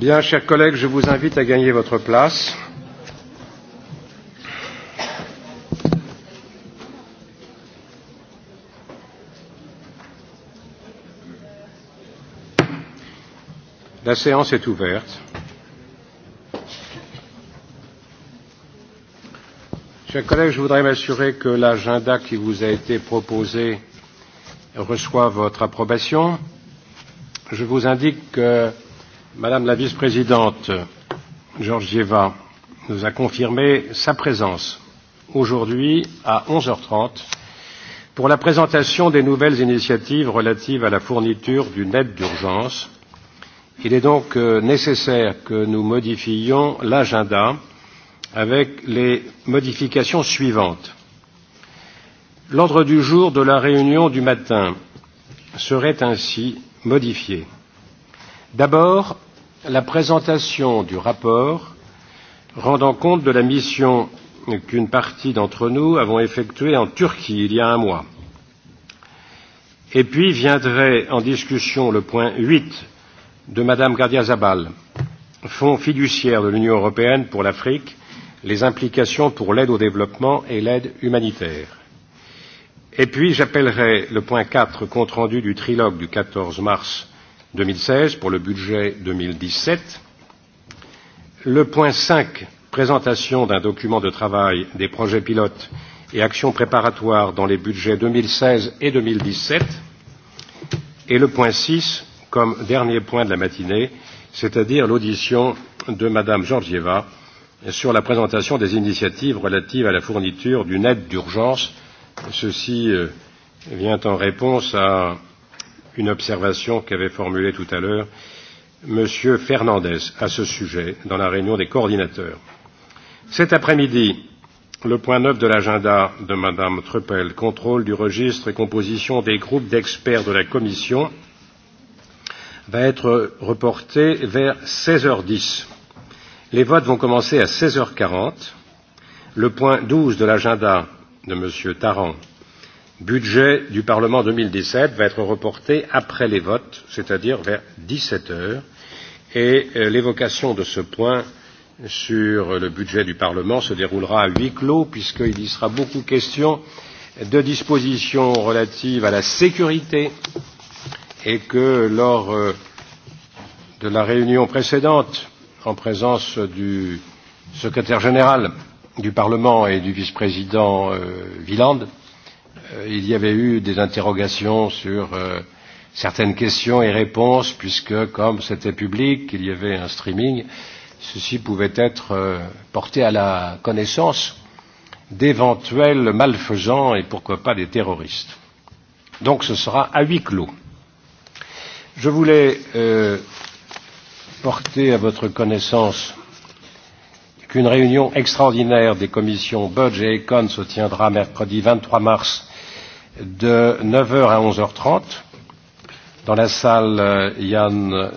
Bien, chers collègues, je vous invite à gagner votre place. La séance est ouverte. Chers collègues, je voudrais m'assurer que l'agenda qui vous a été proposé reçoit votre approbation. Je vous indique que Madame la vice-présidente Georgieva nous a confirmé sa présence aujourd'hui à 11h30 pour la présentation des nouvelles initiatives relatives à la fourniture d'une aide d'urgence. Il est donc euh, nécessaire que nous modifions l'agenda avec les modifications suivantes. L'ordre du jour de la réunion du matin serait ainsi modifié. D'abord, la présentation du rapport rendant compte de la mission qu'une partie d'entre nous avons effectuée en Turquie il y a un mois. Et puis viendrait en discussion le point 8 de Madame Gardia Zabal, Fonds fiduciaire de l'Union européenne pour l'Afrique, les implications pour l'aide au développement et l'aide humanitaire. Et puis j'appellerai le point 4, compte rendu du trilogue du 14 mars deux mille seize pour le budget deux mille dix sept le point cinq présentation d'un document de travail des projets pilotes et actions préparatoires dans les budgets deux mille seize et deux mille dix sept et le point six comme dernier point de la matinée c'est à dire l'audition de madame georgieva sur la présentation des initiatives relatives à la fourniture d'une aide d'urgence ceci euh, vient en réponse à une observation qu'avait formulée tout à l'heure M. Fernandez à ce sujet dans la réunion des coordinateurs. Cet après-midi, le point 9 de l'agenda de Mme Truppel, contrôle du registre et composition des groupes d'experts de la Commission, va être reporté vers 16h10. Les votes vont commencer à 16h40. Le point 12 de l'agenda de M. Tarrant budget du Parlement 2017 va être reporté après les votes, c'est-à-dire vers 17 heures, et euh, l'évocation de ce point sur le budget du Parlement se déroulera à huis clos, puisqu'il y sera beaucoup question de dispositions relatives à la sécurité et que lors euh, de la réunion précédente, en présence du secrétaire général du Parlement et du vice-président Wieland, euh, Euh, il y avait eu des interrogations sur euh, certaines questions et réponses, puisque comme c'était public, il y avait un streaming, ceci pouvait être euh, porté à la connaissance d'éventuels malfaisants et pourquoi pas des terroristes. Donc ce sera à huis clos. Je voulais euh, porter à votre connaissance qu'une réunion extraordinaire des commissions Budge et Econ se tiendra mercredi 23 mars de 9h à 11h30 dans la salle euh, Yann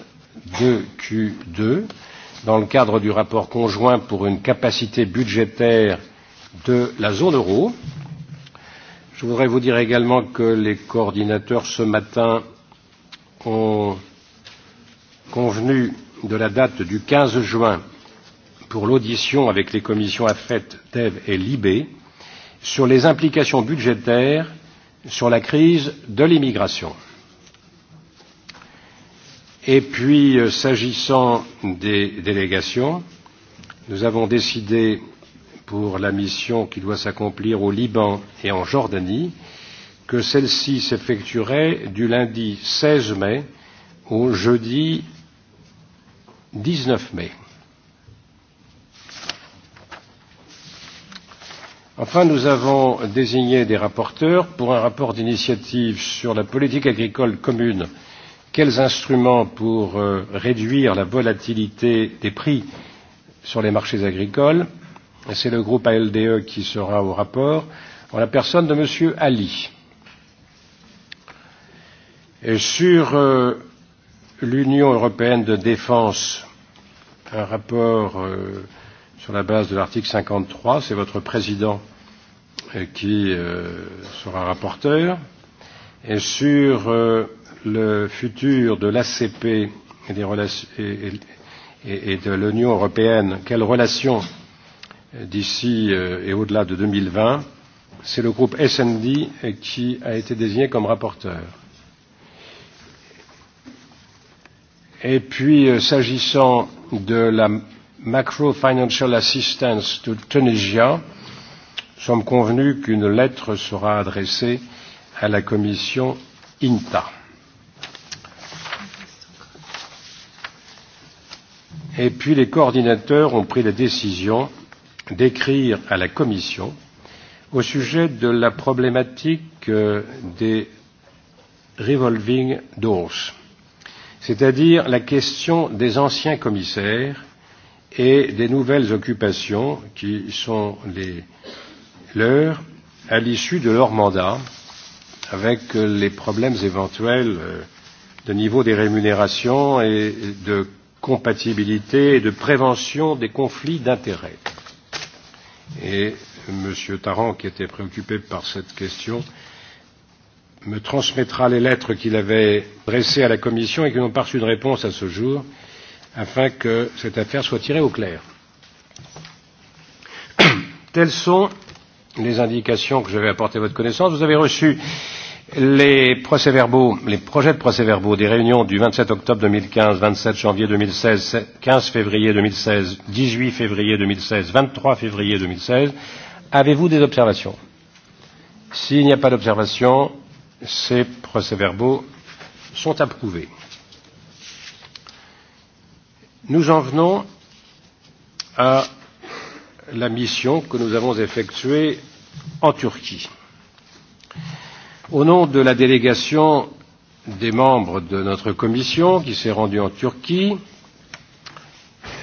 2Q2 dans le cadre du rapport conjoint pour une capacité budgétaire de la zone euro. Je voudrais vous dire également que les coordinateurs ce matin ont convenu de la date du 15 juin pour l'audition avec les commissions AFET, TEV et LIBE sur les implications budgétaires sur la crise de l'immigration. Et puis, euh, s'agissant des délégations, nous avons décidé pour la mission qui doit s'accomplir au Liban et en Jordanie que celle-ci s'effectuerait du lundi 16 mai au jeudi 19 mai. Enfin, nous avons désigné des rapporteurs pour un rapport d'initiative sur la politique agricole commune. Quels instruments pour euh, réduire la volatilité des prix sur les marchés agricoles C'est le groupe ALDE qui sera au rapport, en la personne de M. Ali. Et sur euh, l'Union européenne de défense, un rapport euh, sur la base de l'article 53. C'est votre président euh, qui euh, sera rapporteur. Et sur euh, le futur de l'ACP et, et, et, de l'Union européenne, quelles relations d'ici et au-delà de 2020 C'est le groupe SND qui a été désigné comme rapporteur. Et puis, s'agissant de la macro-financial assistance to Tunisia, nous sommes convenus qu'une lettre sera adressée à la commission INTA. Et puis les coordinateurs ont pris la décision d'écrire à la commission au sujet de la problématique euh, des revolving doors, c'est-à-dire la question des anciens commissaires et des nouvelles occupations qui sont les leurs à l'issue de leur mandat, avec les problèmes éventuels euh, de niveau des rémunérations et de compatibilité et de prévention des conflits d'intérêts. Et M. Tarrant, qui était préoccupé par cette question, me transmettra les lettres qu'il avait dressées à la Commission et qui n'ont pas reçu de réponse à ce jour afin que cette affaire soit tirée au clair. Telles sont les indications que je vais apporter à votre connaissance. Vous avez reçu les procès verbaux, les projets de procès verbaux des réunions du 27 octobre 2015, 27 janvier 2016, 15 février 2016, 18 février 2016, 23 février 2016. Avez-vous des observations S'il n'y a pas d'observation, ces procès verbaux sont approuvés. Nous en venons à la mission que nous avons effectuée en Turquie. Au nom de la délégation des membres de notre commission qui s'est rendue en Turquie,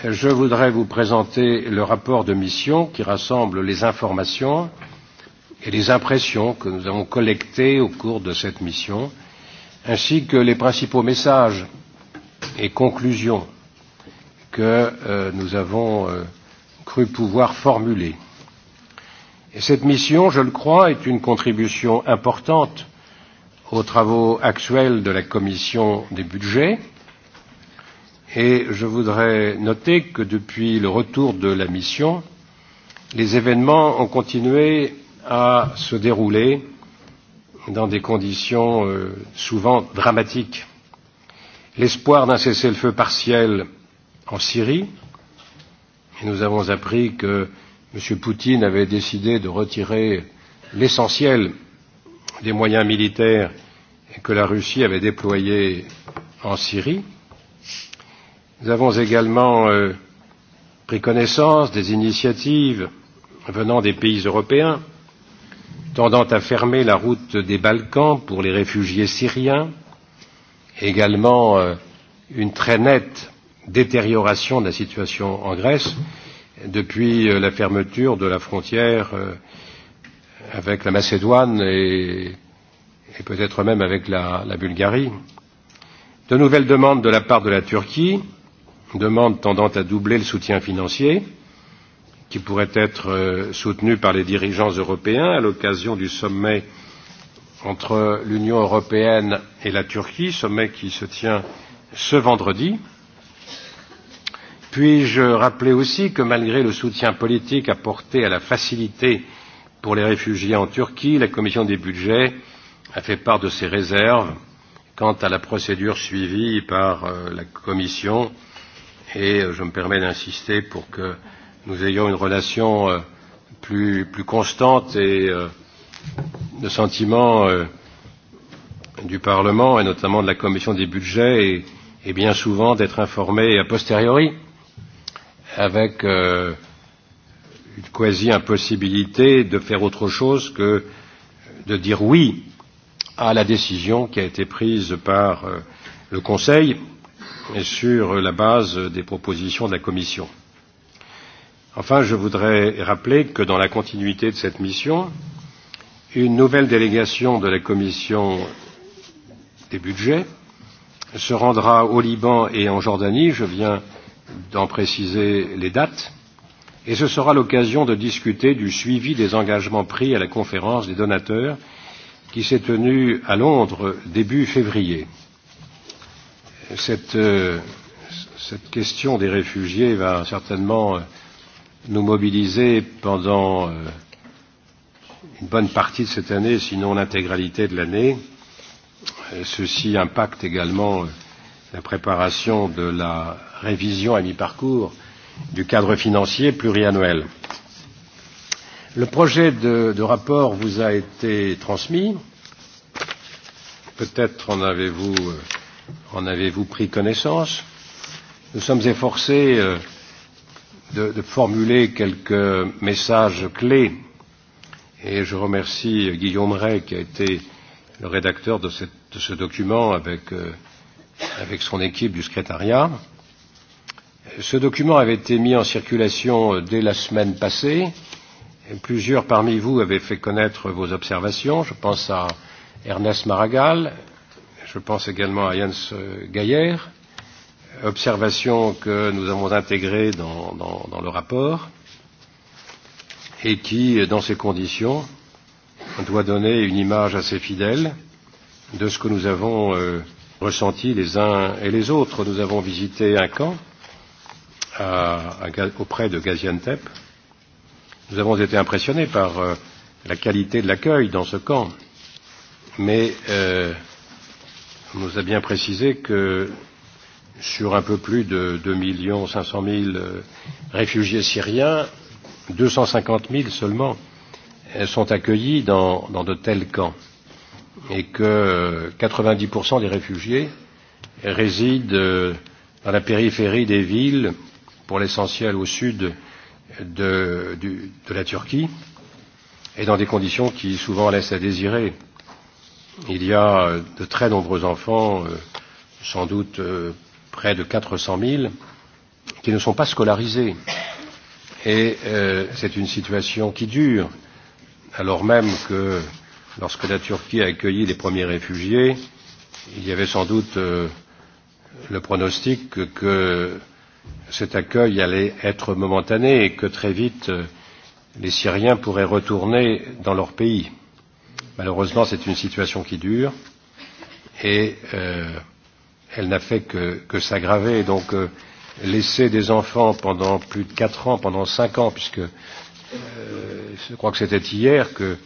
je voudrais vous présenter le rapport de mission qui rassemble les informations et les impressions que nous avons collectées au cours de cette mission, ainsi que les principaux messages et conclusions que euh, nous avons euh, cru pouvoir formuler. Et cette mission, je le crois, est une contribution importante aux travaux actuels de la Commission des budgets. Et je voudrais noter que depuis le retour de la mission, les événements ont continué à se dérouler dans des conditions euh, souvent dramatiques. L'espoir d'un cessez-le-feu partiel en Syrie. Et nous avons appris que M. Poutine avait décidé de retirer l'essentiel des moyens militaires que la Russie avait déployés en Syrie. Nous avons également euh, pris connaissance des initiatives venant des pays européens tendant à fermer la route des Balkans pour les réfugiés syriens, également euh, une très nette détérioration de la situation en Grèce depuis euh, la fermeture de la frontière euh, avec la Macédoine et, et peut-être même avec la, la Bulgarie. De nouvelles demandes de la part de la Turquie, demandes tendant à doubler le soutien financier qui pourrait être euh, soutenu par les dirigeants européens à l'occasion du sommet entre l'Union européenne et la Turquie, sommet qui se tient ce vendredi. Euh, Puis-je rappeler aussi que malgré le soutien politique apporté à la facilité pour les réfugiés en Turquie, la Commission des budgets a fait part de ses réserves quant à la procédure suivie par euh, la Commission et euh, je me permets d'insister pour que nous ayons une relation euh, plus, plus constante et le sentiment du Parlement et notamment de la Commission des budgets est, est bien souvent d'être informé a posteriori avec euh, une quasi-impossibilité de faire autre chose que de dire oui à la décision qui a été prise par euh, le Conseil sur la base des propositions de la Commission. Enfin, je voudrais rappeler que dans la continuité de cette mission, une nouvelle délégation de la Commission des budgets se rendra au Liban et en Jordanie. Je viens d'en préciser les dates et ce sera l'occasion de discuter du suivi des engagements pris à la conférence des donateurs qui s'est tenue à Londres début février. Cette, euh, cette question des réfugiés va certainement euh, nous mobiliser pendant euh, une bonne partie de cette année, sinon l'intégralité de l'année. Ceci impacte également la préparation de la révision à mi-parcours du cadre financier pluriannuel. Le projet de, de rapport vous a été transmis. Peut-être en avez-vous euh, en avez -vous pris connaissance. Nous sommes efforcés euh, de, de formuler quelques messages clés et je remercie euh, Guillaume Rey qui a été le rédacteur de, cette, de ce document avec, euh, avec son équipe du secrétariat. Euh, Ce document avait été mis en circulation euh, dès la semaine passée. Et plusieurs parmi vous avaient fait connaître vos observations. Je pense à Ernest Maragall, je pense également à Jens euh, Gaillère, observations que nous avons intégrées dans, dans, dans le rapport et qui, dans ces conditions, doit donner une image assez fidèle de ce que nous avons euh, ressenti les uns et les autres. Nous avons visité un camp à, à, auprès de Gaziantep, nous avons été impressionnés par euh, la qualité de l'accueil dans ce camp, mais euh, on nous a bien précisé que sur un peu plus de 2 millions 500 000 euh, réfugiés syriens, 250 000 seulement euh, sont accueillis dans, dans de tels camps et que 90% euh, des réfugiés résident dans la périphérie des villes pour l'essentiel au sud de, du, de la Turquie et dans des conditions qui souvent laissent à désirer. Il y a euh, de très nombreux enfants, euh, sans doute euh, près de 400 000, qui ne sont pas scolarisés. Et euh, c'est une situation qui dure, alors même que lorsque la Turquie a accueilli les premiers réfugiés, il y avait sans doute euh, le pronostic que cet accueil allait être momentané et que très vite euh, les Syriens pourraient retourner dans leur pays. Malheureusement, c'est une situation qui dure et euh, elle n'a fait que, que s'aggraver. Donc, euh, laisser des enfants pendant plus de quatre ans, pendant cinq ans, puisque euh, je crois que c'était hier que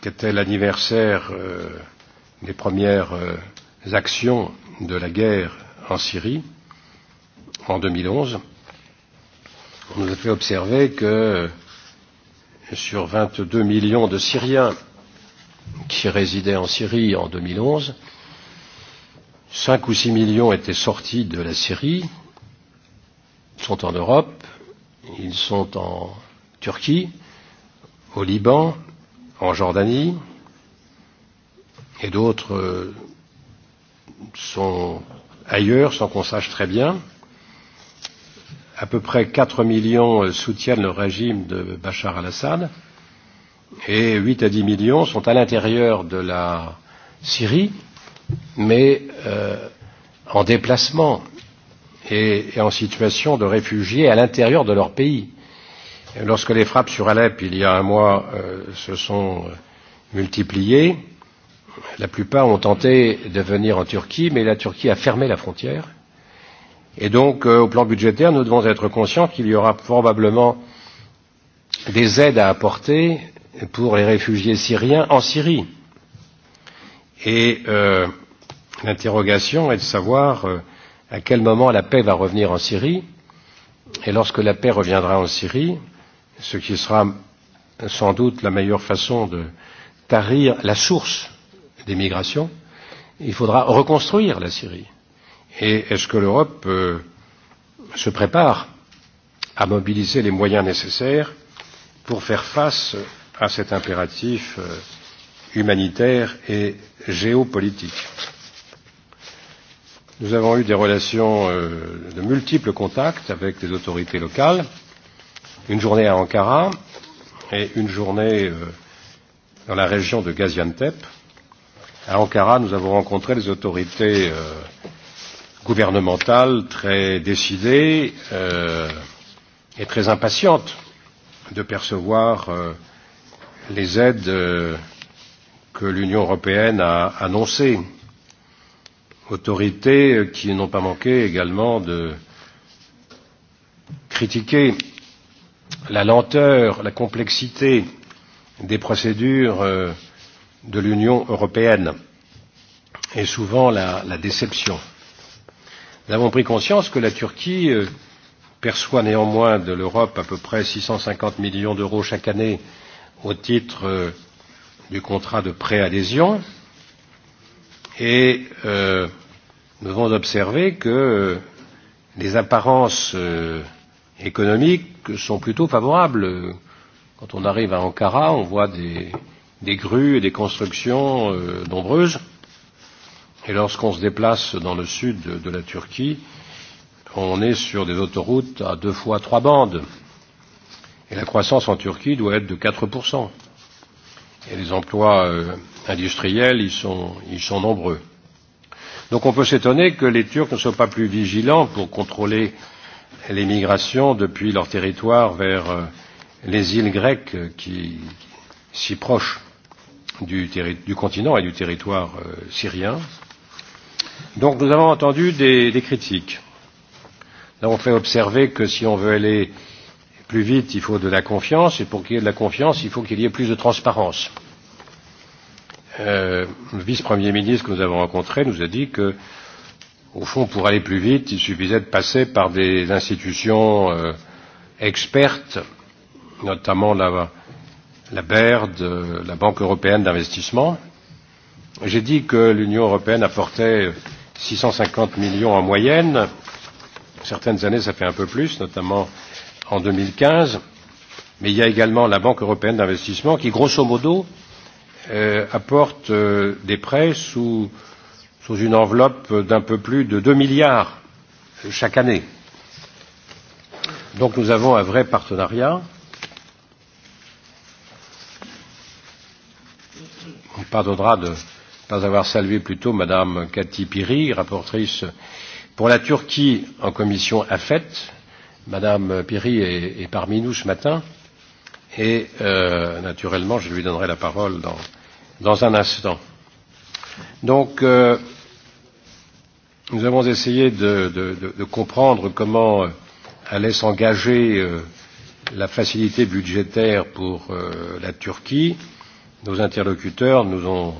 qu'était l'anniversaire euh, des premières euh, actions de la guerre en Syrie, euh, en 2011, on nous a fait observer que sur 22 millions de Syriens qui résidaient en Syrie en 2011, 5 ou 6 millions étaient sortis de la Syrie, sont en Europe, ils sont en Turquie, au Liban, en Jordanie, et d'autres sont ailleurs sans qu'on sache très bien à peu près 4 millions euh, soutiennent le régime de Bachar al-Assad et 8 à 10 millions sont à l'intérieur de la Syrie, mais euh, en déplacement et, et en situation de réfugiés à l'intérieur de leur pays. Lorsque les frappes sur Alep, il y a un mois, euh, se sont euh, multipliées, la plupart ont tenté de venir en Turquie, mais la Turquie a fermé la frontière Et donc, euh, au plan budgétaire, nous devons être conscients qu'il y aura probablement des aides à apporter pour les réfugiés syriens en Syrie. Et euh, l'interrogation est de savoir euh, à quel moment la paix va revenir en Syrie. Et lorsque la paix reviendra en Syrie, ce qui sera sans doute la meilleure façon de tarir la source des migrations, il faudra reconstruire la Syrie. Et est-ce que l'Europe euh, se prépare à mobiliser les moyens nécessaires pour faire face à cet impératif euh, humanitaire et géopolitique Nous avons eu des relations euh, de multiples contacts avec les autorités locales, une journée à Ankara et une journée euh, dans la région de Gaziantep. À Ankara, nous avons rencontré les autorités euh, gouvernementale très décidée euh, et très impatiente de percevoir euh, les aides euh, que l'Union européenne a annoncées. Autorités euh, qui n'ont pas manqué également de critiquer la lenteur, la complexité des procédures euh, de l'Union européenne et souvent la, la déception nous avons pris conscience que la Turquie euh, perçoit néanmoins de l'Europe à peu près 650 millions d'euros chaque année au titre euh, du contrat de préadhésion et euh, nous devons observer que euh, les apparences euh, économiques sont plutôt favorables. Quand on arrive à Ankara, on voit des, des grues et des constructions euh, nombreuses. Et lorsqu'on se déplace dans le sud de, de la Turquie, on est sur des autoroutes à deux fois trois bandes. Et la croissance en Turquie doit être de 4%. Et les emplois euh, industriels, ils sont, ils sont nombreux. Donc on peut s'étonner que les Turcs ne soient pas plus vigilants pour contrôler les migrations depuis leur territoire vers euh, les îles grecques qui, si proches du, du continent et du territoire euh, syrien. Donc nous avons entendu des, des critiques. Nous avons fait observer que si on veut aller plus vite, il faut de la confiance, et pour qu'il y ait de la confiance, il faut qu'il y ait plus de transparence. Euh, le vice-premier ministre que nous avons rencontré nous a dit que, au fond, pour aller plus vite, il suffisait de passer par des institutions euh, expertes, notamment la, la BERD, euh, la Banque européenne d'investissement, J'ai dit que l'Union européenne apportait 650 millions en moyenne. Certaines années, ça fait un peu plus, notamment en 2015. Mais il y a également la Banque européenne d'investissement qui, grosso modo, euh, apporte euh, des prêts sous, sous une enveloppe d'un peu plus de 2 milliards euh, chaque année. Donc nous avons un vrai partenariat. On pardonnera de, pas avoir salué plus tôt Madame Cathy Piri, rapportrice pour la Turquie en commission AFET. Madame Piri est, est parmi nous ce matin et euh, naturellement je lui donnerai la parole dans, dans un instant. Donc euh, nous avons essayé de, de, de, de comprendre comment euh, allait s'engager euh, la facilité budgétaire pour euh, la Turquie. Nos interlocuteurs nous ont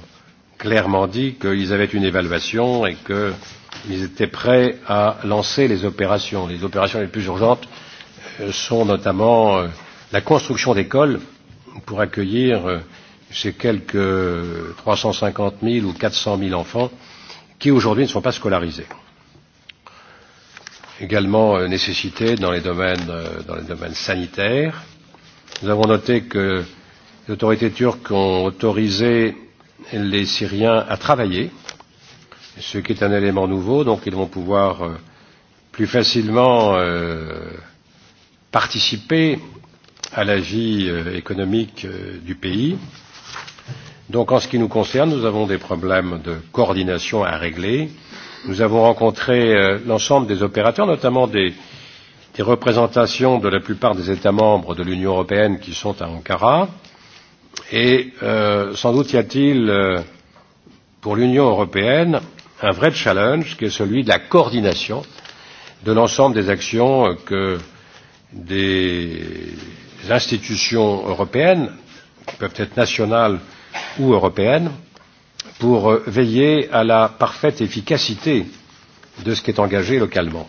clairement dit qu'ils avaient une évaluation et qu'ils étaient prêts à lancer les opérations. Les opérations les plus urgentes euh, sont notamment euh, la construction d'écoles pour accueillir euh, ces quelques 350 000 ou 400 000 enfants qui aujourd'hui ne sont pas scolarisés. Également nécessité dans les domaines, dans les domaines sanitaires. Nous avons noté que les autorités turques ont autorisé les Syriens à travailler, ce qui est un élément nouveau, donc ils vont pouvoir euh, plus facilement euh, participer à la vie euh, économique du pays. Donc en ce qui nous concerne, nous avons des problèmes de coordination à régler. Nous avons rencontré l'ensemble des opérateurs, notamment des, des représentations de la plupart des États membres de l'Union européenne qui sont à Ankara. Et euh, sans doute y a-t-il euh, pour l'Union européenne un vrai challenge qui est celui de la coordination de l'ensemble des actions que des institutions européennes, qui peuvent être nationales ou européennes, pour euh, veiller à la parfaite efficacité de ce qui est engagé localement.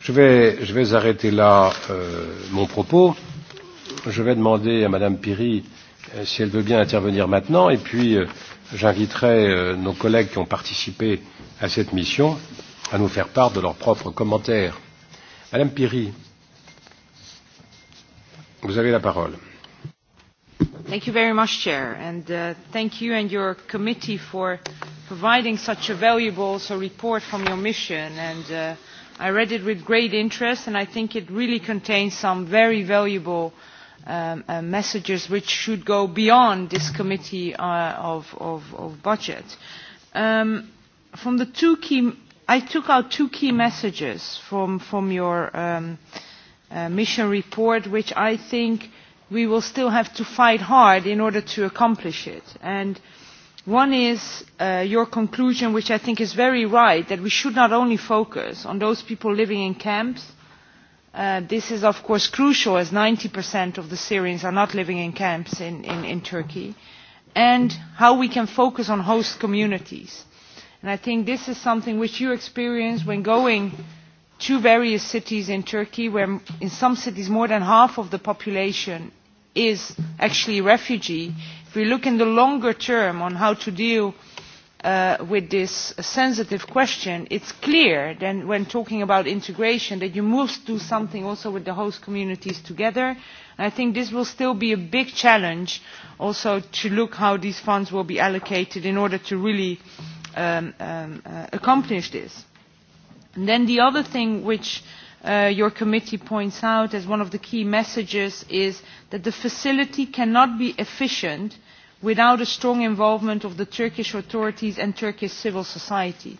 Je vais, je vais arrêter là euh, mon propos je vais demander à Madame Piri euh, si elle veut bien intervenir maintenant, et puis euh, j'inviterai euh, nos collègues qui ont participé à cette mission à nous faire part de leurs propres commentaires. Madame Piri, vous avez la parole. Thank you very much, Chair, and uh, thank you and your committee for providing such a valuable so, report from your mission. And uh, I read it with great interest, and I think it really contains some very valuable uh, Um, uh, messages which should go beyond this committee uh, of, of, of budget. Um, from the two key, I took out two key messages from, from your um, uh, mission report, which I think we will still have to fight hard in order to accomplish it. And one is uh, your conclusion, which I think is very right, that we should not only focus on those people living in camps, Uh, this is of course crucial as percent of the Syrians are not living in camps in, in, Turkey and how we can focus on host communities. And I think this is something which you experience when going to various cities in Turkey where in some cities more than half of the population is actually refugee. If we look in the longer term on how to deal with Uh, with this sensitive question it is clear that when talking about integration that you must do something also with the host communities together and i think this will still be a big challenge also to look how these funds will be allocated in order to really um, um, uh, accomplish this. And then the other thing which uh, your committee points out as one of the key messages is that the facility cannot be efficient without a strong involvement of the turkish authorities and turkish civil society.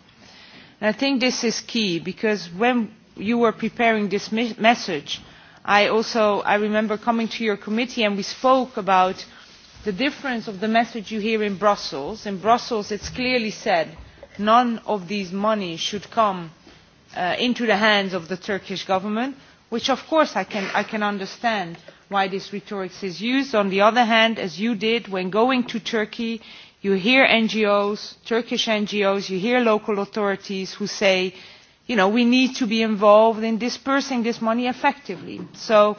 And i think this is key because when you were preparing this message i also I remember coming to your committee and we spoke about the difference of the message you hear in brussels. in brussels it is clearly said none of these money should come uh, into the hands of the turkish government which of course i can, I can understand why this rhetoric is used. on the other hand as you did when going to turkey you hear ngos turkish ngos you hear local authorities who say you know we need to be involved in dispersing this money effectively. so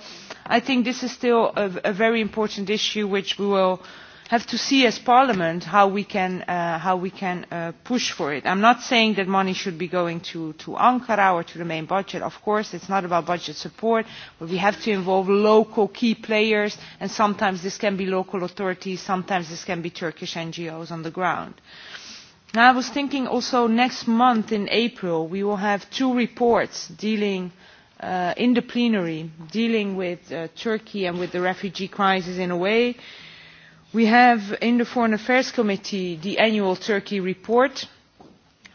i think this is still a, a very important issue which we will have to see as parliament how we can, uh, how we can uh, push for it. i'm not saying that money should be going to, to ankara or to the main budget. of course, it's not about budget support, but we have to involve local key players, and sometimes this can be local authorities, sometimes this can be turkish ngos on the ground. Now, i was thinking also next month in april, we will have two reports dealing uh, in the plenary dealing with uh, Turkey and with the refugee crisis in a way we have in the foreign affairs committee the annual turkey report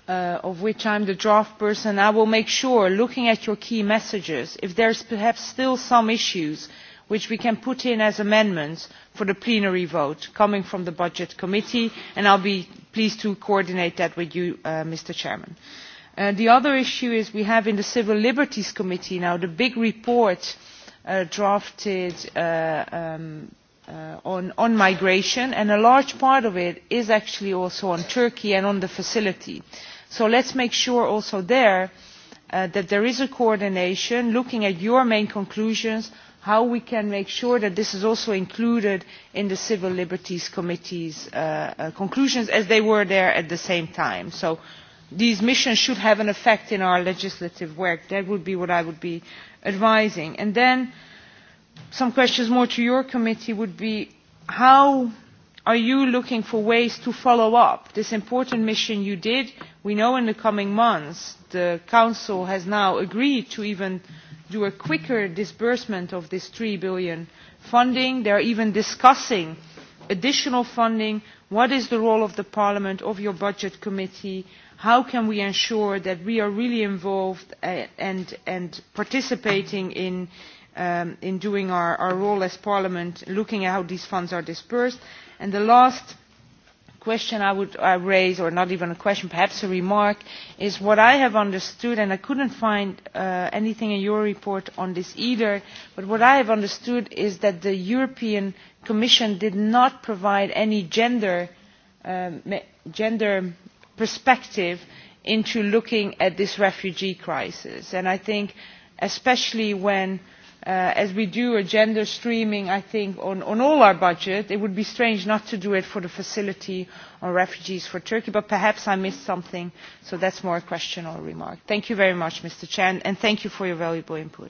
uh, of which i am the draft person. i will make sure looking at your key messages if there are perhaps still some issues which we can put in as amendments for the plenary vote coming from the budget committee and i will be pleased to coordinate that with you uh, mr chairman. Uh, the other issue is we have in the civil liberties committee now the big report uh, drafted uh, um, Uh, on, migration and a large part of it is actually also on turkey and on the facility so let us make sure also there uh, that there is a coordination looking at your main conclusions how we can make sure that this is also included in the civil liberties committee's uh, uh, conclusions as they were there at the same time. so these missions should have an effect in our legislative work. that would be what i would be advising. and then uh, some questions more to your committee would be how are you looking for ways to follow up this important mission you did? we know in the coming months the council has now agreed to even do a quicker disbursement of this eur three billion funding. they are even discussing additional funding. what is the role of the parliament of your budget committee? how can we ensure that we are really involved eh, and, and participating in, Um, in doing our, our role as Parliament, looking at how these funds are dispersed. And the last question I would I uh, raise, or not even a question, perhaps a remark, is what I have understood, and I couldn't find uh, anything in your report on this either, but what I have understood is that the European Commission did not provide any gender, um, gender perspective into looking at this refugee crisis. And I think especially when Uh, as we do a gender streaming i think on, on all our budget it would be strange not to do it for the facility on refugees for turkey but perhaps i missed something so that is more a question or a remark. thank you very much mr chan and thank you for your valuable input.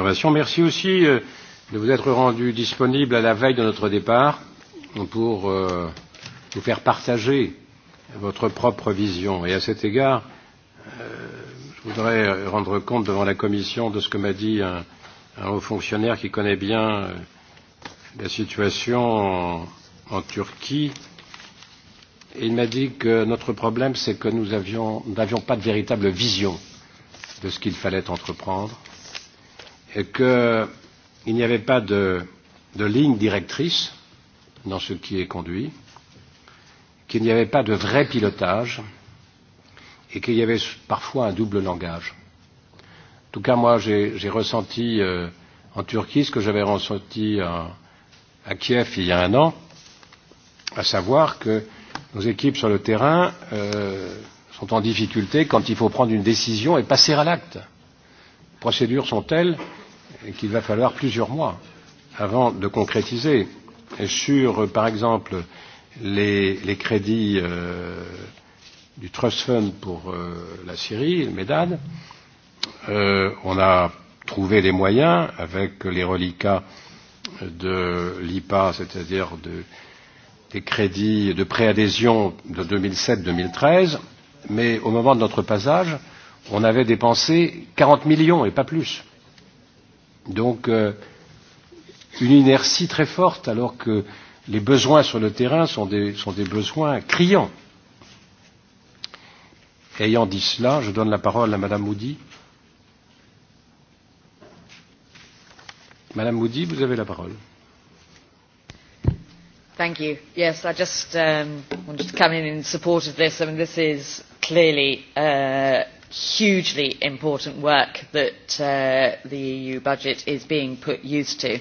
Merci euh, aussi euh, de vous être rendu disponible à la veille de notre départ pour nous euh, faire partager votre propre vision. Et à cet égard, euh, je voudrais rendre compte devant la Commission de ce que m'a dit un, un haut fonctionnaire qui connaît bien euh, la situation en, en Turquie. Et il m'a dit que notre problème, c'est que nous n'avions pas de véritable vision de ce qu'il fallait entreprendre et qu'il n'y avait pas de, de ligne directrice dans ce qui est conduit qu'il n'y avait pas de vrai pilotage et qu'il y avait parfois un double langage. En tout cas, moi, j'ai ressenti euh, en Turquie ce que j'avais ressenti à, euh, à Kiev il y a un an, à savoir que nos équipes sur le terrain euh, sont en difficulté quand il faut prendre une décision et passer à l'acte. Les procédures sont telles qu'il va falloir plusieurs mois avant de concrétiser. Et sur, euh, par exemple, les, les crédits euh, du Trust Fund pour euh, la Syrie, le MEDAD. Euh, on a trouvé les moyens avec les reliquats de l'IPA, c'est-à-dire de, des crédits de préadhésion de 2007-2013, mais au moment de notre passage, on avait dépensé 40 millions et pas plus. Donc, euh, une inertie très forte alors que euh, les besoins sur le terrain sont des, sont des besoins criants. Ayant dit cela, je donne la parole à Madame Moody. Madame Moody, vous avez la parole. Thank you. Yes, I just um, wanted to come in in support of this. I mean, this is clearly uh, hugely important work that uh, the EU budget is being put used to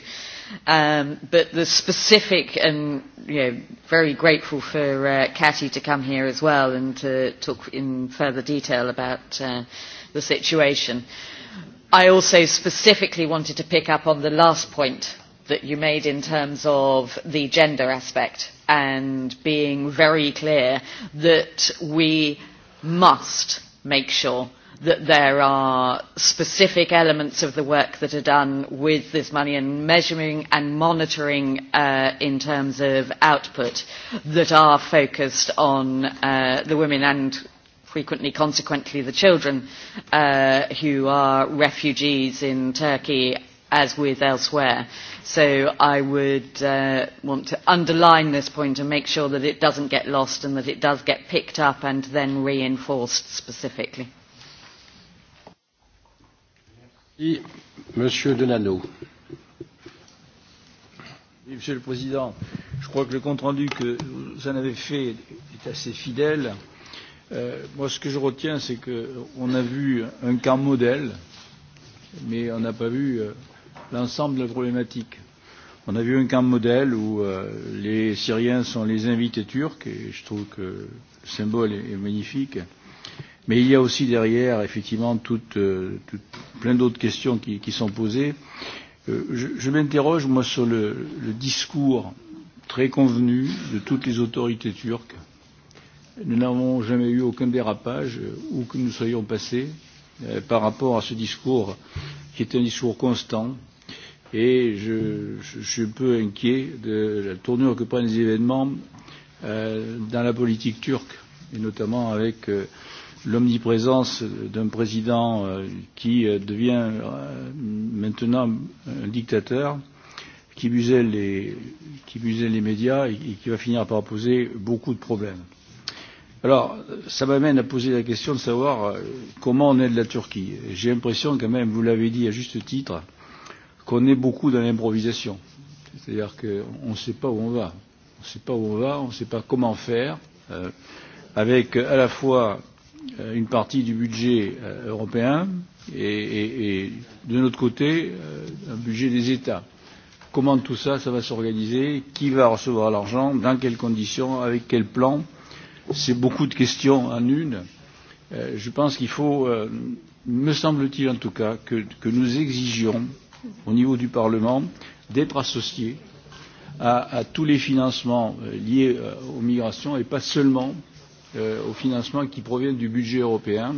Um, but the specific and you know, very grateful for uh, Cathy to come here as well and to talk in further detail about uh, the situation. I also specifically wanted to pick up on the last point that you made in terms of the gender aspect and being very clear that we must make sure that there are specific elements of the work that are done with this money and measuring and monitoring uh, in terms of output that are focused on uh, the women and frequently consequently the children uh, who are refugees in Turkey as with elsewhere. So I would uh, want to underline this point and make sure that it doesn't get lost and that it does get picked up and then reinforced specifically. Monsieur Denano. Monsieur le Président, je crois que le compte rendu que vous en avez fait est assez fidèle. Euh, moi, ce que je retiens, c'est qu'on a vu un cas modèle, mais on n'a pas vu euh, l'ensemble de la problématique. On a vu un camp modèle où euh, les Syriens sont les invités turcs, et je trouve que le symbole est, est magnifique. Euh, Mais il y a aussi derrière, effectivement, toute, euh, plein d'autres questions qui, qui sont posées. Euh, je je m'interroge, moi, sur le, le discours très convenu de toutes les autorités turques. Nous n'avons jamais eu aucun dérapage, euh, où que nous soyons passés, euh, par rapport à ce discours qui est un discours constant. Et je, je, je suis un peu inquiet de la tournure que prennent les événements euh, dans la politique turque, et notamment avec. Euh, l'omniprésence d'un président euh, qui euh, devient euh, maintenant un dictateur, qui muselle les, qui muselle les médias et qui va finir par poser beaucoup de problèmes. Alors, ça m'amène à poser la question de savoir comment on aide la Turquie. J'ai l'impression quand même, vous l'avez dit à juste titre, qu'on est beaucoup dans l'improvisation. C'est-à-dire qu'on ne sait pas où on va. On ne sait pas où on va, on ne sait pas comment faire, euh, avec à la fois Euh, une partie du budget euh, européen et, et, et de notre côté euh, un budget des États. Comment tout ça, ça va s'organiser Qui va recevoir l'argent Dans quelles conditions Avec quel plan C'est beaucoup de questions en une. Je pense qu'il faut, me semble-t-il en tout cas, que, que nous exigions au niveau du Parlement d'être associés à, à tous les financements liés aux migrations et pas seulement euh, aux financements qui proviennent du budget européen.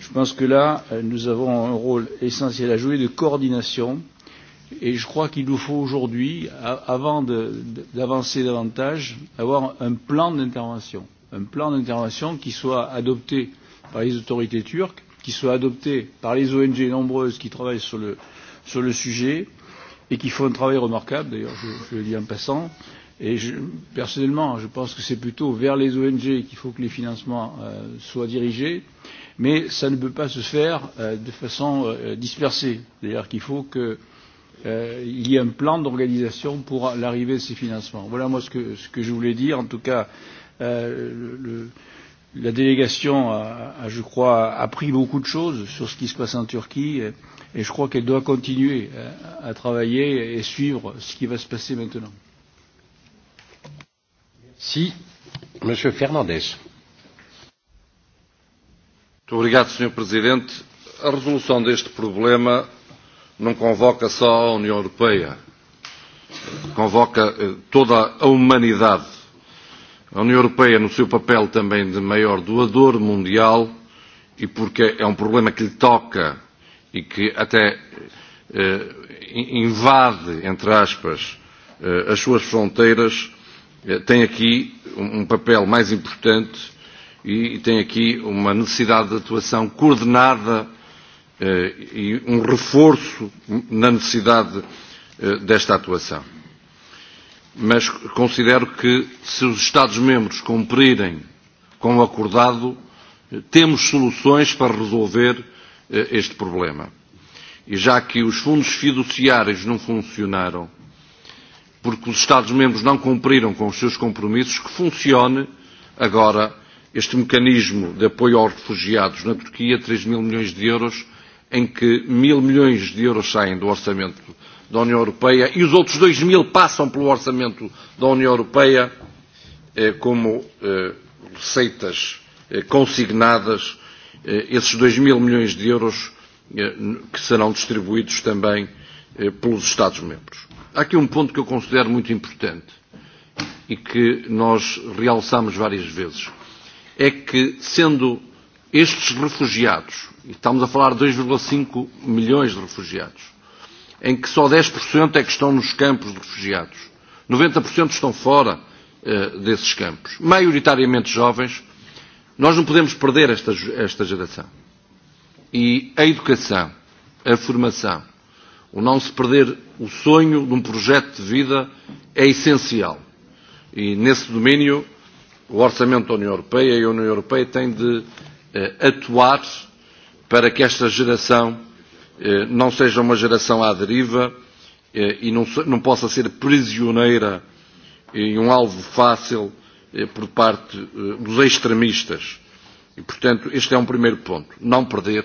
Je pense que là, euh, nous avons un rôle essentiel à jouer de coordination et je crois qu'il nous faut aujourd'hui, avant d'avancer davantage, avoir un plan d'intervention. Un plan d'intervention qui soit adopté par les autorités turques, qui soit adopté par les ONG nombreuses qui travaillent sur le, sur le sujet et qui font un travail remarquable, d'ailleurs je, je le dis en passant, euh, Et je, personnellement, je pense que c'est plutôt vers les ONG qu'il faut que les financements euh, soient dirigés, mais ça ne peut pas se faire euh, de façon euh, dispersée. C'est-à-dire qu'il faut que euh, il y ait un plan d'organisation pour l'arrivée de ces financements. Voilà moi ce que, ce que je voulais dire. En tout cas, euh, le, la délégation a, a, je crois, appris beaucoup de choses sur ce qui se passe en Turquie et, et je crois qu'elle doit continuer à, euh, à travailler et suivre ce qui va se passer maintenant obrigado, Sr. Presidente. A resolução deste problema não convoca só a União Europeia, convoca eh, toda a humanidade. A União Europeia, no seu papel também de maior doador mundial, e porque é um problema que lhe toca e que até eh, invade, entre aspas, eh, as suas fronteiras, tem aqui um, um papel mais importante e, e tem aqui uma necessidade de atuação coordenada e um reforço na necessidade desta atuação. Mas considero que se os Estados-membros cumprirem com o acordado, temos soluções para resolver este problema. E já que os fundos fiduciários não funcionaram porque os Estados-membros não cumpriram com os seus compromissos, que funcione agora este mecanismo de apoio aos refugiados na Turquia, 3 mil milhões de euros, em que mil milhões de euros saem do orçamento da União Europeia e os outros 2 mil passam pelo orçamento da União Europeia eh, como eh, receitas eh, consignadas, eh, esses 2 mil milhões de euros eh, que serão distribuídos também eh, pelos Estados-membros. Há aqui um ponto que eu considero muito importante e que nós realçamos várias vezes. É que, sendo estes refugiados, e estamos a falar de 2,5 milhões de refugiados, em que só 10% é que estão nos campos de refugiados, 90% estão fora uh, desses campos, maioritariamente jovens, nós não podemos perder esta, esta geração. E a educação, a formação, O não se perder o sonho de um projeto de vida é essencial. E nesse domínio, o Orçamento da União Europeia e a União Europeia têm de eh, atuar para que esta geração eh, não seja uma geração à deriva eh, e não, não possa ser prisioneira e um alvo fácil eh, por parte eh, dos extremistas. E, portanto, este é um primeiro ponto. Não perder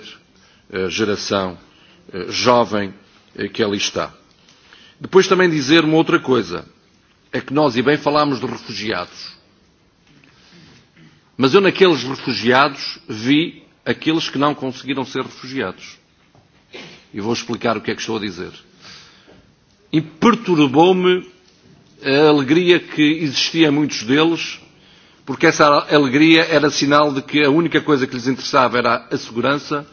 a eh, geração eh, jovem Eh, que ali está. Depois também dizer uma outra coisa, é que nós, e bem falámos de refugiados, mas eu naqueles refugiados vi aqueles que não conseguiram ser refugiados. E vou explicar o que é que estou a dizer. E perturbou-me a alegria que existia em muitos deles, porque essa alegria era sinal de que a única coisa que lhes interessava era a segurança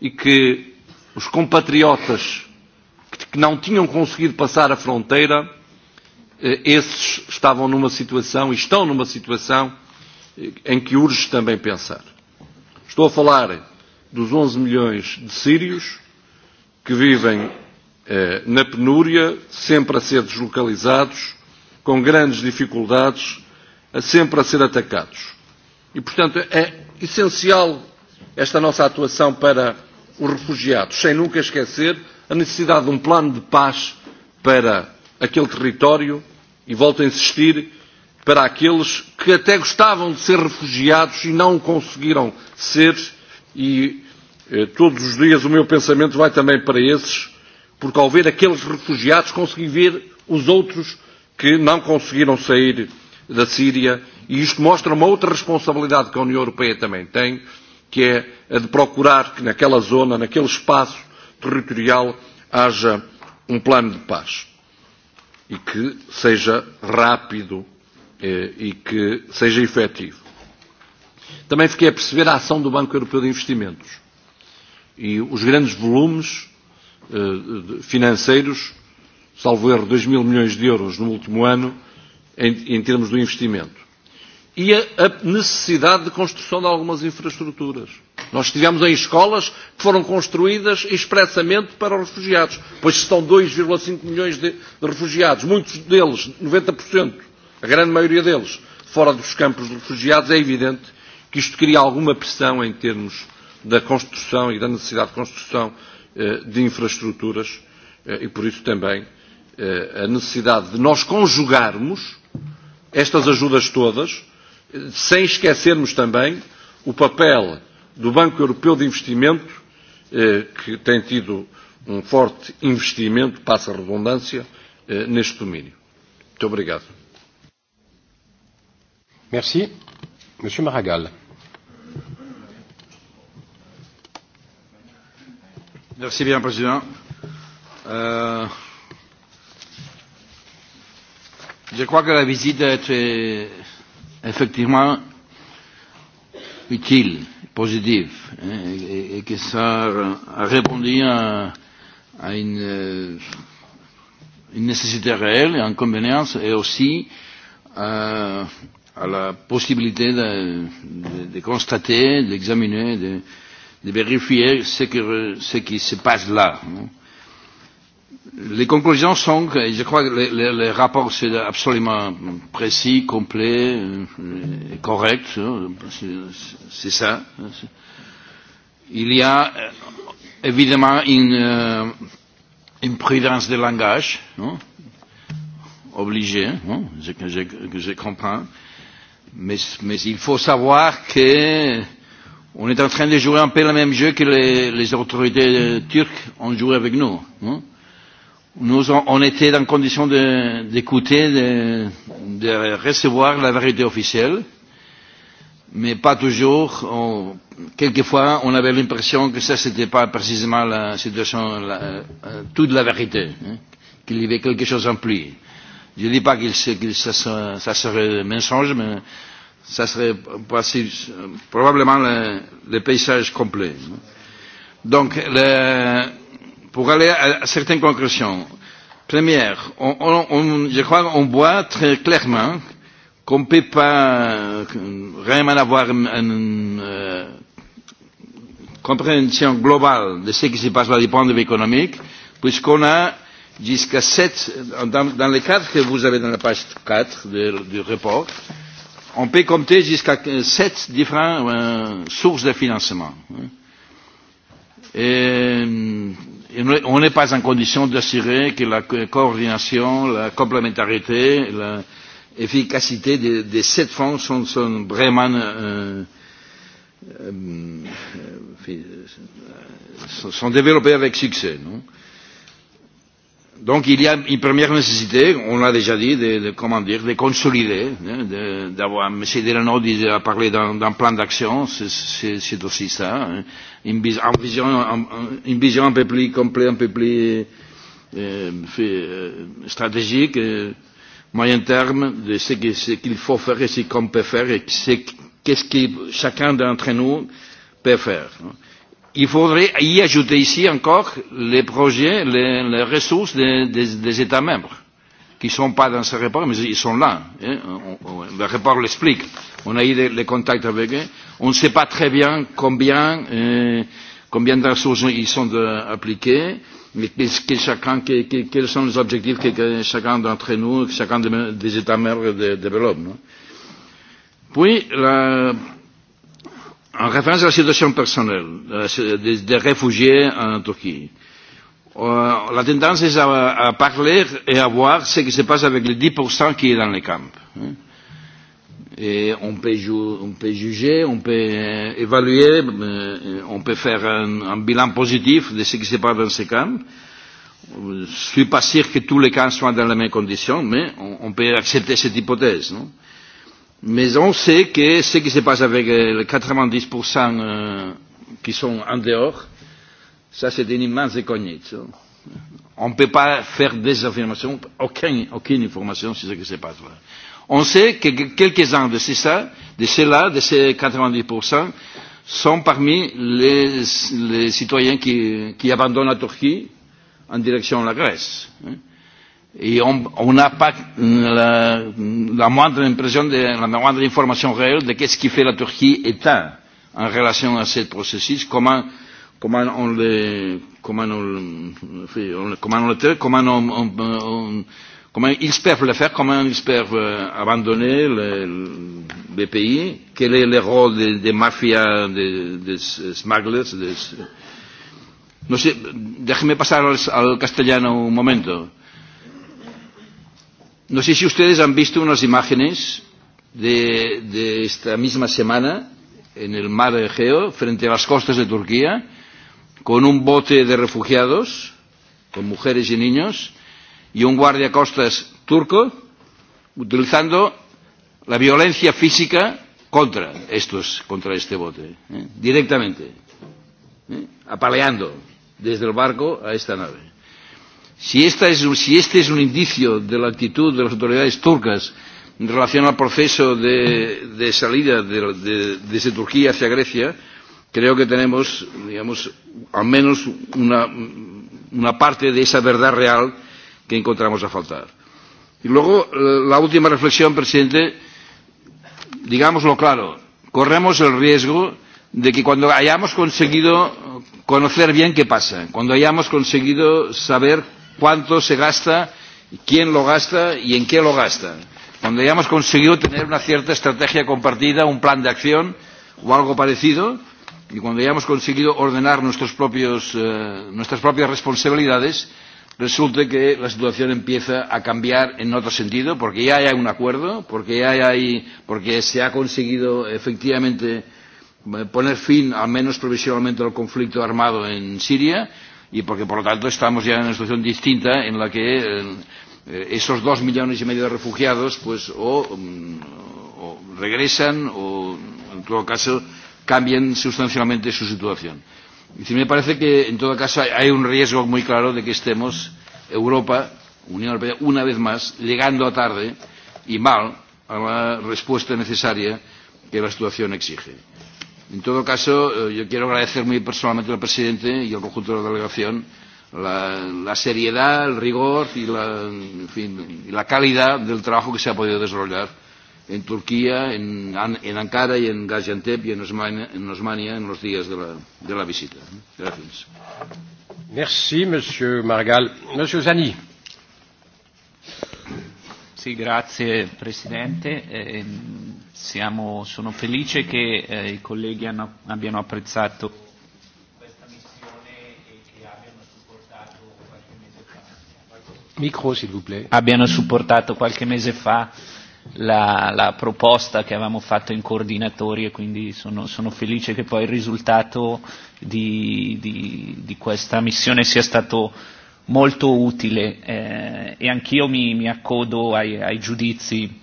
e que os compatriotas que não tinham conseguido passar a fronteira, eh, esses estavam numa situação e estão numa situação eh, em que urge também pensar. Estou a falar dos 11 milhões de sírios que vivem eh, na penúria, sempre a ser deslocalizados, com grandes dificuldades, sempre a ser atacados. E, portanto, é essencial esta nossa atuação para os refugiados, sem nunca esquecer a necessidade de um plano de paz para aquele território e volto a insistir para aqueles que até gostavam de ser refugiados e não conseguiram ser e eh, todos os dias o meu pensamento vai também para esses porque ao ver aqueles refugiados consegui ver os outros que não conseguiram sair da Síria e isto mostra uma outra responsabilidade que a União Europeia também tem que é a de procurar que naquela zona, naquele espaço territorial haja um plano de paz e que seja rápido eh, e que seja efetivo. Também fiquei a perceber a ação do Banco Europeu de Investimentos e os grandes volumes eh, financeiros, salvo erro, 2 mil milhões de euros no último ano, em, em termos do investimento. E a, a necessidade de construção de algumas infraestruturas Nós tivemos em escolas que foram construídas expressamente para os refugiados, pois estão 2,5 milhões de, de refugiados, muitos deles, 90%, a grande maioria deles, fora dos campos de refugiados, é evidente que isto cria alguma pressão em termos da construção e da necessidade de construção eh, de infraestruturas eh, e, por isso, também eh, a necessidade de nós conjugarmos estas ajudas todas, sem esquecermos também o papel do Banco Europeu de Investimento, eh, que tem tido um forte investimento, passa a redundância, eh, neste domínio. Muito obrigado. Merci. Monsieur Maragall. Merci bien, Président. Euh, je crois que la visite est effectivement utile positive et, et que ça a répondu à, à une, euh, une nécessité réelle et une convenience et aussi à, euh, à la possibilité de, de, de constater, d'examiner, de, de vérifier ce, que, ce qui se passe là. Hein Les conclusions sont, je crois que le, les, les rapport sont absolument précis, complet, euh, correct, c'est ça. Il y a euh, évidemment une, euh, une prudence de langage, non obligée, non je, je, je comprends, mais, mais il faut savoir que on est en train de jouer un peu le même jeu que les, les autorités turques ont joué avec nous. Non nous on, on était en condition d'écouter, de, de, de recevoir la vérité officielle, mais pas toujours. On, quelquefois, on avait l'impression que ça, c'était pas précisément la situation, la, euh, toute la vérité, hein, qu'il y avait quelque chose en plus. Je ne dis pas que qu ça, ça serait mensonge, mais ça serait pas si, probablement le, le paysage complet. Donc, le, pour aller à, à certaines conclusions. Première, on, on, on, je crois qu'on voit très clairement qu'on ne peut pas vraiment avoir une, une euh, compréhension globale de ce qui se passe du point de vue économique, puisqu'on a jusqu'à sept, dans, dans les cadres que vous avez dans la page 4 de, du rapport, on peut compter jusqu'à sept différentes euh, sources de financement. Et on n'est pas en condition d'assurer que la coordination, la complémentarité, l'efficacité des de sept fonds sont, sont vraiment euh, euh, euh, euh sont développés avec succès. Non donc il y a une première nécessité, on l'a déjà dit, de, de, comment dire, de consolider, d'avoir, M. Delano a parlé d'un plan d'action, c'est aussi ça, hein, une, vision, une vision un peu plus complète, un peu plus euh, fait, euh, stratégique, euh, moyen terme, de ce qu'il qu faut faire et ce qu'on peut faire et qu'est-ce qu que chacun d'entre nous peut faire. Hein il faudrait y ajouter ici encore les projets, les, les ressources des, des, des États membres, qui ne sont pas dans ce rapport, mais ils sont là. Hein. On, on, le rapport l'explique. On a eu des, les contacts avec eux. On ne sait pas très bien combien, euh, combien de ressources ils sont de, appliquées, mais que, que chacun, que, que, quels sont les objectifs que, que chacun d'entre nous, que chacun des, des États membres développe. Puis, la, En référence à la situation personnelle des, des réfugiés en Turquie, euh, la tendance est à, à parler et à voir ce qui se passe avec les 10% qui est dans les camps. Hein. Et on peut, ju on peut juger, on peut euh, évaluer, euh, on peut faire un, un bilan positif de ce qui se passe dans ces camps. Je ne suis pas sûr que tous les camps soient dans les mêmes conditions, mais on, on peut accepter cette hypothèse. Non euh, Mais on sait que ce qui se passe avec euh, les 90% euh, qui sont en dehors, ça c'est une immense inconnue. On ne peut pas faire des affirmations, aucune, aucune information sur ce qui se passe. On sait que quelques-uns de ces là de, ceux de ces 90%, sont parmi les, les citoyens qui, qui abandonnent la Turquie en direction de la Grèce. Hein et on n'a pas la, la moindre impression, de, la moindre information réelle de qu'est ce qui fait la Turquie État en relation à ce processus, comment, comment on le, comment on, comment on le traite, comment on, on, on comment ils peuvent le faire, comment ils peuvent euh, abandonner le, le pays, quel est le rôle des, des mafias, des, des smugglers, des... No sé, déjeme passer au castellano un momento. Euh, No sé si ustedes han visto unas imágenes de, de esta misma semana en el mar Egeo, frente a las costas de Turquía, con un bote de refugiados, con mujeres y niños, y un guardia costas turco utilizando la violencia física contra estos, contra este bote, ¿eh? directamente, ¿eh? apaleando desde el barco a esta nave. Si, esta es, si este es un indicio de la actitud de las autoridades turcas en relación al proceso de, de salida de, de, desde Turquía hacia Grecia, creo que tenemos, digamos, al menos una, una parte de esa verdad real que encontramos a faltar. Y luego, eh, la última reflexión, presidente, digámoslo claro, corremos el riesgo de que cuando hayamos conseguido conocer bien qué pasa, cuando hayamos conseguido saber cuánto se gasta, quién lo gasta y en qué lo gasta. Cuando hayamos conseguido tener una cierta estrategia compartida, un plan de acción o algo parecido, y cuando hayamos conseguido ordenar nuestros propios, eh, nuestras propias responsabilidades, resulta que la situación empieza a cambiar en otro sentido, porque ya hay un acuerdo, porque, ya hay, porque se ha conseguido efectivamente eh, poner fin, al menos provisionalmente, al conflicto armado en Siria, y porque por lo tanto estamos ya en una situación distinta en la que eh, esos dos millones y medio de refugiados pues o, mm, o regresan o en todo caso cambian sustancialmente su situación. Y me parece que en todo caso hay un riesgo muy claro de que estemos Europa, Unión Europea, una vez más, llegando a tarde y mal a la respuesta necesaria que la situación exige En todo caso, eh, yo quiero agradecer muy personalmente al presidente y al conjunto de la delegación la, la seriedad, el rigor y la, en fin, y la calidad del trabajo que se ha podido desarrollar en Turquía, en, en Ankara y en Gaziantep y en Osmania en, Osmania, en los días de la, de la visita. Gracias. Merci, Monsieur Margal. Monsieur Zani. Sì, grazie Presidente. Eh, siamo, sono felice che eh, i colleghi hanno, abbiano apprezzato questa missione e che abbiano supportato qualche mese fa. Micro, s'il vous plaît. Abbiano supportato qualche mese fa la, la proposta che avevamo fatto in coordinatori e quindi sono, sono felice che poi il risultato di, di, di questa missione sia stato molto utile eh, e anch'io mi, mi accodo ai, ai giudizi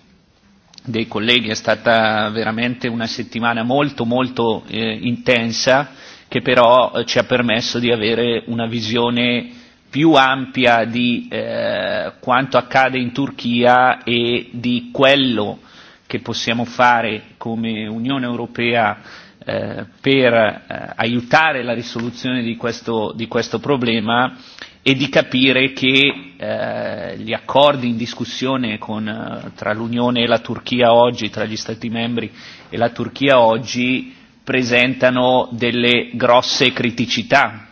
dei colleghi, è stata veramente una settimana molto molto eh, intensa che però eh, ci ha permesso di avere una visione più ampia di eh, quanto accade in Turchia e di quello che possiamo fare come Unione Europea eh, per eh, aiutare la risoluzione di questo, di questo problema e di capire che eh, gli accordi in discussione con, eh, tra l'Unione e la Turchia oggi, tra gli Stati membri e la Turchia oggi, presentano delle grosse criticità.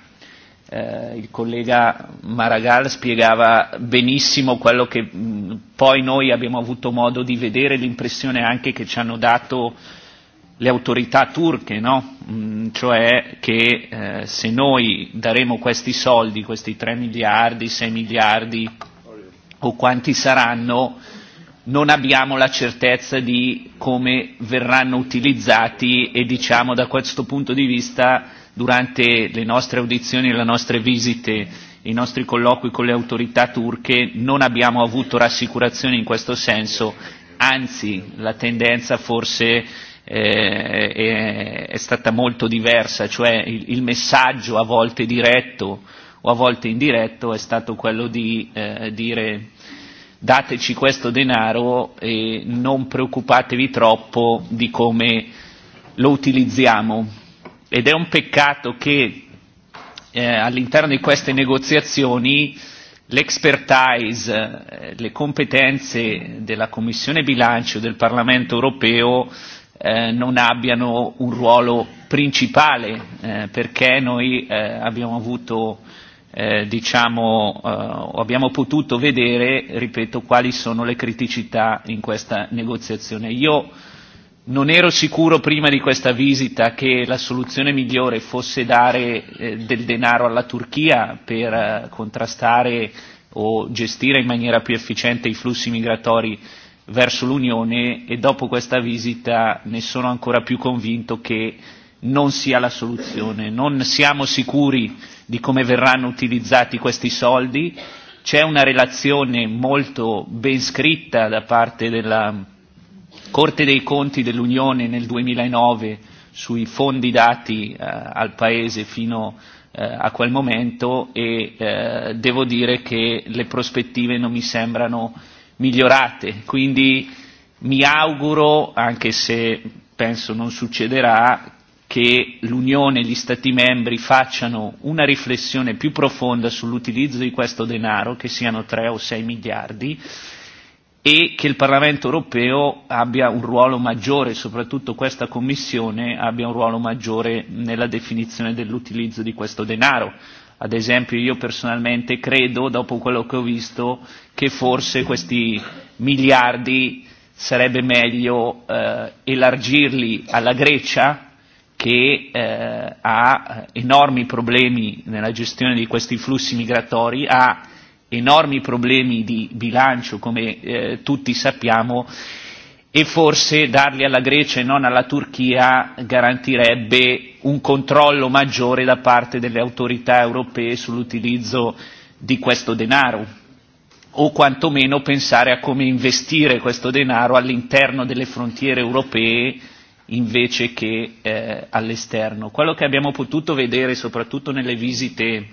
Eh, il collega Maragall spiegava benissimo quello che mh, poi noi abbiamo avuto modo di vedere, l'impressione anche che ci hanno dato eh, le autorità turche, no? Mm, cioè che eh, se noi daremo questi soldi, questi 3 miliardi, 6 miliardi o quanti saranno, non abbiamo la certezza di come verranno utilizzati e diciamo da questo punto di vista durante le nostre audizioni, e le nostre visite, i nostri colloqui con le autorità turche non abbiamo avuto rassicurazioni in questo senso, anzi la tendenza forse eh, è stata molto diversa, cioè il, il messaggio a volte diretto o a volte indiretto è stato quello di eh, dire dateci questo denaro e non preoccupatevi troppo di come lo utilizziamo. Ed è un peccato che eh, all'interno di queste negoziazioni l'expertise, eh, le competenze della Commissione bilancio del Parlamento europeo Eh, non abbiano un ruolo principale eh, perché noi eh, abbiamo avuto eh, diciamo eh, abbiamo potuto vedere ripeto quali sono le criticità in questa negoziazione io non ero sicuro prima di questa visita che la soluzione migliore fosse dare eh, del denaro alla Turchia per eh, contrastare o gestire in maniera più efficiente i flussi migratori verso l'Unione e dopo questa visita ne sono ancora più convinto che non sia la soluzione. Non siamo sicuri di come verranno utilizzati questi soldi, c'è una relazione molto ben scritta da parte della Corte dei Conti dell'Unione nel 2009 sui fondi dati eh, al Paese fino eh, a quel momento e eh, devo dire che le prospettive non mi sembrano eh, migliorate. Quindi mi auguro, anche se penso non succederà, che l'Unione e gli Stati membri facciano una riflessione più profonda sull'utilizzo di questo denaro, che siano 3 o 6 miliardi, e che il Parlamento europeo abbia un ruolo maggiore, soprattutto questa Commissione abbia un ruolo maggiore nella definizione dell'utilizzo di questo denaro Ad esempio io personalmente credo, dopo quello che ho visto, che forse questi miliardi sarebbe meglio eh, elargirli alla Grecia che eh, ha enormi problemi nella gestione di questi flussi migratori, ha enormi problemi di bilancio come eh, tutti sappiamo e forse darli alla Grecia e non alla Turchia garantirebbe un controllo maggiore da parte delle autorità europee sull'utilizzo di questo denaro o quantomeno pensare a come investire questo denaro all'interno delle frontiere europee invece che eh, all'esterno. Quello che abbiamo potuto vedere soprattutto nelle visite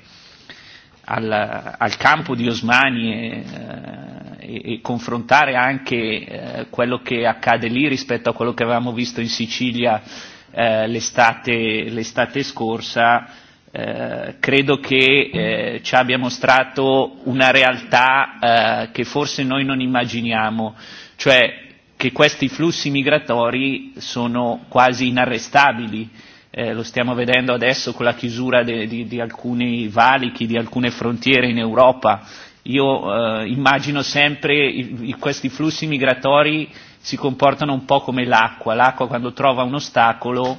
al, al campo di Osmani e eh, e, e confrontare anche eh, quello che accade lì rispetto a quello che avevamo visto in Sicilia eh, l'estate, l'estate scorsa, eh, credo che eh, ci abbia mostrato una realtà eh, che forse noi non immaginiamo, cioè che questi flussi migratori sono quasi inarrestabili. Eh, lo stiamo vedendo adesso con la chiusura de, di, di alcuni valichi, di alcune frontiere in Europa Io eh, immagino sempre i, i, questi flussi migratori si comportano un po' come l'acqua. L'acqua quando trova un ostacolo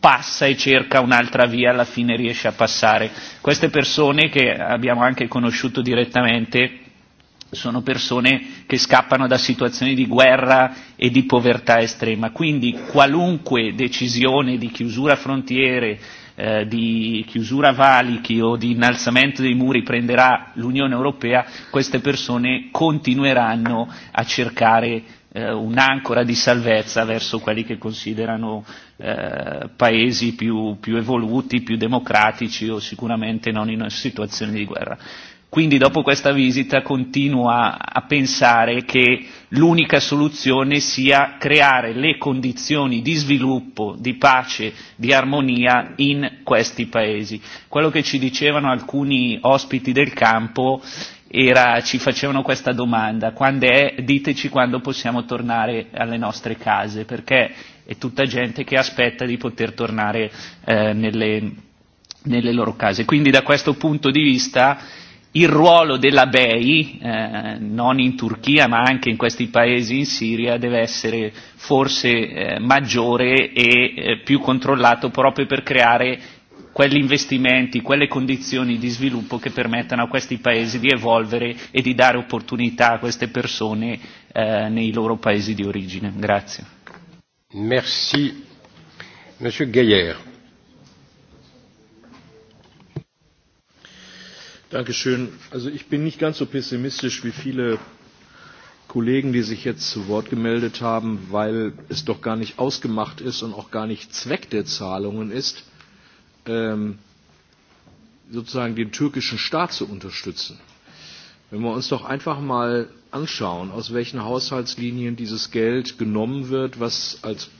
passa e cerca un'altra via, alla fine riesce a passare. Queste persone che abbiamo anche conosciuto direttamente sono persone che scappano da situazioni di guerra e di povertà estrema. Quindi qualunque decisione di chiusura frontiere, eh, di chiusura valichi o di innalzamento dei muri prenderà l'Unione Europea, queste persone continueranno a cercare eh, un'ancora di salvezza verso quelli che considerano eh, paesi più, più evoluti, più democratici o sicuramente non in situazioni di guerra Quindi dopo questa visita continua a pensare che l'unica soluzione sia creare le condizioni di sviluppo, di pace, di armonia in questi paesi. Quello che ci dicevano alcuni ospiti del campo era, ci facevano questa domanda, quando è, diteci quando possiamo tornare alle nostre case, perché è tutta gente che aspetta di poter tornare eh, nelle, nelle loro case. Quindi da questo punto di vista il ruolo della BEI, eh, non in Turchia ma anche in questi paesi in Siria, deve essere forse eh, maggiore e eh, più controllato proprio per creare quegli investimenti, quelle condizioni di sviluppo che permettano a questi paesi di evolvere e di dare opportunità a queste persone eh, nei loro paesi di origine. Grazie. Merci. Monsieur Gaillard. Herr Präsident. ich bin nicht ganz so pessimistisch wie viele Kollegen, die sich jetzt zu Wort gemeldet haben, weil es doch gar nicht ausgemacht ist und auch gar nicht Zweck der Zahlungen ist, ähm, sozusagen den türkischen Staat zu unterstützen. Wenn wir uns doch einfach mal anschauen, aus welchen Haushaltslinien dieses Geld genommen wird, was als,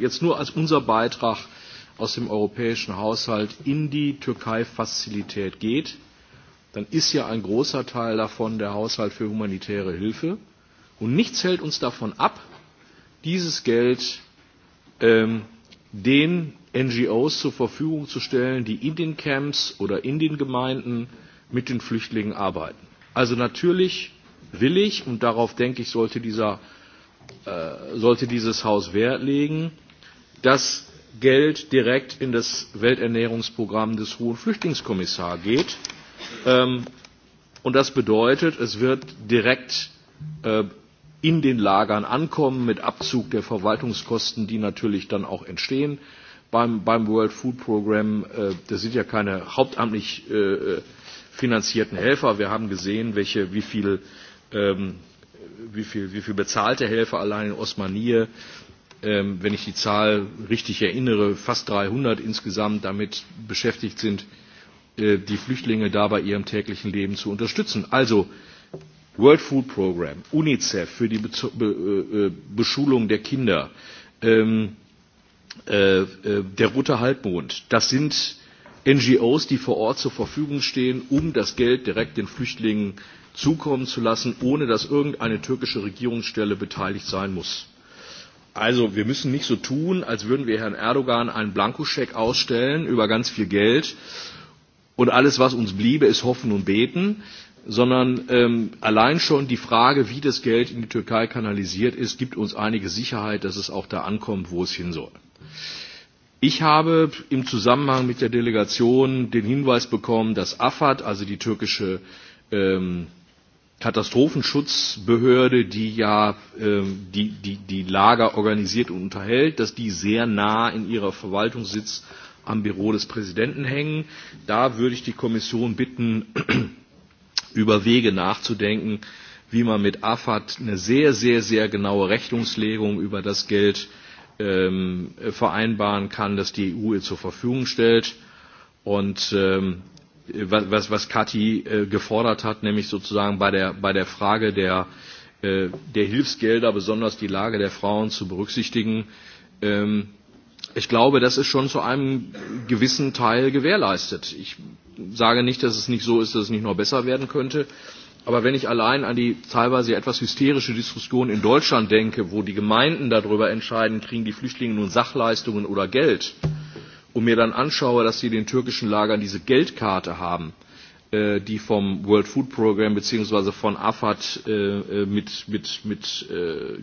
jetzt nur als unser Beitrag aus dem europäischen Haushalt in die Türkei-Fazilität geht, dann ist ja ein großer Teil davon der Haushalt für humanitäre Hilfe. Und nichts hält uns davon ab, dieses Geld ähm, den NGOs zur Verfügung zu stellen, die in den Camps oder in den Gemeinden mit den Flüchtlingen arbeiten. Also natürlich will ich, und darauf denke ich, sollte, dieser, äh, sollte dieses Haus Wert legen, dass Geld direkt in das Welternährungsprogramm des Hohen Flüchtlingskommissars geht Ähm, und das bedeutet, es wird direkt äh, in den Lagern ankommen mit Abzug der Verwaltungskosten, die natürlich dann auch entstehen beim, beim World Food Program. Äh, das sind ja keine hauptamtlich äh, finanzierten Helfer. Wir haben gesehen, welche, wie viel, ähm, wie viel, wie viel bezahlte Helfer allein in Osmanie ähm, wenn ich die Zahl richtig erinnere, fast 300 insgesamt damit beschäftigt sind, Äh, die Flüchtlinge da bei ihrem täglichen Leben zu unterstützen. Also World Food Program, UNICEF für die äh, äh, Beschulung der Kinder, ähm, äh, der Rote Halbmond, das sind NGOs, die vor Ort zur Verfügung stehen, um das Geld direkt den Flüchtlingen zukommen zu lassen, ohne dass irgendeine türkische Regierungsstelle beteiligt sein muss. Also wir müssen nicht so tun, als würden wir Herrn Erdogan einen Blankoscheck ausstellen über ganz viel Geld Und alles, was uns bliebe, ist Hoffen und Beten, sondern ähm, allein schon die Frage, wie das Geld in die Türkei kanalisiert ist, gibt uns einige Sicherheit, dass es auch da ankommt, wo es hin soll. Ich habe im Zusammenhang mit der Delegation den Hinweis bekommen, dass AFAD, also die türkische ähm, Katastrophenschutzbehörde, die ja ähm, die, die, die Lager organisiert und unterhält, dass die sehr nah in ihrer Verwaltung sitzt am Büro des Präsidenten hängen. Da würde ich die Kommission bitten, über Wege nachzudenken, wie man mit AFAD eine sehr, sehr, sehr genaue Rechnungslegung über das Geld ähm, vereinbaren kann, das die EU ihr zur Verfügung stellt. Und ähm, was, was Kathi äh, gefordert hat, nämlich sozusagen bei der, bei der Frage der, äh, der Hilfsgelder besonders die Lage der Frauen zu berücksichtigen, ähm, ich glaube, das ist schon zu einem gewissen Teil gewährleistet. Ich sage nicht, dass es nicht so ist, dass es nicht noch besser werden könnte. Aber wenn ich allein an die teilweise etwas hysterische Diskussion in Deutschland denke, wo die Gemeinden darüber entscheiden, kriegen die Flüchtlinge nun Sachleistungen oder Geld, und mir dann anschaue, dass sie in den türkischen Lagern diese Geldkarte haben, Äh, die vom World Food Program beziehungsweise von AFAD äh, äh, mit, mit, mit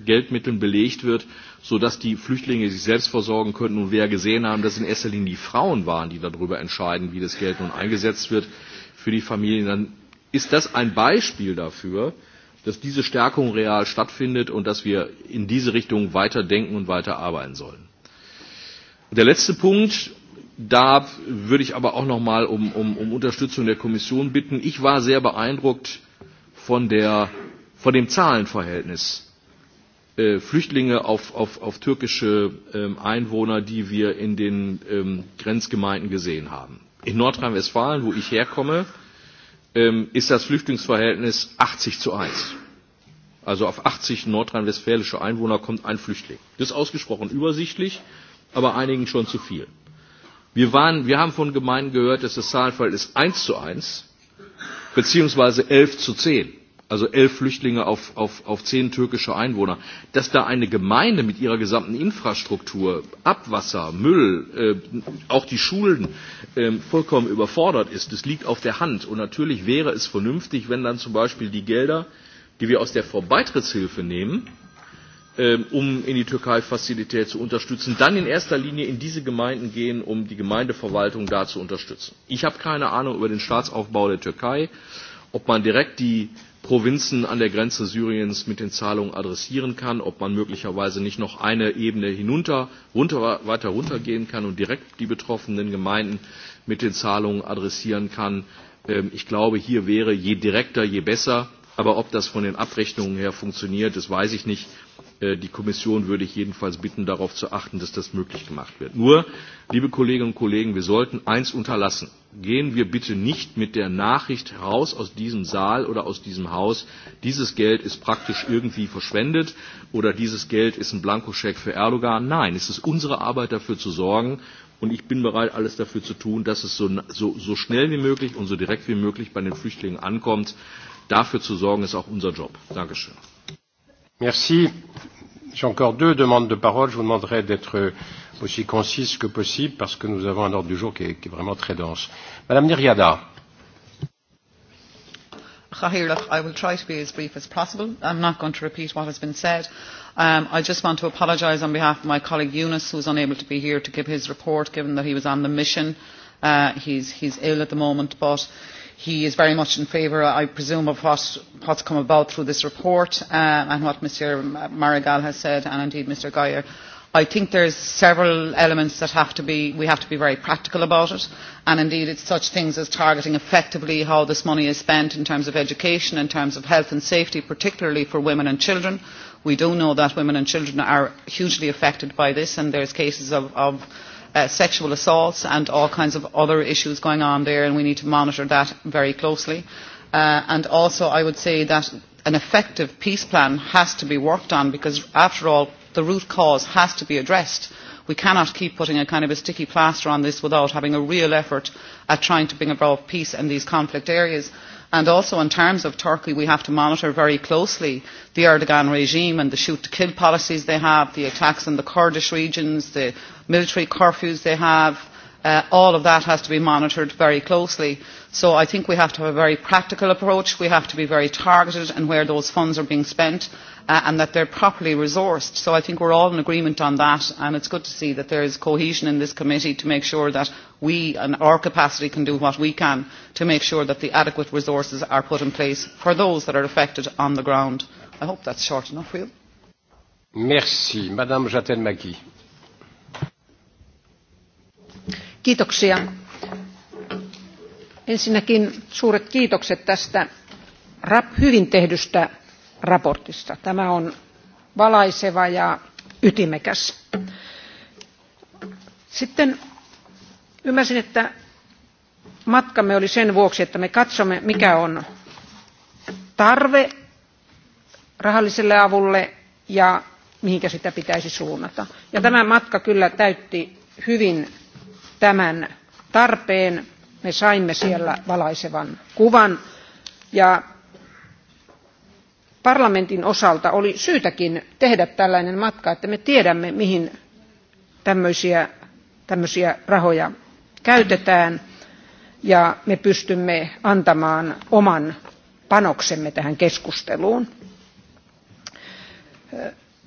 Geldmitteln belegt wird, sodass die Flüchtlinge sich selbst versorgen könnten. Und wir ja gesehen haben, dass in erster Linie die Frauen waren, die darüber entscheiden, wie das Geld nun eingesetzt wird für die Familien. Dann ist das ein Beispiel dafür, dass diese Stärkung real stattfindet und dass wir in diese Richtung weiter denken und weiter arbeiten sollen. der letzte Punkt, Da würde ich aber auch noch mal um, um, um Unterstützung der Kommission bitten. Ich war sehr beeindruckt von, der, von dem Zahlenverhältnis äh, Flüchtlinge auf, auf, auf türkische ähm, Einwohner, die wir in den ähm, Grenzgemeinden gesehen haben. In Nordrhein-Westfalen, wo ich herkomme, ähm, ist das Flüchtlingsverhältnis 80 zu 1. Also auf 80 nordrhein-westfälische Einwohner kommt ein Flüchtling. Das ist ausgesprochen übersichtlich, aber einigen schon zu viel. Wir, waren, wir haben von Gemeinden gehört, dass das Zahlfall ist 1 zu 1 beziehungsweise 11 zu 10, also 11 Flüchtlinge auf, auf, auf 10 türkische Einwohner, dass da eine Gemeinde mit ihrer gesamten Infrastruktur, Abwasser, Müll, äh, auch die Schulen äh, vollkommen überfordert ist, das liegt auf der Hand. Und natürlich wäre es vernünftig, wenn dann zum Beispiel die Gelder, die wir aus der Vorbeitrittshilfe nehmen, Ähm, um in die Türkei Fazilität zu unterstützen, dann in erster Linie in diese Gemeinden gehen, um die Gemeindeverwaltung da zu unterstützen. Ich habe keine Ahnung über den Staatsaufbau der Türkei, ob man direkt die Provinzen an der Grenze Syriens mit den Zahlungen adressieren kann, ob man möglicherweise nicht noch eine Ebene hinunter, runter, weiter runtergehen kann und direkt die betroffenen Gemeinden mit den Zahlungen adressieren kann. Ähm, ich glaube, hier wäre je direkter, je besser Aber ob das von den Abrechnungen her funktioniert, das weiß ich nicht. Äh, die Kommission würde ich jedenfalls bitten, darauf zu achten, dass das möglich gemacht wird. Nur, liebe Kolleginnen und Kollegen, wir sollten eins unterlassen. Gehen wir bitte nicht mit der Nachricht heraus aus diesem Saal oder aus diesem Haus, dieses Geld ist praktisch irgendwie verschwendet oder dieses Geld ist ein Blankoscheck für Erdogan. Nein, es ist unsere Arbeit dafür zu sorgen, Und ich bin bereit, alles dafür zu tun, dass es so, so, so schnell wie möglich und so direkt wie möglich bei den Flüchtlingen ankommt. Dafür zu sorgen, ist auch unser Job. Dankeschön. Merci. J'ai encore deux demandes de parole. Je vous demanderai d'être aussi concis que possible parce que nous avons un ordre du jour qui est, qui est vraiment très dense. Madame Niriada. I will try to be as brief as possible. I'm not going to repeat what has been said. Um, I just want to apologise on behalf of my colleague Eunice, who is unable to be here to give his report, given that he was on the mission. Uh, he's, he's ill at the moment, but he is very much in favour i presume of what has come about through this report um, and what mr marigal has said and indeed mr geier. i think there are several elements that have to be we have to be very practical about it and indeed it is such things as targeting effectively how this money is spent in terms of education in terms of health and safety particularly for women and children. we do know that women and children are hugely affected by this and there are cases of, of uh, sexual assaults and all kinds of other issues going on there, and we need to monitor that very closely. Uh, and also, I would say that an effective peace plan has to be worked on because, after all, the root cause has to be addressed. We cannot keep putting a kind of a sticky plaster on this without having a real effort at trying to bring about peace in these conflict areas and also in terms of turkey we have to monitor very closely the Erdogan regime and the shoot to kill policies they have the attacks in the kurdish regions the military curfews they have uh, all of that has to be monitored very closely. So I think we have to have a very practical approach. We have to be very targeted in where those funds are being spent uh, and that they are properly resourced. So I think we are all in agreement on that, and it's good to see that there is cohesion in this committee to make sure that we, and our capacity, can do what we can to make sure that the adequate resources are put in place for those that are affected on the ground. I hope that is short enough for you. Merci. Madame jatel -Maggi. Kiitoksia. Ensinnäkin suuret kiitokset tästä hyvin tehdystä mietinnöstä. tämä on valaiseva ja ytimekäs. sitten ymmärsin että matkamme oli sen vuoksi että me katsomme mikä on tarve rahalliselle avulle ja mihin sitä pitäisi suunnata. Ja tämä matka kyllä täytti hyvin tämän tarpeen. Me saimme siellä valaisevan kuvan ja parlamentin osalta oli syytäkin tehdä tällainen matka että me tiedämme mihin tämmöisiä, rahoja käytetään ja me pystymme antamaan oman panoksemme tähän keskusteluun.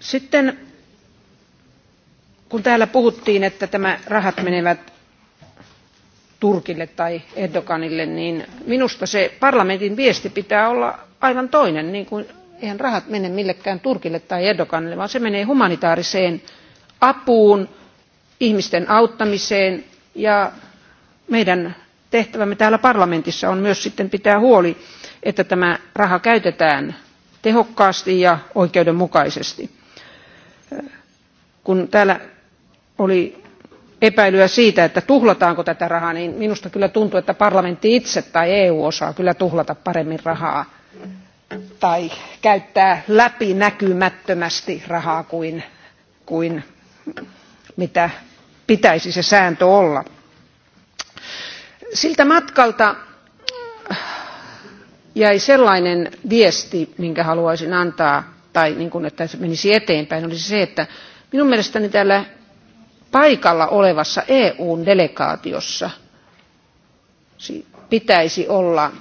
Sitten kun täällä puhuttiin, että tämä rahat menevät Turkille tai Erdoganille, niin minusta se parlamentin viesti pitää olla aivan toinen, niin kuin eihän rahat mene millekään turkille tai erdoganille vaan se menee humanitaariseen apuun ihmisten auttamiseen ja meidän tehtävämme täällä parlamentissa on myös sitten pitää huoli että tämä raha käytetään tehokkaasti ja oikeudenmukaisesti. kun täällä oli epäilyä siitä että tuhlataanko tätä rahaa niin minusta kyllä tuntuu että parlamentti itse tai eu osaa kyllä tuhlata paremmin rahaa tai käyttää läpinäkymättömästi rahaa kuin, kuin mitä pitäisi se sääntö olla. Siltä matkalta jäi sellainen viesti, minkä haluaisin antaa, tai niin kuin, että se menisi eteenpäin, oli se, että minun mielestäni täällä paikalla olevassa eu delegaatiossa pitäisi olla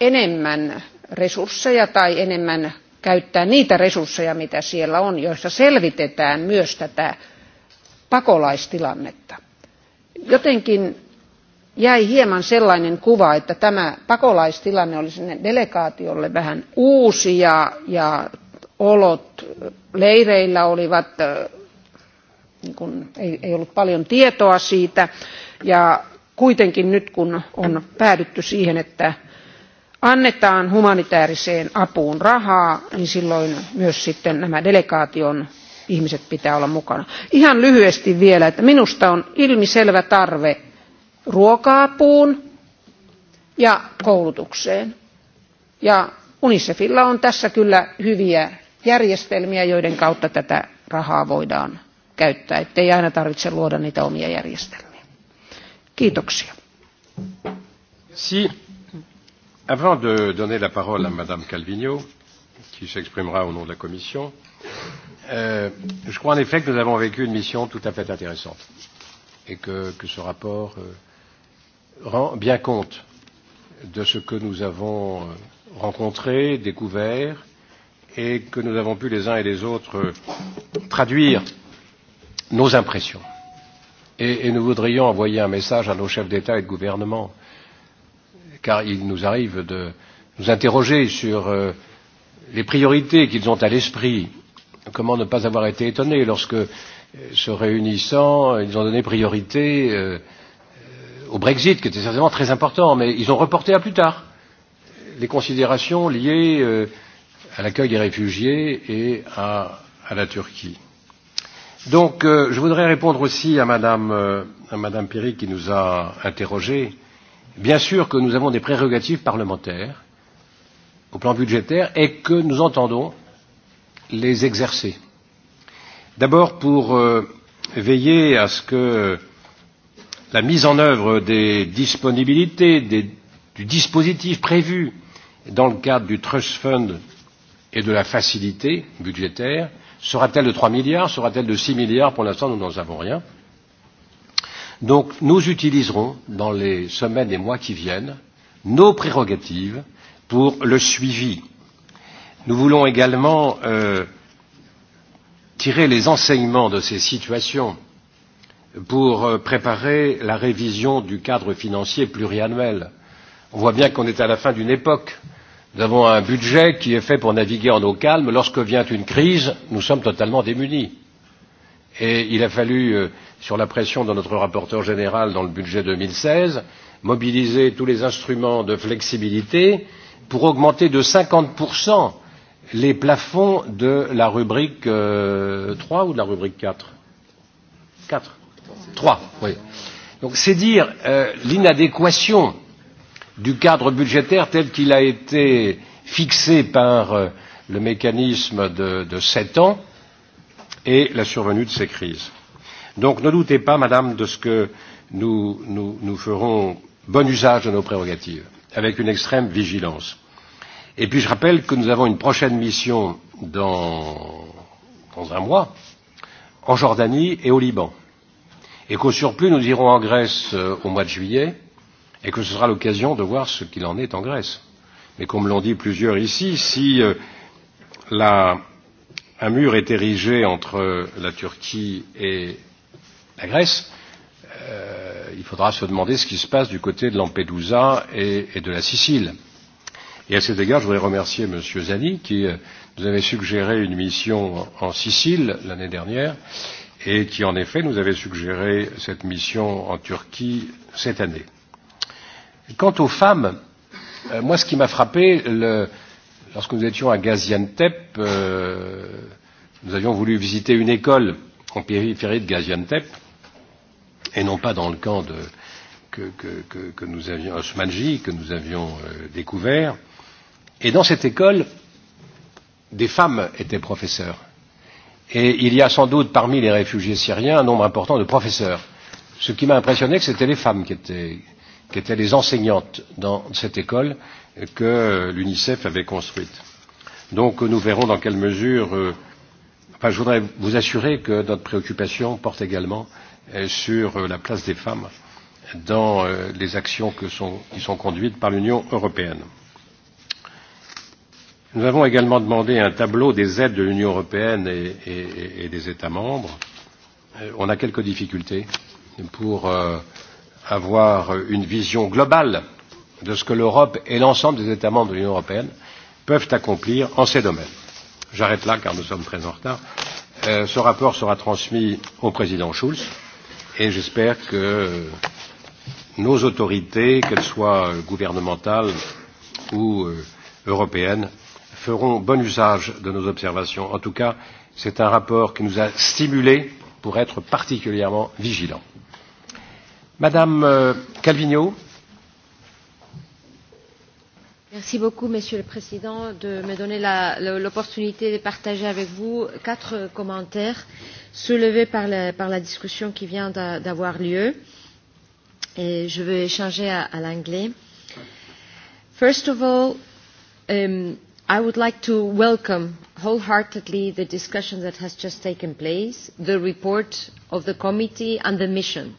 enemmän resursseja tai enemmän käyttää niitä resursseja mitä siellä on joissa selvitetään myös tätä pakolaistilannetta. jotenkin jäi hieman sellainen kuva että tämä pakolaistilanne oli sinne delegaatiolle vähän uusi ja, ja olot leireillä olivat niin kuin, ei, ei ollut paljon tietoa siitä ja kuitenkin nyt kun on päädytty siihen että annetaan humanitaariseen apuun rahaa, niin silloin myös sitten nämä delegaation ihmiset pitää olla mukana. Ihan lyhyesti vielä, että minusta on ilmiselvä tarve ruoka-apuun ja koulutukseen. Ja UNICEFilla on tässä kyllä hyviä järjestelmiä, joiden kautta tätä rahaa voidaan käyttää, ettei aina tarvitse luoda niitä omia järjestelmiä. Kiitoksia. Si. Avant de donner la parole à Madame Calvino, qui s'exprimera au nom de la Commission, euh, je crois en effet que nous avons vécu une mission tout à fait intéressante et que, que ce rapport euh, rend bien compte de ce que nous avons euh, rencontré, découvert et que nous avons pu les uns et les autres euh, traduire nos impressions. Et, et nous voudrions envoyer un message à nos chefs d'État et de gouvernement car il nous arrive de nous interroger sur euh, les priorités qu'ils ont à l'esprit. Comment ne pas avoir été étonné lorsque, euh, se réunissant, ils ont donné priorité euh, au Brexit, qui était certainement très important, mais ils ont reporté à plus tard les considérations liées à l'accueil des réfugiés et à, à la Turquie. Donc, euh, je voudrais répondre aussi à Madame, euh, à Madame Piri qui nous a interrogés bien sûr que nous avons des prérogatives parlementaires au plan budgétaire et que nous entendons les exercer. D'abord pour euh, veiller à ce que la mise en œuvre des disponibilités, des, du dispositif prévu dans le cadre du Trust Fund et de la facilité budgétaire sera-t-elle de 3 milliards, sera-t-elle de 6 milliards Pour l'instant, nous n'en savons rien. Euh, Donc nous utiliserons dans les semaines et mois qui viennent nos prérogatives pour le suivi. Nous voulons également euh, tirer les enseignements de ces situations pour euh, préparer la révision du cadre financier pluriannuel. On voit bien qu'on est à la fin d'une époque. Nous avons un budget qui est fait pour naviguer en eau calme. Lorsque vient une crise, nous sommes totalement démunis. Et il a fallu euh, sur la pression de notre rapporteur général dans le budget deux mille seize mobiliser tous les instruments de flexibilité pour augmenter de cinquante les plafonds de la rubrique euh, trois euh, ou de la rubrique quatre quatre trois oui donc c'est dire euh, l'inadéquation du cadre budgétaire tel qu'il a été fixé par euh, le mécanisme de, de sept ans et la survenue de ces crises Donc ne doutez pas, Madame, de ce que nous, nous, nous ferons bon usage de nos prérogatives, avec une extrême vigilance. Et puis je rappelle que nous avons une prochaine mission dans, dans un mois en Jordanie et au Liban. Et qu'au surplus, nous irons en Grèce euh, au mois de juillet et que ce sera l'occasion de voir ce qu'il en est en Grèce. Mais comme l'ont dit plusieurs ici, si euh, la, un mur est érigé entre la Turquie et la Grèce, euh, il faudra se demander ce qui se passe du côté de Lampedusa et, et de la Sicile. Et à cet égard, je voudrais remercier M. Zani qui euh, nous avait suggéré une mission en Sicile l'année dernière et qui, en effet, nous avait suggéré cette mission en Turquie cette année. Quant aux femmes, euh, moi, ce qui m'a frappé, le, lorsque nous étions à Gaziantep, euh, nous avions voulu visiter une école en périphérie de Gaziantep et non pas dans le camp de, que, que, que, que nous avions, Osmanji, que nous avions euh, découvert. Et dans cette école, des femmes étaient professeurs. Et il y a sans doute parmi les réfugiés syriens un nombre important de professeurs. Ce qui m'a impressionné, c'était les femmes qui étaient, qui étaient les enseignantes dans cette école que l'UNICEF avait construite. Donc nous verrons dans quelle mesure. Euh, enfin, je voudrais vous assurer que notre préoccupation porte également euh, sur euh, la place des femmes dans euh, les actions que sont, qui sont conduites par l'Union européenne. Nous avons également demandé un tableau des aides de l'Union européenne et, et, et des États membres. Euh, on a quelques difficultés pour avoir une vision globale de ce que l'Europe et l'ensemble des États membres de l'Union européenne peuvent accomplir en ces domaines. J'arrête là car nous sommes très en retard. Euh, ce rapport sera transmis au président Schulz et j'espère que nos autorités, qu'elles soient gouvernementales ou euh, européennes, feront bon usage de nos observations. En tout cas, c'est un rapport qui nous a stimulés pour être particulièrement vigilants. Madame euh, Calvino, Merci beaucoup, Monsieur le Président, de me donner l'opportunité de partager avec vous quatre commentaires soulevés par la, par la discussion qui vient d'avoir lieu. Et je vais échanger à, à l'anglais. First of all, um, I would like to welcome wholeheartedly the discussion that has just taken place, the report of the committee and the mission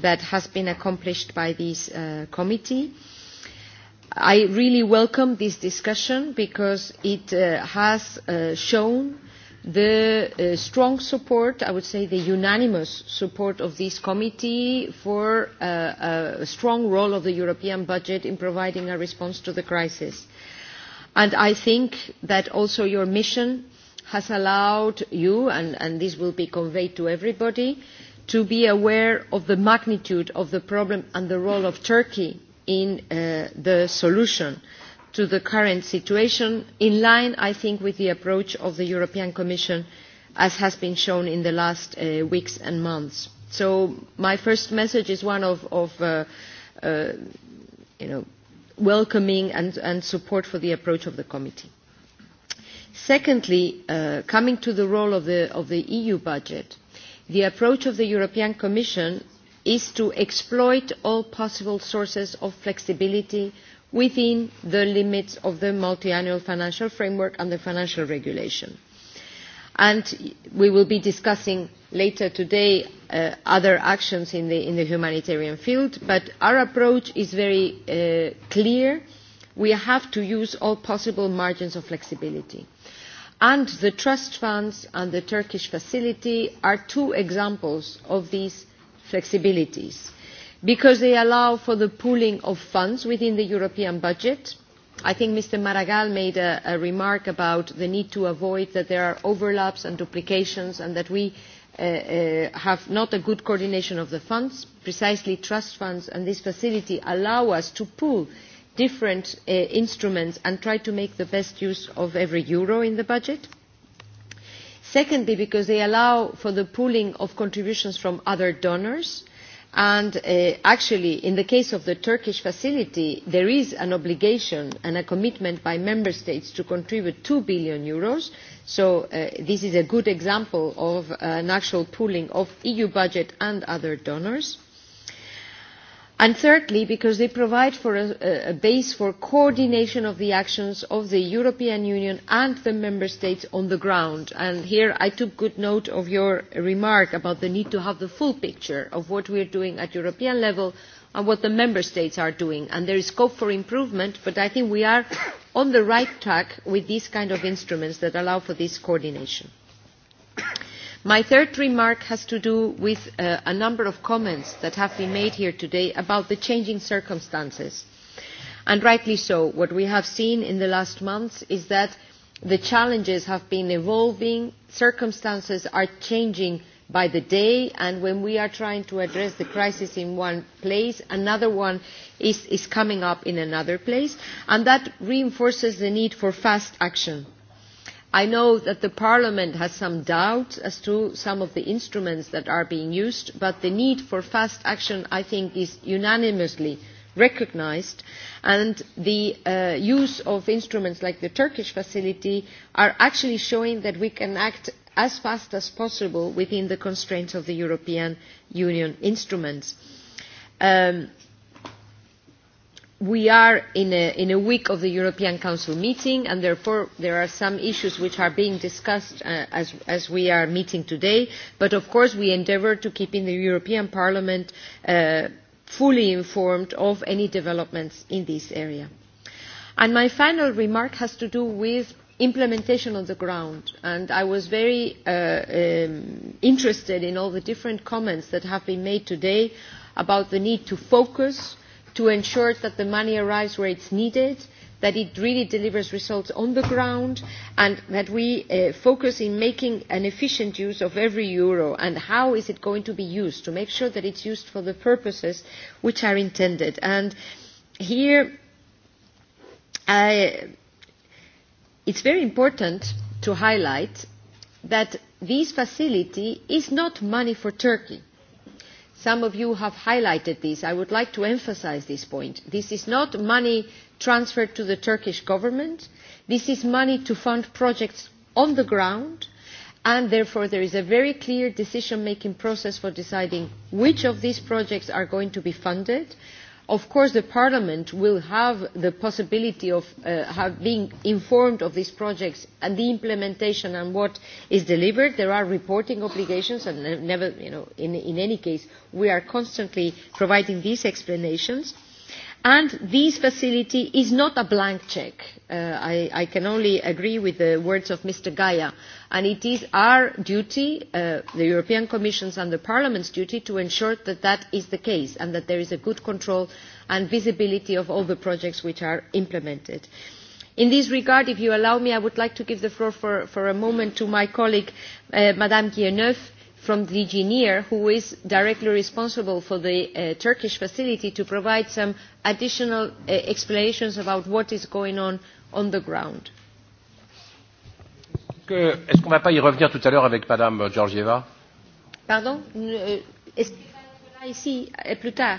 that has been accomplished by this uh, committee. I really welcome this discussion because it uh, has uh, shown the uh, strong support, I would say the unanimous support of this committee for uh, a strong role of the European budget in providing a response to the crisis. And I think that also your mission has allowed you, and, and this will be conveyed to everybody, to be aware of the magnitude of the problem and the role of Turkey in uh, the solution to the current situation, in line, I think, with the approach of the European Commission, as has been shown in the last uh, weeks and months. So my first message is one of, of uh, uh, you know, welcoming and, and support for the approach of the committee. Secondly, uh, coming to the role of the, of the EU budget, the approach of the European Commission is to exploit all possible sources of flexibility within the limits of the multiannual financial framework and the financial regulation. And we will be discussing later today uh, other actions in the, in the humanitarian field, but our approach is very uh, clear. We have to use all possible margins of flexibility. And the trust funds and the Turkish facility are two examples of these flexibilities because they allow for the pooling of funds within the European budget. I think Mr. Maragall made a, a remark about the need to avoid that there are overlaps and duplications and that we uh, uh, have not a good coordination of the funds. Precisely trust funds and this facility allow us to pool different uh, instruments and try to make the best use of every euro in the budget secondly because they allow for the pooling of contributions from other donors and uh, actually in the case of the turkish facility there is an obligation and a commitment by member states to contribute eur two billion Euros. so uh, this is a good example of an actual pooling of eu budget and other donors and thirdly because they provide for a, base for coordination of the actions of the european union and the member states on the ground and here i took good note of your remark about the need to have the full picture of what we are doing at european level and what the member states are doing and there is scope for improvement but i think we are on the right track with these kind of instruments that allow for this coordination. My third remark has to do with uh, a number of comments that have been made here today about the changing circumstances. And rightly so. What we have seen in the last months is that the challenges have been evolving, circumstances are changing by the day, and when we are trying to address the crisis in one place, another one is, is coming up in another place, and that reinforces the need for fast action i know that the Parliament has some doubts as to some of the instruments that are being used, but the need for fast action, I think, is unanimously recognised and the uh, use of instruments like the Turkish facility are actually showing that we can act as fast as possible within the constraints of the European Union instruments. Um, we are in a, in a week of the European Council meeting, and therefore there are some issues which are being discussed uh, as, as we are meeting today. But of course, we endeavour to keep in the European Parliament uh, fully informed of any developments in this area. And my final remark has to do with implementation on the ground. And I was very uh, um, interested in all the different comments that have been made today about the need to focus to ensure that the money arrives where it is needed, that it really delivers results on the ground, and that we uh, focus on making an efficient use of every euro and how is it going to be used to make sure that it is used for the purposes which are intended. And here, I, is very important to highlight that this facility is not money for Turkey Some of you have highlighted this. I would like to emphasize this point. This is not money transferred to the Turkish government. This is money to fund projects on the ground, and therefore there is a very clear decision-making process for deciding which of these projects are going to be funded of course the parliament will have the possibility of uh, have being informed of these projects and the implementation and what is delivered. There are reporting obligations and never, you know, in, in any case we are constantly providing these explanations. Uh, And this facility is not a blank check. Uh, I, I can only agree with the words of Mr. Gaia. And it is our duty, uh, the European Commission's and the Parliament's duty, to ensure that that is the case and that there is a good control and visibility of all the projects which are implemented. In this regard, if you allow me, I would like to give the floor for, for a moment to my colleague, uh, Madame Guilleneuve, from DG NIR, who is directly responsible for the uh, Turkish facility, to provide some additional uh, explanations about what is going on on the ground. Est-ce qu'on va pas y revenir tout à l'heure avec Madame Georgieva Pardon euh, Est-ce qu'on ici euh, plus tard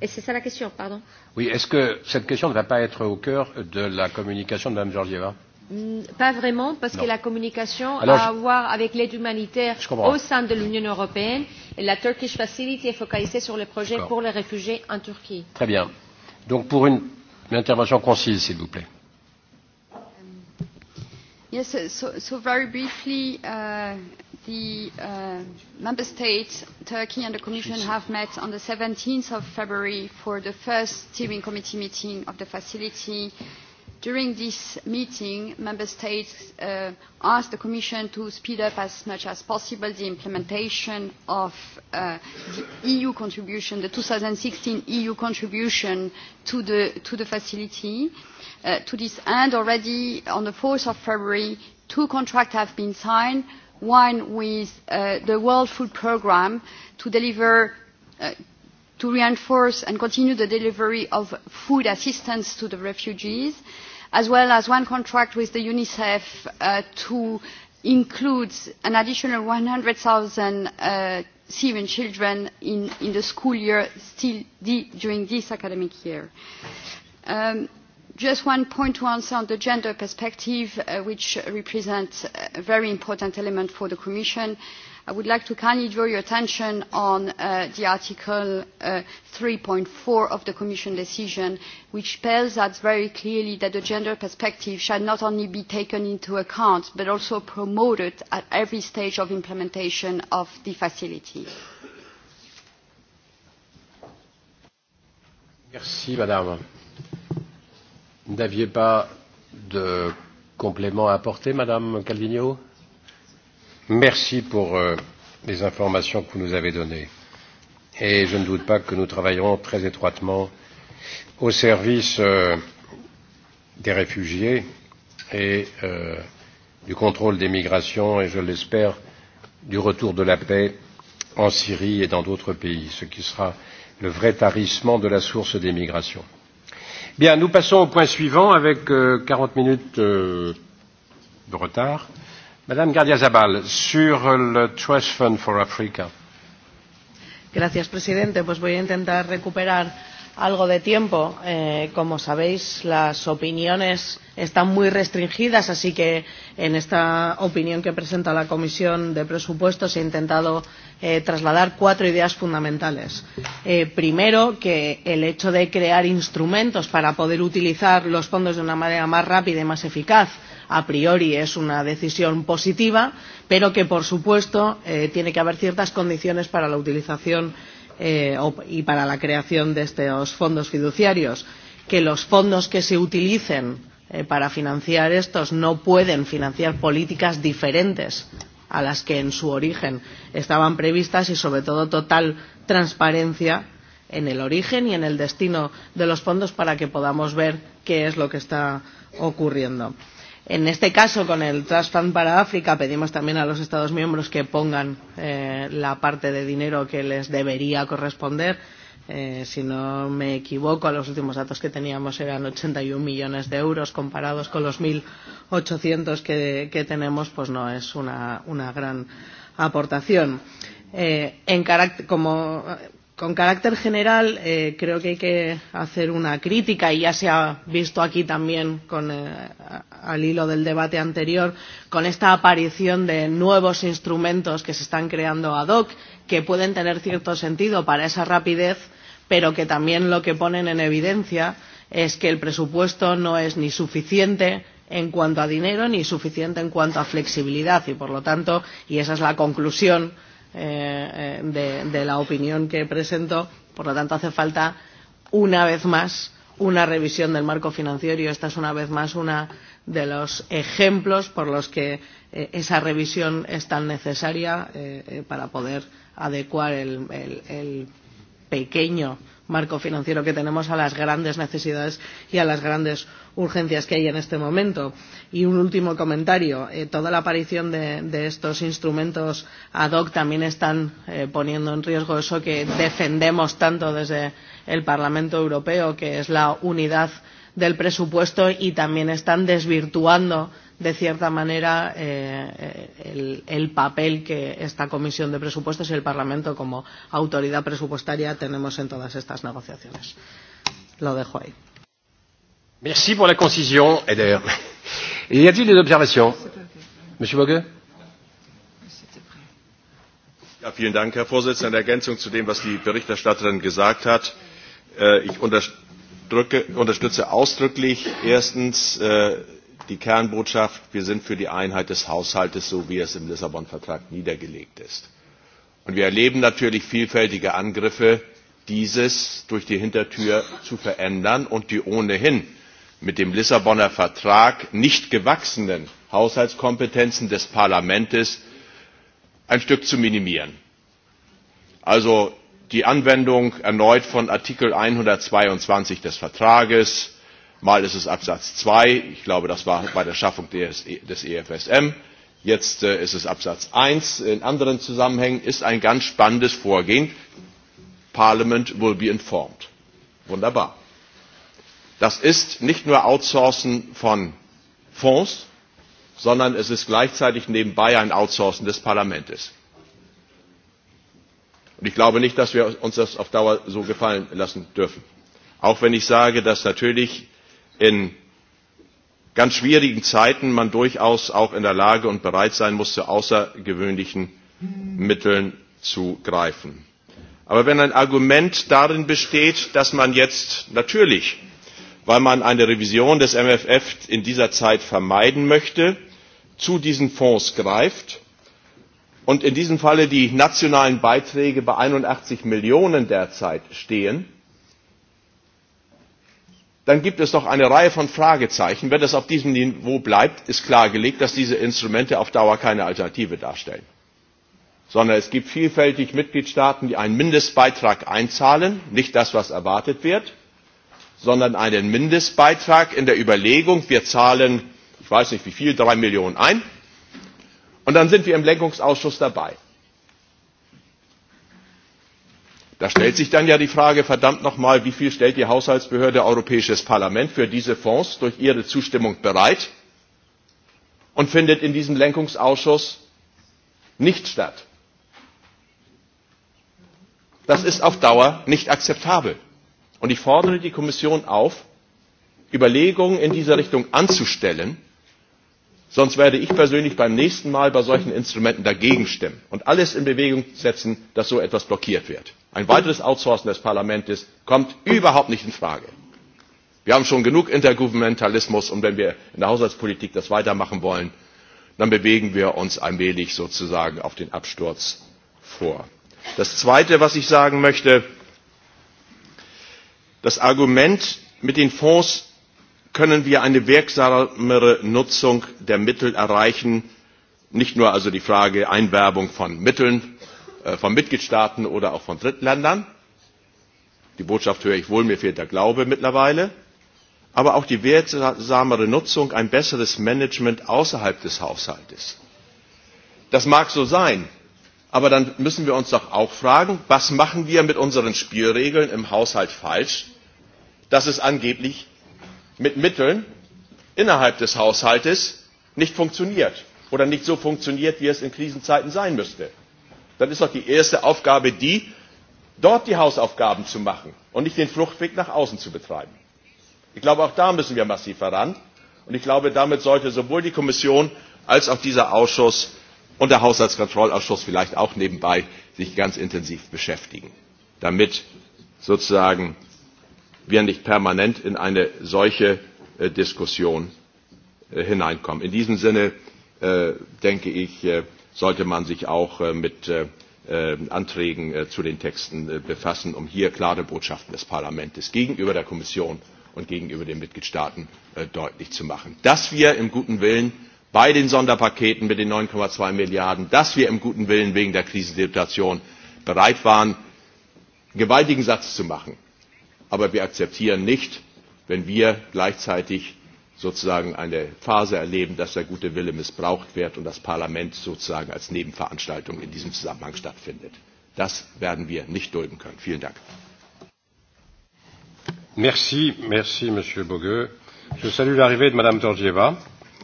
Et c'est ça la question, pardon. Oui, est-ce que cette question ne va pas être au cœur de la communication de madame Georgieva Mm, pas vraiment, parce non. que la communication Alors, a à voir avec l'aide humanitaire au sein de l'Union européenne et la Turkish Facility est focalisée sur les projets pour les réfugiés en Turquie. Très bien. Donc pour une, une intervention concise, s'il vous plaît. Um, yes, uh, so, so very briefly, uh, the uh, member states, Turkey and the Commission have met on the 17th of February for the first steering committee meeting of the facility. Uh, During this meeting, Member States uh, asked the Commission to speed up as much as possible the implementation of uh, the EU contribution, the 2016 EU contribution to the, to the facility. Uh, to this end, already on the 4th of February, two contracts have been signed, one with uh, the World Food Programme to deliver uh, to reinforce and continue the delivery of food assistance to the refugees, uh, as well as one contract with unicef uh, to include an additional one hundred uh, syrian children in, in the school year still the, during this academic year. Um, just one point to answer on the gender perspective uh, which represents a very important element for the commission. Uh, i would like to kindly draw your attention on uh, the Article uh, 3.4 of the Commission decision, which spells out very clearly that the gender perspective shall not only be taken into account, but also promoted at every stage of implementation of the facility. Merci, Madame. n'aviez pas de complément à apporter, Madame Calvino Merci pour euh, les informations que vous nous avez données. Et je ne doute pas que nous travaillerons très étroitement au service euh, des réfugiés et euh, du contrôle des migrations et, je l'espère, du retour de la paix en Syrie et dans d'autres pays, ce qui sera le vrai tarissement de la source des migrations. Bien, nous passons au point suivant avec euh, quarante 40 minutes euh, de retard. Madame Gardia Zabal, sur le Trust Fund for Africa. Gracias, presidente. Pues voy a intentar recuperar algo de tiempo. Eh, como sabéis, las opiniones están muy restringidas, así que en esta opinión que presenta la Comisión de Presupuestos he intentado eh, trasladar cuatro ideas fundamentales. Eh, primero, que el hecho de crear instrumentos para poder utilizar los fondos de una manera más rápida y más eficaz a priori es una decisión positiva, pero que, por supuesto, eh, tiene que haber ciertas condiciones para la utilización eh, y para la creación de estos fondos fiduciarios. Que los fondos que se utilicen eh, para financiar estos no pueden financiar políticas diferentes a las que en su origen estaban previstas y, sobre todo, total transparencia en el origen y en el destino de los fondos para que podamos ver qué es lo que está ocurriendo. En este caso, con el Trust Fund para África, pedimos también a los Estados miembros que pongan eh, la parte de dinero que les debería corresponder. Eh, si no me equivoco, los últimos datos que teníamos eran 81 millones de euros comparados con los 1.800 que, que tenemos, pues no es una, una gran aportación. Eh, en como Con carácter general, eh, creo que hay que hacer una crítica, y ya se ha visto aquí también con, eh, al hilo del debate anterior, con esta aparición de nuevos instrumentos que se están creando ad hoc, que pueden tener cierto sentido para esa rapidez, pero que también lo que ponen en evidencia es que el presupuesto no es ni suficiente en cuanto a dinero ni suficiente en cuanto a flexibilidad y por lo tanto y esa es la conclusión Eh, eh, de, de la opinión que presento, Por lo tanto, hace falta una vez más una revisión del marco financiero y esta es una vez más uno de los ejemplos por los que eh, esa revisión es tan necesaria eh, eh, para poder adecuar el, el, el pequeño eh, marco financiero que tenemos a las grandes necesidades y a las grandes urgencias que hay en este momento. Y un último comentario. Eh, toda la aparición de, de estos instrumentos ad hoc también están eh, poniendo en riesgo eso que defendemos tanto desde el Parlamento Europeo, que es la unidad del presupuesto y también están desvirtuando de cierta manera, eh, eh, el, el papel que esta Comisión de Presupuestos y el Parlamento como autoridad presupuestaria tenemos en todas estas negociaciones. Lo dejo ahí. Merci por la concisión, Eder. Y a t des observations Monsieur Bogue ja, Vielen Dank, Herr Vorsitzender. In Ergänzung zu dem, was die Berichterstatterin gesagt hat, äh, ich unterstütze ausdrücklich erstens äh, die Kernbotschaft, wir sind für die Einheit des Haushaltes, so wie es im Lissabon-Vertrag niedergelegt ist. Und wir erleben natürlich vielfältige Angriffe, dieses durch die Hintertür zu verändern und die ohnehin mit dem Lissabonner Vertrag nicht gewachsenen Haushaltskompetenzen des Parlaments ein Stück zu minimieren. Also die Anwendung erneut von Artikel 122 des Vertrages, mal ist es Absatz 2, ich glaube, das war bei der Schaffung des, e, des EFSM, jetzt äh, ist es Absatz 1, in anderen Zusammenhängen ist ein ganz spannendes Vorgehen. Parliament will be informed. Wunderbar. Das ist nicht nur Outsourcen von Fonds, sondern es ist gleichzeitig nebenbei ein Outsourcen des Parlaments. Und ich glaube nicht, dass wir uns das auf Dauer so gefallen lassen dürfen. Auch wenn ich sage, dass natürlich in ganz schwierigen Zeiten man durchaus auch in der Lage und bereit sein muss, zu außergewöhnlichen Mitteln zu greifen. Aber wenn ein Argument darin besteht, dass man jetzt natürlich, weil man eine Revision des MFF in dieser Zeit vermeiden möchte, zu diesen Fonds greift und in diesem Falle die nationalen Beiträge bei 81 Millionen derzeit stehen, dann gibt es noch eine Reihe von Fragezeichen. Wenn das auf diesem Niveau bleibt, ist klargelegt, dass diese Instrumente auf Dauer keine Alternative darstellen. Sondern es gibt vielfältig Mitgliedstaaten, die einen Mindestbeitrag einzahlen, nicht das, was erwartet wird, sondern einen Mindestbeitrag in der Überlegung, wir zahlen, ich weiß nicht wie viel, drei Millionen ein. Und dann sind wir im Lenkungsausschuss dabei. Da stellt sich dann ja die Frage, verdammt nochmal, wie viel stellt die Haushaltsbehörde Europäisches Parlament für diese Fonds durch ihre Zustimmung bereit und findet in diesem Lenkungsausschuss nicht statt. Das ist auf Dauer nicht akzeptabel. Und ich fordere die Kommission auf, Überlegungen in dieser Richtung anzustellen, sonst werde ich persönlich beim nächsten mal bei solchen instrumenten dagegen stimmen und alles in bewegung setzen dass so etwas blockiert wird. ein weiteres outsourcen des parlaments kommt überhaupt nicht in frage. wir haben schon genug intergouvernementalismus und wenn wir in der haushaltspolitik das weitermachen wollen dann bewegen wir uns allmählich sozusagen auf den absturz vor. das zweite was ich sagen möchte das argument mit den fonds können wir eine wirksamere Nutzung der Mittel erreichen, nicht nur also die Frage Einwerbung von Mitteln äh, von Mitgliedstaaten oder auch von Drittländern. Die Botschaft höre ich wohl, mir fehlt der Glaube mittlerweile. Aber auch die wirksamere Nutzung, ein besseres Management außerhalb des Haushaltes. Das mag so sein, aber dann müssen wir uns doch auch fragen, was machen wir mit unseren Spielregeln im Haushalt falsch, dass es angeblich mit Mitteln innerhalb des Haushaltes nicht funktioniert oder nicht so funktioniert, wie es in Krisenzeiten sein müsste. Dann ist doch die erste Aufgabe die, dort die Hausaufgaben zu machen und nicht den Fluchtweg nach außen zu betreiben. Ich glaube, auch da müssen wir massiv heran, Und ich glaube, damit sollte sowohl die Kommission als auch dieser Ausschuss und der Haushaltskontrollausschuss vielleicht auch nebenbei sich ganz intensiv beschäftigen, damit sozusagen wir nicht permanent in eine solche äh, Diskussion äh, hineinkommen. In diesem Sinne, äh, denke ich, sollte man sich auch mit Anträgen zu den Texten befassen, um hier klare Botschaften des Parlaments gegenüber der Kommission und gegenüber den Mitgliedstaaten deutlich zu machen. Dass wir im guten Willen bei den Sonderpaketen mit den 9,2 Milliarden, dass wir im guten Willen wegen der Krisensituation bereit waren, einen gewaltigen Satz zu machen aber wir akzeptieren nicht wenn wir gleichzeitig sozusagen eine phase erleben dass der gute wille missbraucht wird und das parlament sozusagen als nebenveranstaltung in diesem zusammenhang stattfindet. das werden wir nicht dulden können. vielen dank! Merci, merci, monsieur Bogue. Je salue l'arrivée de Madame Georgieva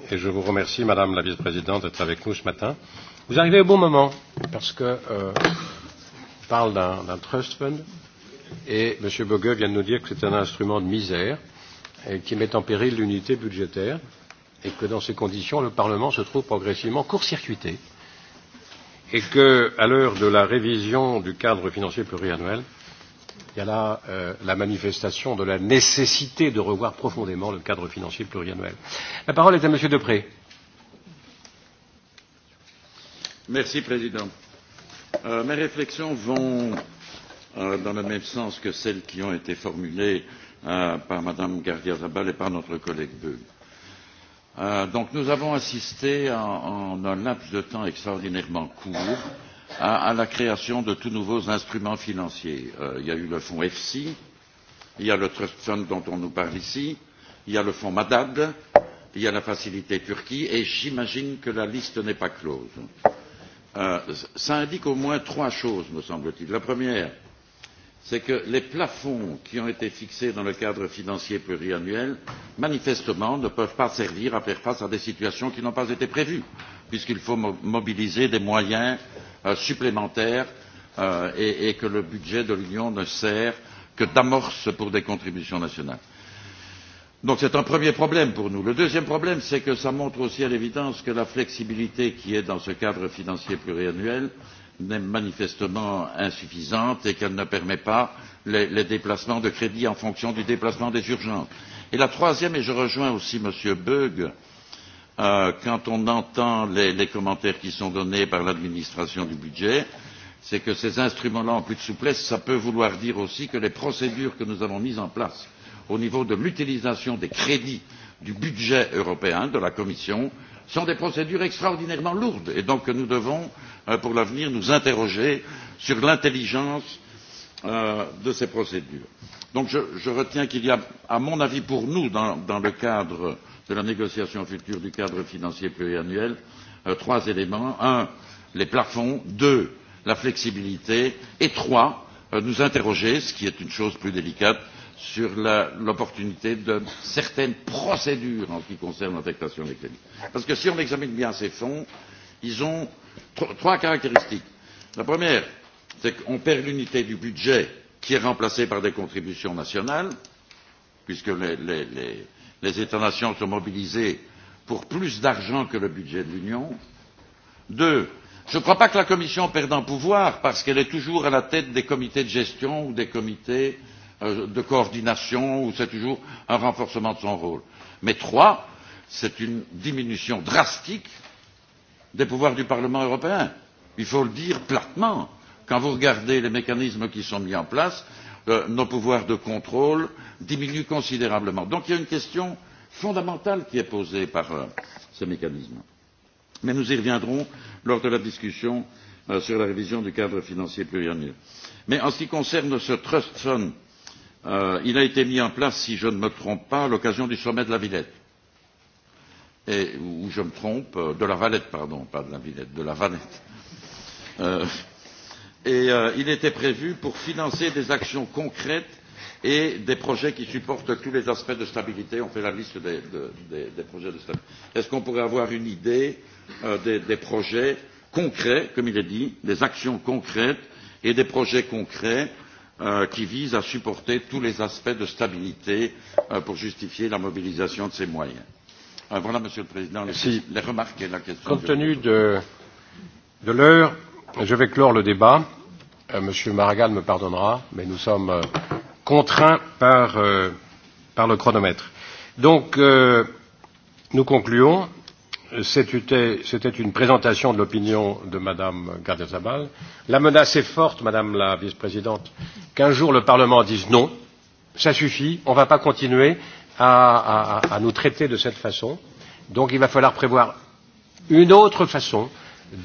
et je vous remercie, Madame la Vice-présidente, d'être avec nous ce matin. Vous arrivez au bon moment parce que euh, on parle d'un trust fund Et M. Bogue vient de nous dire que c'est un instrument de misère et qui met en péril l'unité budgétaire et que dans ces conditions, le Parlement se trouve progressivement court-circuité et que, à l'heure de la révision du cadre financier pluriannuel, il y a là euh, la manifestation de la nécessité de revoir profondément le cadre financier pluriannuel. La parole est à M. Depré. Merci, Président. Euh, mes réflexions vont Euh, dans le même sens que celles qui ont été formulées euh, par mme garca zabal et par notre collègue bge. Euh, donc nous avons assisté en, un laps de temps extraordinairement court à, la création de tout nouveaux instruments financiers. il y a eu le fonds efsi il y a le trust fund dont on nous parle ici il y a le fonds madad il y a la facilité turquie et j'imagine que la liste n'est pas close. cela indique au moins trois choses me semble t il. la première c'est que les plafonds qui ont été fixés dans le cadre financier pluriannuel manifestement ne peuvent pas servir à faire face à des situations qui n'ont pas été prévues puisqu'il faut mobiliser des moyens euh, supplémentaires euh, et, que le budget de l'union ne sert que d'amorce pour des contributions nationales. Donc c'est un premier problème pour nous. Le deuxième problème, c'est que cela montre aussi à l'évidence que la flexibilité qui est dans ce cadre financier pluriannuel manifestement insuffisante et qu'elle ne permet pas les, les déplacements de crédits en fonction du déplacement des urgences. Et la troisième, et je rejoins aussi M. Böge, euh, quand on entend les, les commentaires qui sont donnés par l'administration du budget, c'est que ces instruments-là ont plus de souplesse, ça peut vouloir dire aussi que les procédures que nous avons mises en place au niveau de l'utilisation des crédits du budget européen de la Commission sont des procédures extraordinairement lourdes et donc nous devons euh, pour l'avenir nous interroger sur l'intelligence euh, de ces procédures. Donc je, je retiens qu'il y a, à mon avis, pour nous, dans, dans le cadre de la négociation future du cadre financier pluriannuel, euh, trois éléments un, les plafonds, deux, la flexibilité et trois, euh, nous interroger, ce qui est une chose plus délicate, sur l'opportunité de certaines procédures en ce qui concerne l'affectation des crédits. Parce que si on examine bien ces fonds, ils ont tro trois caractéristiques. La première, c'est qu'on perd l'unité du budget qui est remplacée par des contributions nationales, puisque les, les, les, les États nations sont mobilisés pour plus d'argent que le budget de l'Union. Deux, je ne crois pas que la Commission perde en pouvoir parce qu'elle est toujours à la tête des comités de gestion ou des comités Euh, de coordination ou c'est toujours un renforcement de son rôle. Mais trois, c'est une diminution drastique des pouvoirs du Parlement européen. Il faut le dire platement. Quand vous regardez les mécanismes qui sont mis en place, euh, nos pouvoirs de contrôle diminuent considérablement. Donc il y a une question fondamentale qui est posée par euh, ces mécanismes. Mais nous y reviendrons lors de la discussion euh, sur la révision du cadre financier pluriannuel. Mais en ce qui concerne ce trust fund, Euh, il a été mis en place, si je ne me trompe pas, à l'occasion du sommet de la Villette. Et, ou je me trompe, euh, de la Valette, pardon, pas de la Villette, de la Valette. Euh, et euh, il était prévu pour financer des actions concrètes et des projets qui supportent tous les aspects de stabilité. On fait la liste des, des, des projets de stabilité. Est-ce qu'on pourrait avoir une idée euh, des, des projets concrets, comme il est dit, des actions concrètes et des projets concrets euh, Euh, qui vise à supporter tous les aspects de stabilité euh, pour justifier la mobilisation de ces moyens. Euh, voilà monsieur le président les, les remarques et la question. compte tenu de, de l'heure je vais clore le débat. monsieur maragall me pardonnera mais nous sommes contraints par, par le chronomètre. donc euh, nous concluons c'était une présentation de l'opinion de Mme Gardiazabal. La menace est forte, Madame la vice-présidente, qu'un jour le Parlement dise non, ça suffit, on ne va pas continuer à, à, à nous traiter de cette façon. Donc il va falloir prévoir une autre façon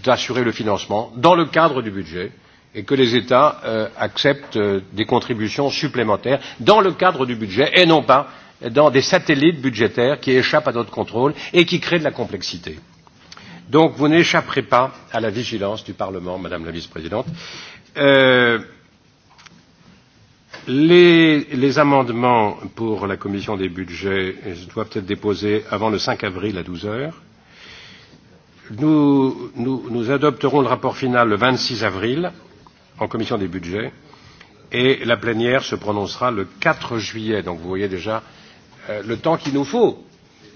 d'assurer le financement dans le cadre du budget et que les États euh, acceptent euh, des contributions supplémentaires dans le cadre du budget et non pas dans des satellites budgétaires qui échappent à notre contrôle et qui créent de la complexité. Donc vous n'échapperez pas à la vigilance du Parlement, Madame la Vice-présidente. Euh, les, les amendements pour la Commission des budgets doivent être déposés avant le 5 avril à 12 heures. Nous, nous, nous adopterons le rapport final le 26 avril en Commission des budgets et la plénière se prononcera le 4 juillet. Donc vous voyez déjà Euh, le temps qu'il nous faut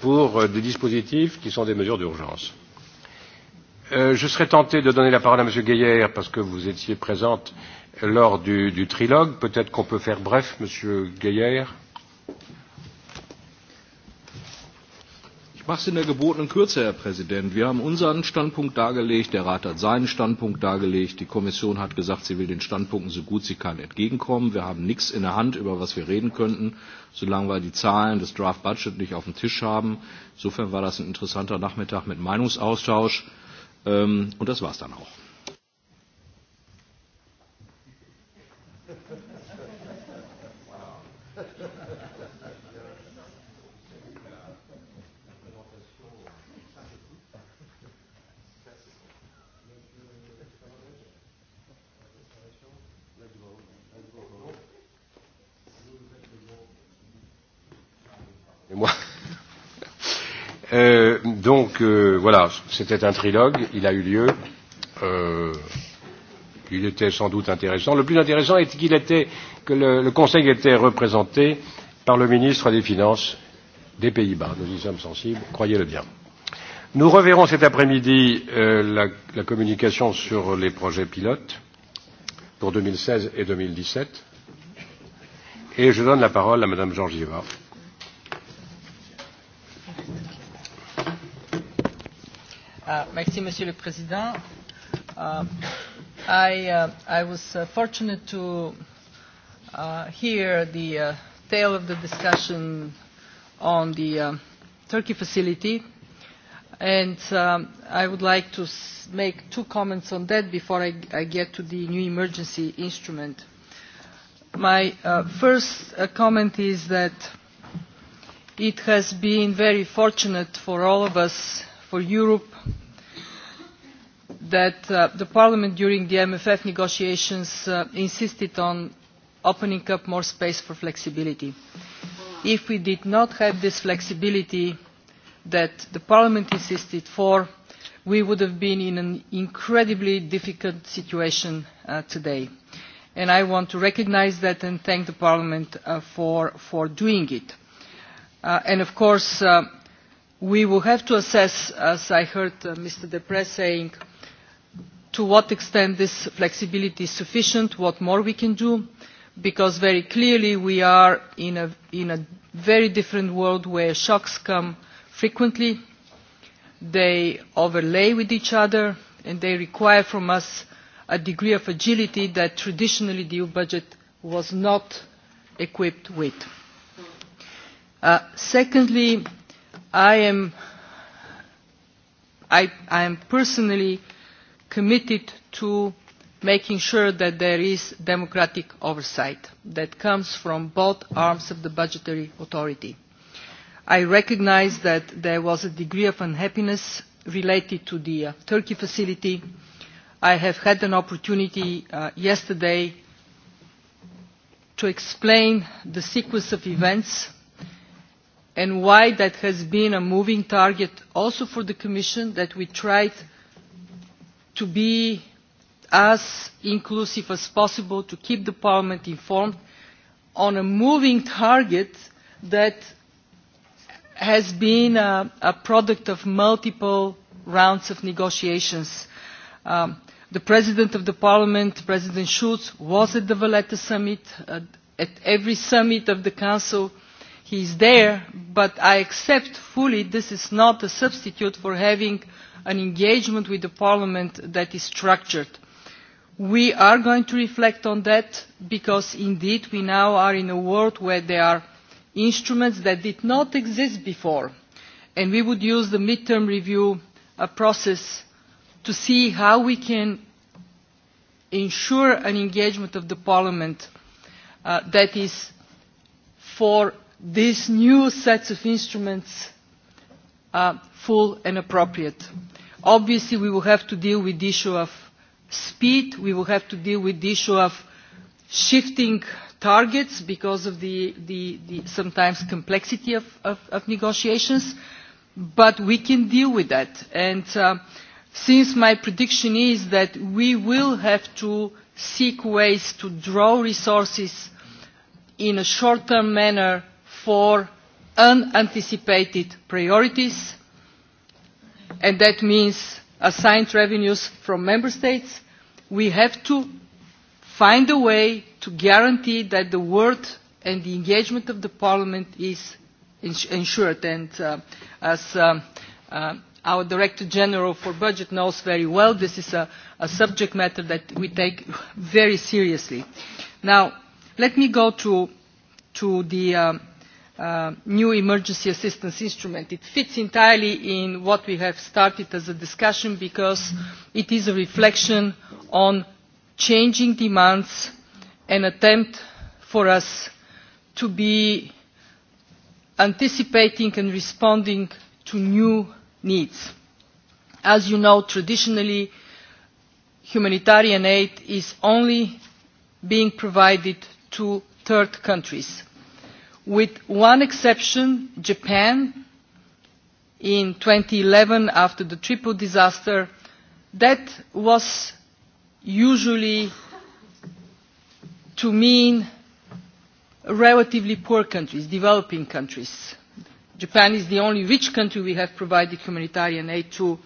pour euh, des dispositifs qui sont des mesures d'urgence. Euh, je serais tenté de donner la parole à M. Gaillard parce que vous étiez présente lors du, du trilogue. Peut-être qu'on peut faire bref, M. Gaillard. mache es in der gebotenen Kürze, Herr Präsident. Wir haben unseren Standpunkt dargelegt, der Rat hat seinen Standpunkt dargelegt, die Kommission hat gesagt, sie will den Standpunkten so gut sie kann entgegenkommen. Wir haben nichts in der Hand, über was wir reden könnten, solange wir die Zahlen des Draft Budget nicht auf dem Tisch haben. Insofern war das ein interessanter Nachmittag mit Meinungsaustausch. Ähm, und das war es dann auch. et moi. Euh, donc euh, voilà, c'était un trilogue, il a eu lieu. Euh, il était sans doute intéressant. Le plus intéressant est qu'il était que le, le Conseil était représenté par le ministre des Finances des Pays-Bas. Nous y sommes sensibles, croyez-le bien. Nous reverrons cet après-midi euh, la, la communication sur les projets pilotes pour 2016 et 2017. Et je donne la parole à Madame Georgieva Uh, merci, Monsieur le Président. Uh, I, uh, I was uh, fortunate to uh, hear the uh, tale of the discussion on the uh, Turkey facility and um, I would like to s make two comments on that before I, I get to the new emergency instrument. My uh, first uh, comment is that it has been very fortunate for all of us, for Europe, that uh, Parliament during the MFF negotiations uh, insisted on opening up more space for flexibility. If we did not have this flexibility that the Parliament insisted for, we would have been in an incredibly difficult situation uh, today. And I want to recognize that and thank the Parliament uh, for, for doing it. Uh, and of course, uh, we will have to assess, as I heard uh, Mr. Depress saying, uh, to what extent this flexibility is sufficient what more we can do because very clearly we are in a, in a very different world where shocks come frequently they overlay with each other and they require from us a degree of agility that traditionally the eu budget was not equipped with. Uh, secondly, I am, I, I am personally committed to making sure that there is democratic oversight that comes from both arms of the budgetary authority. I recognise that there was a degree of unhappiness related to the uh, Turkey facility. I have had an opportunity uh, yesterday to explain the sequence of events and why that has been a moving target also for the Commission that we tried to be as inclusive as possible to keep the parliament informed on a moving target that has been a, a product of multiple rounds of negotiations. Um, the president of the parliament, President Schulz, was at the Valletta summit, uh, at every summit of the council, uh, he is there but i accept fully this is not a substitute for having an engagement with the parliament that is structured. we are going to reflect on that because indeed we now are in a world where there are instruments that did not exist before and we would use the mid term review uh, process to see how we can ensure an engagement of the parliament uh, that is for these new sets of instruments are full and appropriate. Obviously, we will have to deal with the issue of speed. We will have to deal with the issue of shifting targets because of the, the, the sometimes complexity of, of, of negotiations. But we can deal with that. And uh, since my prediction is that we will have to seek ways to draw resources in a short-term manner for unanticipated priorities and that means assigned revenues from member states we have to find a way to guarantee that the word and the engagement of the parliament is ensured and uh, as um, uh, our director general for budget knows very well this is a, a subject matter that we take very seriously now let me go to to the um, Uh, new emergency assistance instrument. it fits entirely in what we have started as a discussion because it is a reflection on changing demands an attempt for us to be anticipating and responding to new needs. as you know traditionally humanitarian aid is only being provided to third countries with one exception, Japan, in 2011 after the triple disaster, that was usually to mean relatively poor countries, developing countries. Japan is the only rich country we have provided humanitarian aid to.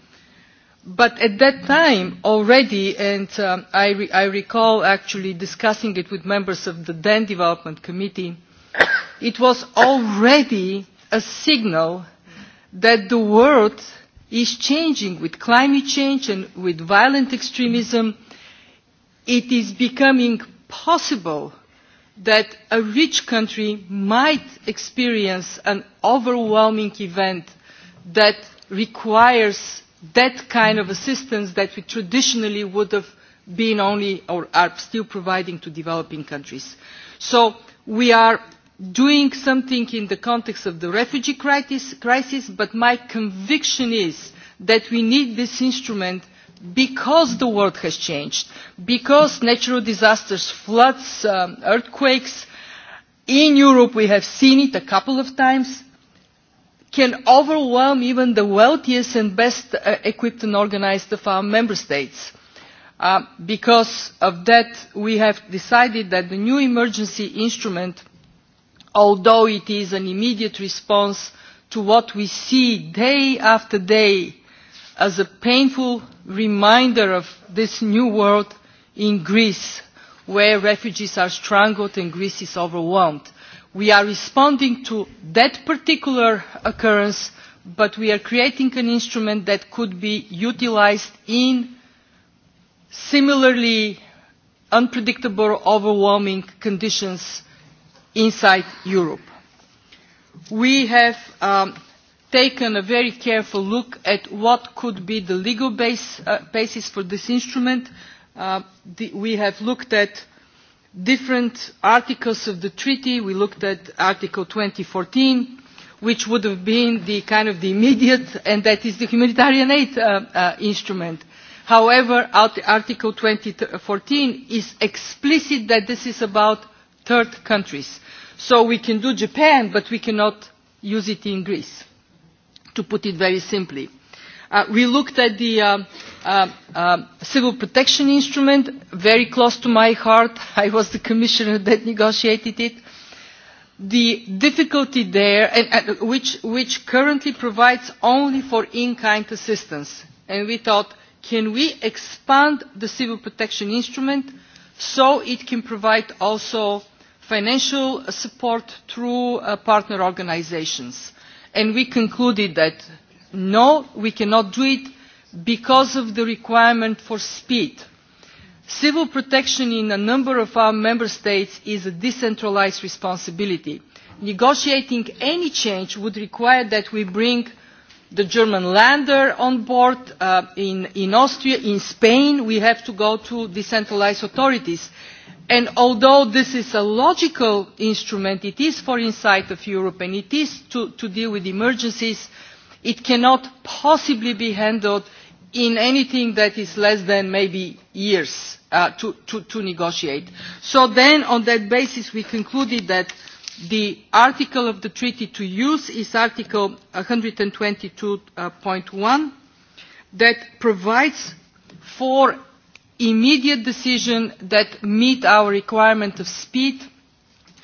But at that time already, and um, I, re I recall actually discussing it with members of the then Development Committee, it was already a signal that the world is changing with climate change and with violent extremism. It is becoming possible that a rich country might experience an overwhelming event that requires that kind of assistance that we traditionally would have been only or are still providing to developing countries. So we are doing something in the context of the refugee crisis, but my conviction is that we need this instrument because the world has changed, because natural disasters, floods, um, earthquakes, in Europe we have seen it a couple of times, can overwhelm even the wealthiest and best uh, equipped and organized of our member states. Uh, because of that, we have decided that the new emergency instrument – although it is an immediate response to what we see day after day as a painful reminder of this new world in Greece, where refugees are strangled and Greece is overwhelmed. We are responding to that particular occurrence, but we are creating an instrument that could be utilized in similarly unpredictable, overwhelming conditions inside Europe. We have um, taken a very careful look at what could be the legal base, uh, basis for this instrument. Uh, the, we have looked at different articles of the treaty. We looked at Article 2014, which would have been the kind of the immediate, and that is the humanitarian aid uh, uh, instrument. However, Article 2014 is explicit that this is about third countries. So we can do Japan, but we cannot use it in Greece, to put it very simply. Uh, we looked at the uh, uh, uh, civil protection instrument, very close to my heart. I was the commissioner that negotiated it. The difficulty there, and, and which, which currently provides only for in-kind assistance. And we thought, can we expand the civil protection instrument so it can provide also financial support through uh, partner organisations and we concluded that no we cannot do it because of the requirement for speed. civil protection in a number of our member states is a decentralised responsibility. negotiating any change would require that we bring the german lander on board uh, in, in austria in spain we have to go to decentralised authorities And although this is a logical instrument, it is for insight of Europe and it is to, to deal with emergencies, it cannot possibly be handled in anything that is less than maybe years uh, to, to, to negotiate. So then on that basis we concluded that the article of the treaty to use is article 122.1 uh, that provides for immediate decisions that meet our requirement of speed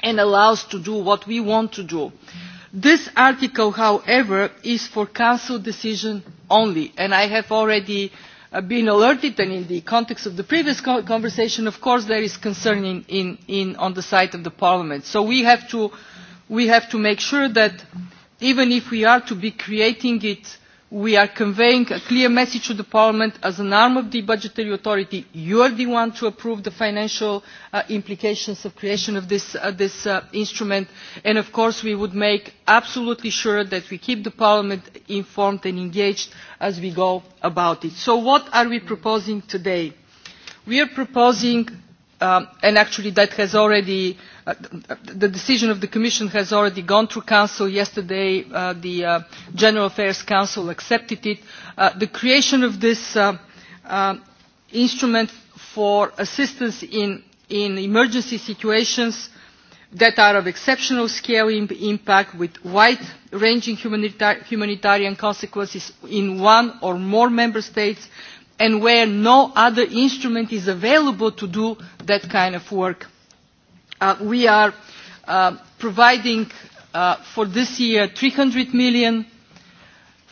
and allow us to do what we want to do. This article, however, is for Council decision only, and I have already uh, been alerted, and in the context of the previous co conversation, of course, there is concern in, in, in, on the side of the Parliament. So we have, to, we have to make sure that even if we are to be creating it we are conveying a clear message to parliament as an arm of the budgetary authority you are the one to approve the financial uh, implications of the creation of this, uh, this uh, instrument and of course we would make absolutely sure that we keep parliament informed and engaged as we go about it. so what are we proposing today? we are proposing um, and actually that has already Uh, the decision of the commission has already gone through council yesterday uh, the uh, general affairs council accepted it the creation of this instrument for assistance in, emergency situations that are of exceptional scale and impact with wide ranging humanitarian consequences in one or more member states and where no other instrument is available to do that kind of work Uh, we are uh, providing uh, for this year 300 million,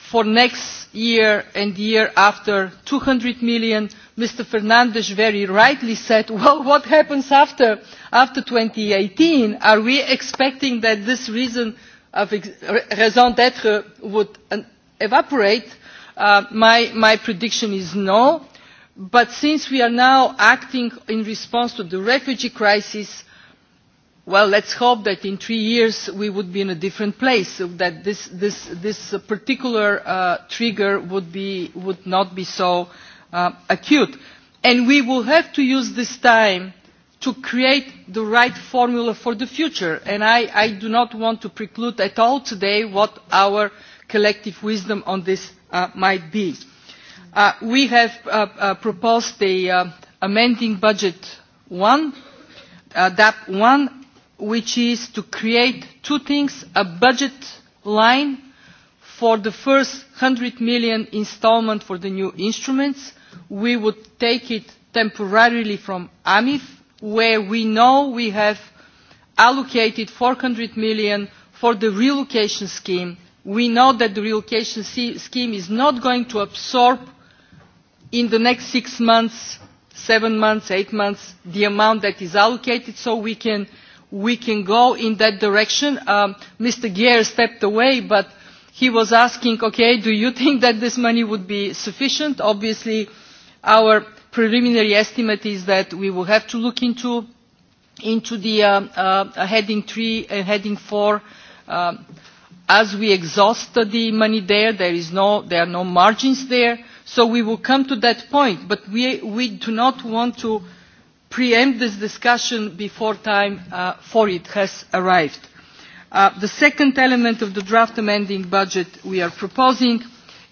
for next year and the year after 200 million. Mr. Fernandes very rightly said, well, what happens after, after 2018? Are we expecting that this reason of raison d'être would uh, evaporate? Uh, my, my prediction is no. But since we are now acting in response to the refugee crisis, well let us hope that in three years we would be in a different place that this, this, this particular uh, trigger would, be, would not be so uh, acute. and we will have to use this time to create the right formula for the future and i, I do not want to preclude at all today what our collective wisdom on this uh, might be. Uh, we have uh, uh, proposed the amending budget one uh, DAP one which is to create two things, a budget line for the first 100 million installment for the new instruments. We would take it temporarily from AMIF, where we know we have allocated 400 million for the relocation scheme. We know that the relocation scheme is not going to absorb in the next six months, seven months, eight months, the amount that is allocated, so we can we can go in that direction. Um, Mr. Gier stepped away, but he was asking, okay, do you think that this money would be sufficient? Obviously, our preliminary estimate is that we will have to look into, into the uh, uh, heading three and heading four. Um, as we exhaust the money there, there, is no, there are no margins there. So we will come to that point, but we, we do not want to preempt this discussion before time uh, for it has arrived. Uh, the second element of the draft amending budget we are proposing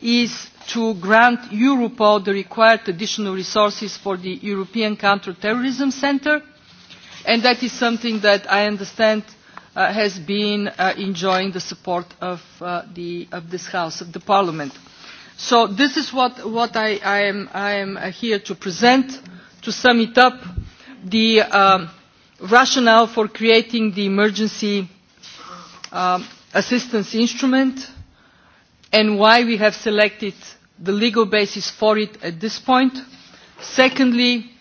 is to grant Europol the required additional resources for the European Counterterrorism Centre, and that is something that I understand uh, has been uh, enjoying the support of, uh, the, of this House, of the Parliament. So this is what, what I, I, am, I am here to present. To sum it up, the uh, rationale for creating the emergency um, assistance instrument and why we have selected the legal basis for it at this point. Secondly,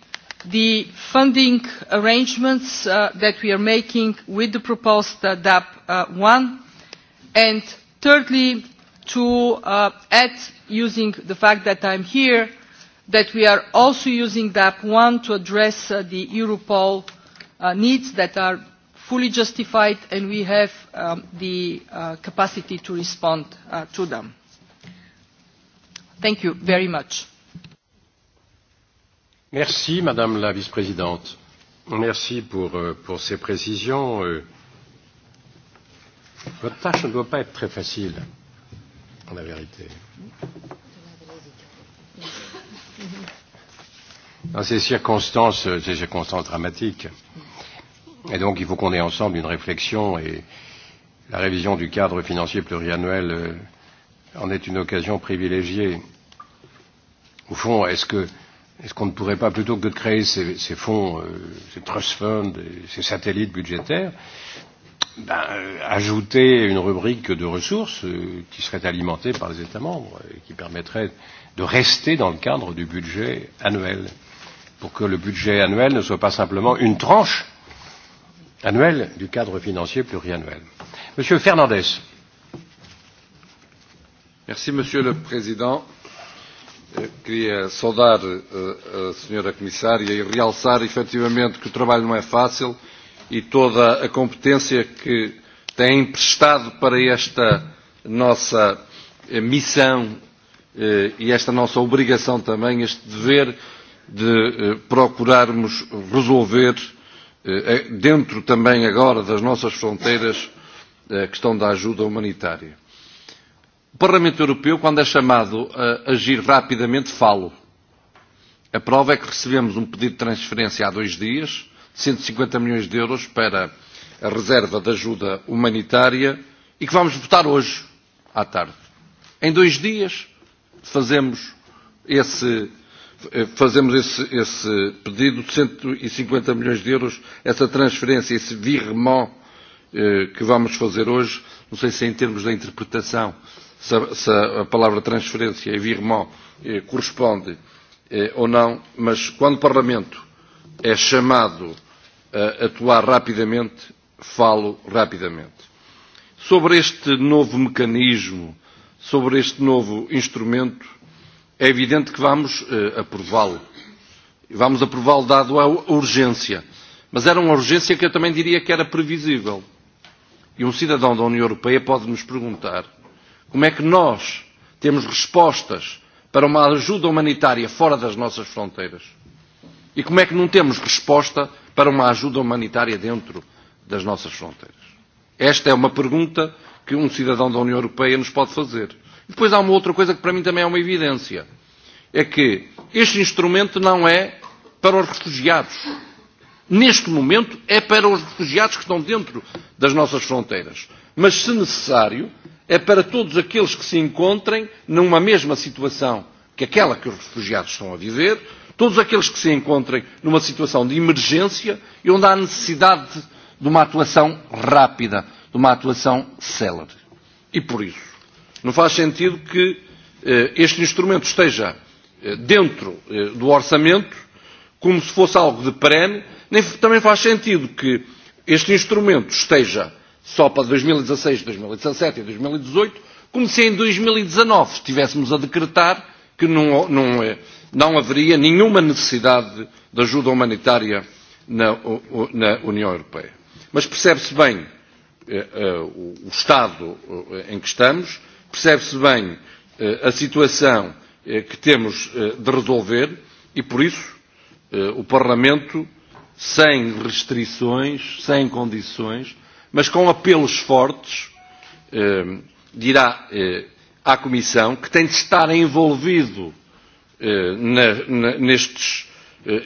the funding arrangements uh, that we are making with the proposed uh, DAP uh, And thirdly, to uh, add, using the fact that I'm here, that we are also using DAP 1 to address uh, the europol uh, needs that are fully justified and we have um, the uh, capacity to respond uh, to them. Thank you very much. Merci Madame la Vice-Présidente. Merci pour, euh, pour ces précisions. Euh, votre tâche ne doit pas être très facile, en la vérité. Mm dans ces circonstances, euh, ces circonstances dramatiques. Et donc, il faut qu'on ait ensemble une réflexion et la révision du cadre financier pluriannuel euh, en est une occasion privilégiée. Au fond, est-ce que est-ce qu'on ne pourrait pas, plutôt que de créer ces, ces fonds, euh, ces trust funds, ces satellites budgétaires, ben, ajouter une rubrique de ressources qui serait alimentée par les États membres et qui permettrait de rester dans le cadre du budget annuel, pour que le budget annuel ne soit pas simplement une tranche annuelle du cadre financier pluriannuel. Monsieur Fernandez. Merci, Monsieur le Président. Eh, queria saudar eh, a Senhora Comissária e realçar efetivamente que o trabalho não é fácil e toda a competência que tem emprestado para esta nossa eh, missão Eh, e esta nossa obrigação também, este dever de eh, procurarmos resolver, eh, dentro também agora das nossas fronteiras, a questão da ajuda humanitária. O Parlamento Europeu, quando é chamado a agir rapidamente, falo. A prova é que recebemos um pedido de transferência há dois dias, de 150 e milhões de euros para a reserva de ajuda humanitária e que vamos votar hoje à tarde. Em dois dias, fazemos esse, eh, fazemos esse, esse pedido de 150 milhões de euros, essa transferência, esse virement eh, que vamos fazer hoje, não sei se em termos da interpretação, se a, se a palavra transferência e virement eh, corresponde eh, ou não, mas quando o Parlamento é chamado a atuar rapidamente, falo rapidamente. Sobre este novo mecanismo sobre este novo instrumento, é evidente que vamos uh, aprová-lo. Vamos aprová-lo dado a urgência. Mas era uma urgência que eu também diria que era previsível. E um cidadão da União Europeia pode nos perguntar como é que nós temos respostas para uma ajuda humanitária fora das nossas fronteiras e como é que não temos resposta para uma ajuda humanitária dentro das nossas fronteiras. Esta é uma pergunta que um cidadão da União Europeia nos pode fazer. E depois há uma outra coisa que para mim também é uma evidência. É que este instrumento não é para os refugiados. Neste momento é para os refugiados que estão dentro das nossas fronteiras. Mas, se necessário, é para todos aqueles que se encontrem numa mesma situação que aquela que os refugiados estão a viver, todos aqueles que se encontrem numa situação de emergência e onde há necessidade de uma atuação rápida de uma atuação célere. E por isso, não faz sentido que eh, este instrumento esteja eh, dentro eh, do orçamento como se fosse algo de perene, nem também faz sentido que este instrumento esteja só para 2016, 2017 e 2018, e e e como se em 2019 estivéssemos a decretar que não, não, não haveria nenhuma necessidade de ajuda humanitária na, na União Europeia. Mas percebe-se bem o estado em que estamos, percebe-se bem a situação que temos de resolver e, por isso, o Parlamento, sem restrições, sem condições, mas com apelos fortes, dirá à Comissão que tem de estar envolvido nestes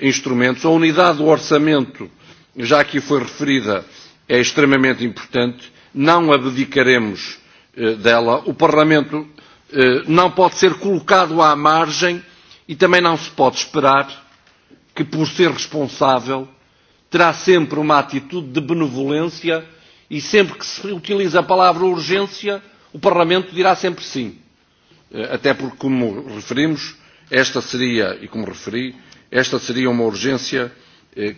instrumentos. A unidade do orçamento, já aqui foi referida, é extremamente importante, não abdicaremos eh, dela. O Parlamento eh, não pode ser colocado à margem e também não se pode esperar que, por ser responsável, terá sempre uma atitude de benevolência e sempre que se utiliza a palavra urgência, o Parlamento dirá sempre sim. Eh, até porque, como referimos, esta seria, e como referi, esta seria uma urgência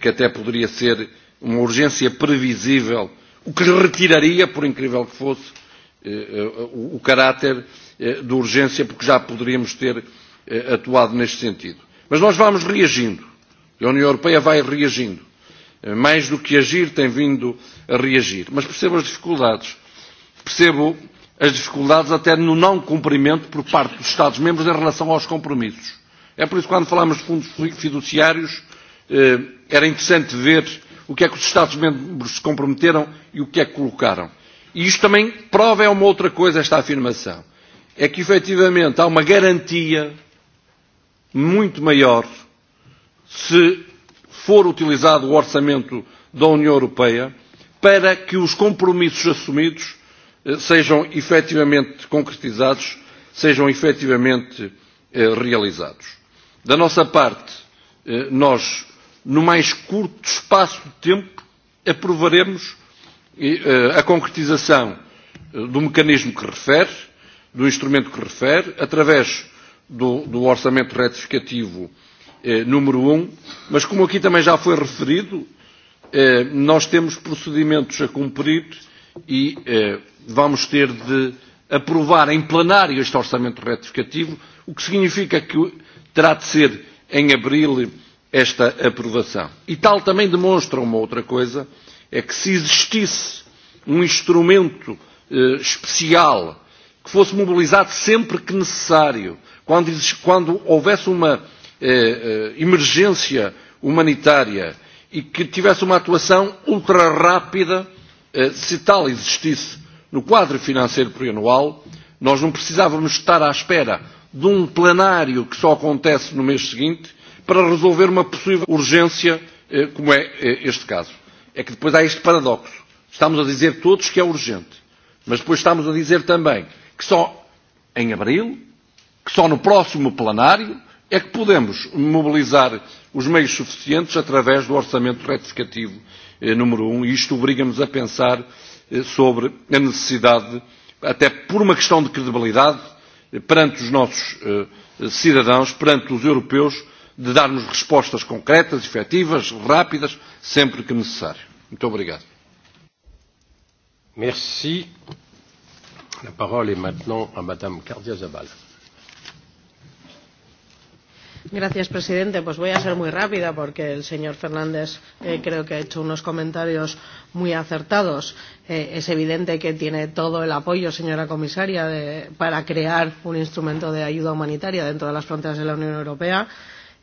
que até poderia ser uma urgência previsível, o que lhe retiraria, por incrível que fosse, eh, eh, o caráter eh, de urgência, porque já poderíamos ter atuado neste sentido. Mas nós vamos reagindo. A União Europeia vai reagindo. Mais do que agir, tem vindo a reagir. Mas percebo as dificuldades. Percebo as dificuldades até no não cumprimento por parte dos Estados-membros em relação aos compromissos. É por isso que quando falamos de fundos fiduciários, era interessante ver o que é que os Estados-membros se comprometeram e o que é que colocaram. E isto também prova é uma outra coisa, esta afirmação. É que efetivamente há uma garantia muito maior se for utilizado o orçamento da União Europeia para que os compromissos assumidos eh, sejam efetivamente concretizados, sejam efetivamente eh, realizados. Da nossa parte, eh, nós no mais curto espaço de tempo, aprovaremos e, eh, a concretização eh, do mecanismo que refere, do instrumento que refere, através do, do orçamento retificativo eh, número 1, um, mas como aqui também já foi referido, eh, nós temos procedimentos a cumprir e eh, vamos ter de aprovar em plenário este orçamento retificativo, o que significa que terá de ser em abril esta aprovação. E tal também demonstra uma outra coisa, é que se existisse um instrumento eh, especial que fosse mobilizado sempre que necessário, quando, quando houvesse uma eh, eh, emergência humanitária e que tivesse uma atuação ultra rápida, eh, se tal existisse no quadro financeiro plurianual, nós não precisávamos estar à espera de um plenário que só acontece no mês seguinte para resolver uma possível urgência, eh, como é eh, este caso. É que depois há este paradoxo. Estamos a dizer todos que é urgente, mas depois estamos a dizer também que só em abril, que só no próximo plenário, é que podemos mobilizar os meios suficientes através do orçamento retificativo eh, número 1 um, e isto obriga-nos a pensar sobre a necessidade, até por uma questão de credibilidade, perante os nossos cidadãos, perante os europeus, de darmos respostas concretas, efetivas, rápidas, sempre que necessário. Muito obrigado. Merci. La parole est maintenant à Madame Cardia Zabal. Gracias, presidente. Pues voy a ser muy rápida porque el señor Fernández eh, creo que ha hecho unos comentarios muy acertados. Eh, es evidente que tiene todo el apoyo, señora comisaria, de, para crear un instrumento de ayuda humanitaria dentro de las fronteras de la Unión Europea.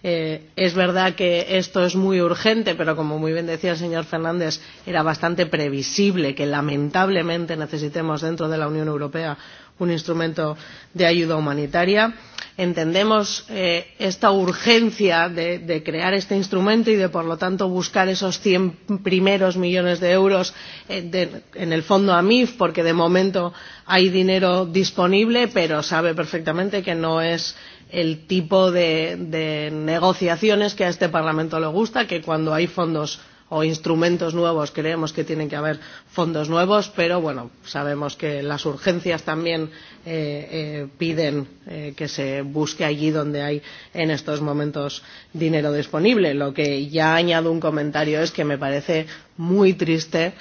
Eh, es verdad que esto es muy urgente, pero como muy bien decía el señor Fernández, era bastante previsible que lamentablemente necesitemos dentro de la Unión Europea un instrumento de ayuda humanitaria. Entendemos eh, esta urgencia de, de crear este instrumento y de, por lo tanto, buscar esos 100 primeros millones de euros eh, de, en el fondo AMIF, porque de momento hay dinero disponible, pero sabe perfectamente que no es el tipo de, de negociaciones que a este Parlamento le gusta, que cuando hay fondos o instrumentos nuevos, creemos que tienen que haber fondos nuevos, pero bueno, sabemos que las urgencias también eh, eh, piden eh, que se busque allí donde hay en estos momentos dinero disponible. Lo que ya añado un comentario es que me parece muy triste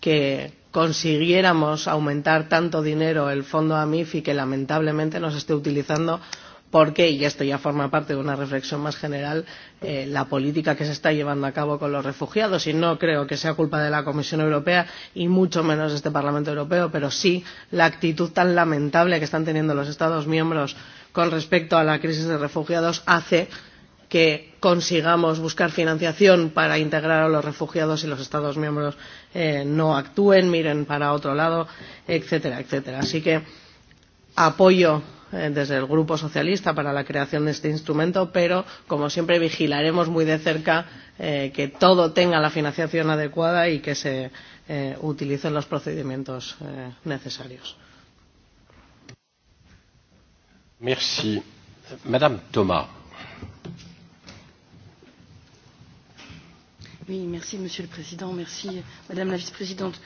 que consiguiéramos aumentar tanto dinero el fondo AMIF y que lamentablemente no se esté utilizando porque, y esto ya forma parte de una reflexión más general, eh, la política que se está llevando a cabo con los refugiados. Y no creo que sea culpa de la Comisión Europea y mucho menos de este Parlamento Europeo, pero sí la actitud tan lamentable que están teniendo los Estados miembros con respecto a la crisis de refugiados hace que consigamos buscar financiación para integrar a los refugiados y los Estados miembros eh, no actúen, miren para otro lado, etcétera, etcétera. Así que apoyo Eh, desde el Grupo Socialista para la creación de este instrumento, pero, como siempre, vigilaremos muy de cerca eh, que todo tenga la financiación adecuada y que se eh, utilicen los procedimientos eh, necesarios. Merci. Madame Thomas. Oui, merci Monsieur le Président, merci Madame la Vice-présidente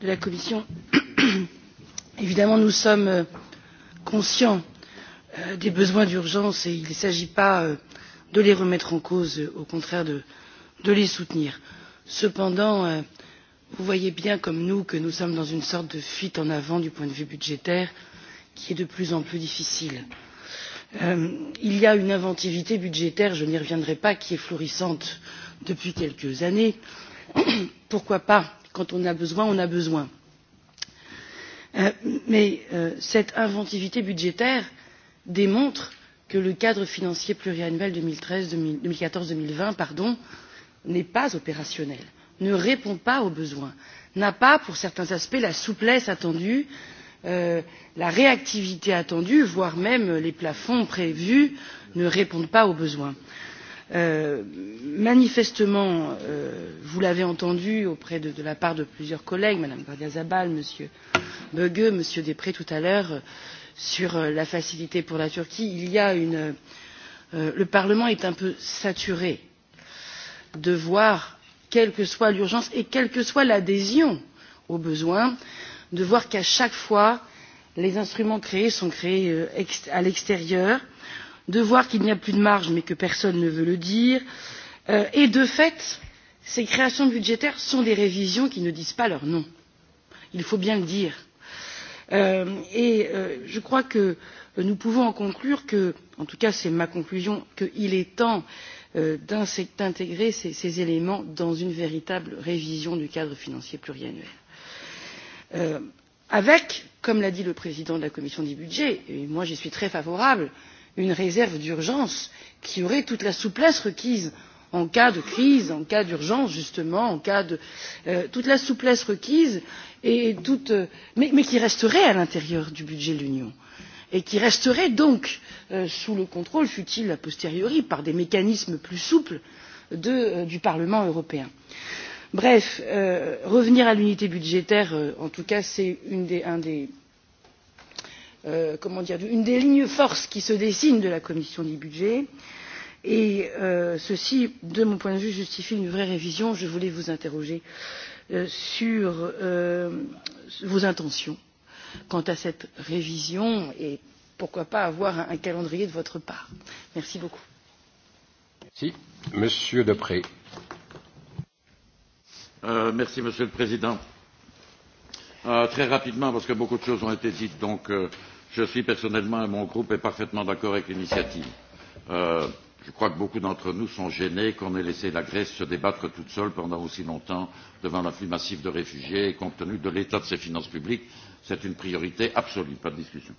de la Commission. Évidemment, nous sommes euh, conscient euh, des besoins d'urgence et il ne s'agit pas euh, de les remettre en cause euh, au contraire de les soutenir. cependant vous voyez bien comme nous que nous sommes dans une sorte de fuite en avant du point de vue budgétaire qui est de plus en plus difficile. il y a une inventivité budgétaire je n'y reviendrai pas qui est florissante depuis quelques années. pourquoi pas? quand on a besoin on a besoin Euh, mais euh, cette inventivité budgétaire démontre que le cadre financier pluriannuel deux mille quatorze deux mille vingt n'est pas opérationnel ne répond pas aux besoins n'a pas pour certains aspects la souplesse attendue euh, la réactivité attendue voire même les plafonds prévus ne répondent pas aux besoins. Euh, manifestement euh, vous l'avez entendu auprès de, la part de plusieurs collègues mme gardiazabal zabal m. bge m. deprez tout à l'heure euh, sur la facilité pour la turquie il y a une, le parlement est un peu saturé de voir quelle que soit l'urgence et quelle que soit l'adhésion aux besoins de voir qu'à chaque fois les instruments créés sont créés à l'extérieur et de voir qu'il n'y a plus de marge mais que personne ne veut le dire euh, et de fait ces créations budgétaires sont des révisions qui ne disent pas leur nom il faut bien le dire euh, et euh, je crois que nous pouvons en conclure que en tout cas c'est ma conclusion qu'il est temps d'intégrer ces éléments dans une véritable révision du cadre financier pluriannuel avec comme l'a dit le président de la commission des budgets et moi j'y suis très favorable une réserve d'urgence qui aurait toute la souplesse requise en cas de crise en cas d'urgence justement en cas de euh, toute la souplesse requise et toute, euh, mais, mais qui resterait à l'intérieur du budget de l'union et qui resterait donc euh, sous le contrôle fût il a posteriori par des mécanismes plus souples de, euh, du parlement européen. bref euh, revenir à l'unité budgétaire euh, en tout cas c'est un des Euh, comment dire une des lignes forces qui se dessinent de la commission des budgets et euh, ceci de mon point de vue justifie une vraie révision. je voulais vous interroger euh, sur vos intentions quant à cette révision et pourquoi pas avoir un calendrier de votre part. merci beaucoup. Merci. Monsieur le président très rapidement parce que beaucoup de choses ont été dites donc je suis personnellement et mon groupe est parfaitement d'accord avec l'initiative. Euh, je crois que beaucoup d'entre nous sont gênés qu'on ait laissé la grèce se débattre toute seule pendant aussi longtemps devant l'afflux massif de réfugiés et compte tenu de l'état de ses finances publiques c'est une priorité absolue pas de discussion.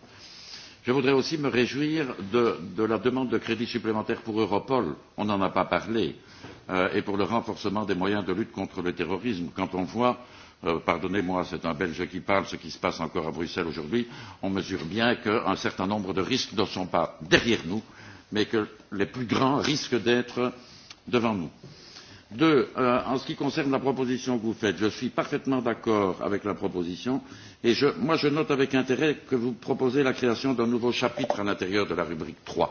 je voudrais aussi me réjouir de, de la demande de crédits supplémentaires pour europol on n'en a pas parlé euh, et pour le renforcement des moyens de lutte contre le terrorisme quand on voit Euh, pardonnez moi c'est un belge qui parle ce qui se passe encore à bruxelles aujourd'hui on mesure bien qu'un certain nombre de risques ne sont pas derrière nous mais que les plus grands risquent d'être devant nous. Deuxièmement, euh, en ce qui concerne la proposition que vous faites, je suis parfaitement d'accord avec la proposition et je, moi je note avec intérêt que vous proposez la création d'un nouveau chapitre à l'intérieur de la rubrique III,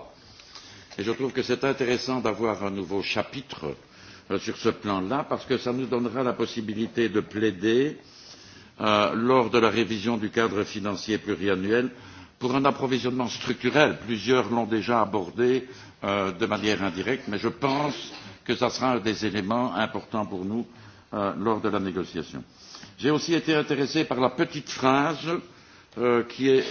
Et je trouve que c'est intéressant d'avoir un nouveau chapitre Euh, sur ce plan là parce que cela nous donnera la possibilité de plaider euh, lors de la révision du cadre financier pluriannuel pour un approvisionnement structurel plusieurs l'ont déjà abordé euh, de manière indirecte mais je pense que ce sera un des éléments importants pour nous lors de la négociation. j'ai aussi été intéressé par la petite phrase qui est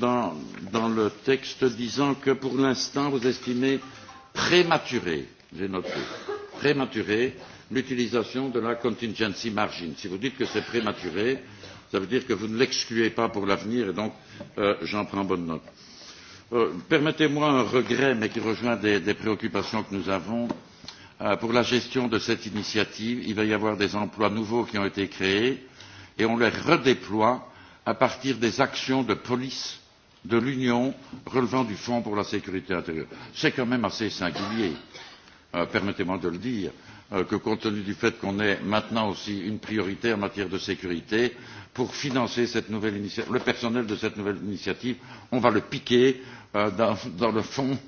dans, le texte disant que pour l'instant vous estimez prématuré j'ai noté prématuré l'utilisation de la contingency margin. si vous dites que c'est prématuré cela veut dire que vous ne l'excluez pas pour l'avenir et donc euh, j'en prends bonne note. Euh, permettez moi un regret mais qui rejoint des, préoccupations que nous avons euh, pour la gestion de cette initiative il va y avoir des emplois nouveaux qui ont été créés et on les redéploie à partir des actions de police de l'union relevant du fonds pour la sécurité intérieure. c'est quand même assez singulier. Euh, permettez moi de le dire euh, que compte tenu du fait qu'on ait maintenant aussi une priorité en matière de sécurité pour financer le personnel de cette nouvelle initiative on va le piquer euh, dans, le fonds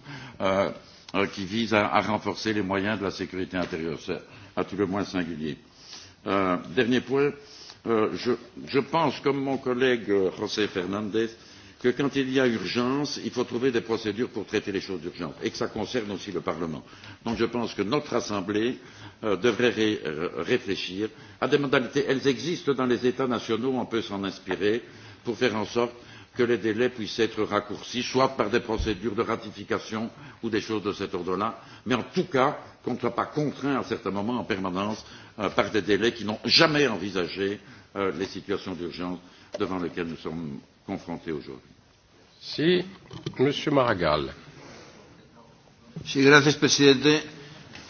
qui vise à, renforcer les moyens de la sécurité intérieure. c'est à tout le moins singulier. dernier point je, je pense comme mon collègue josé fernandes que quand il y a urgence il faut trouver des procédures pour traiter les choses d'urgence et que cela concerne aussi le parlement. donc je pense que notre assemblée euh, devrait euh, réfléchir à des modalités elles existent dans les états nationaux on peut s'en inspirer pour faire en sorte que les délais puissent être raccourcis soit par des procédures de ratification ou des choses de cet ordre là mais en tout cas qu'on ne soit pas contraint à certains moments en permanence euh, par des délais qui n'ont jamais envisagé les situations d'urgence devant lesquelles nous sommes confrontés aujourd'hui. Si, Monsieur Maragall. Sí, gracias, presidente.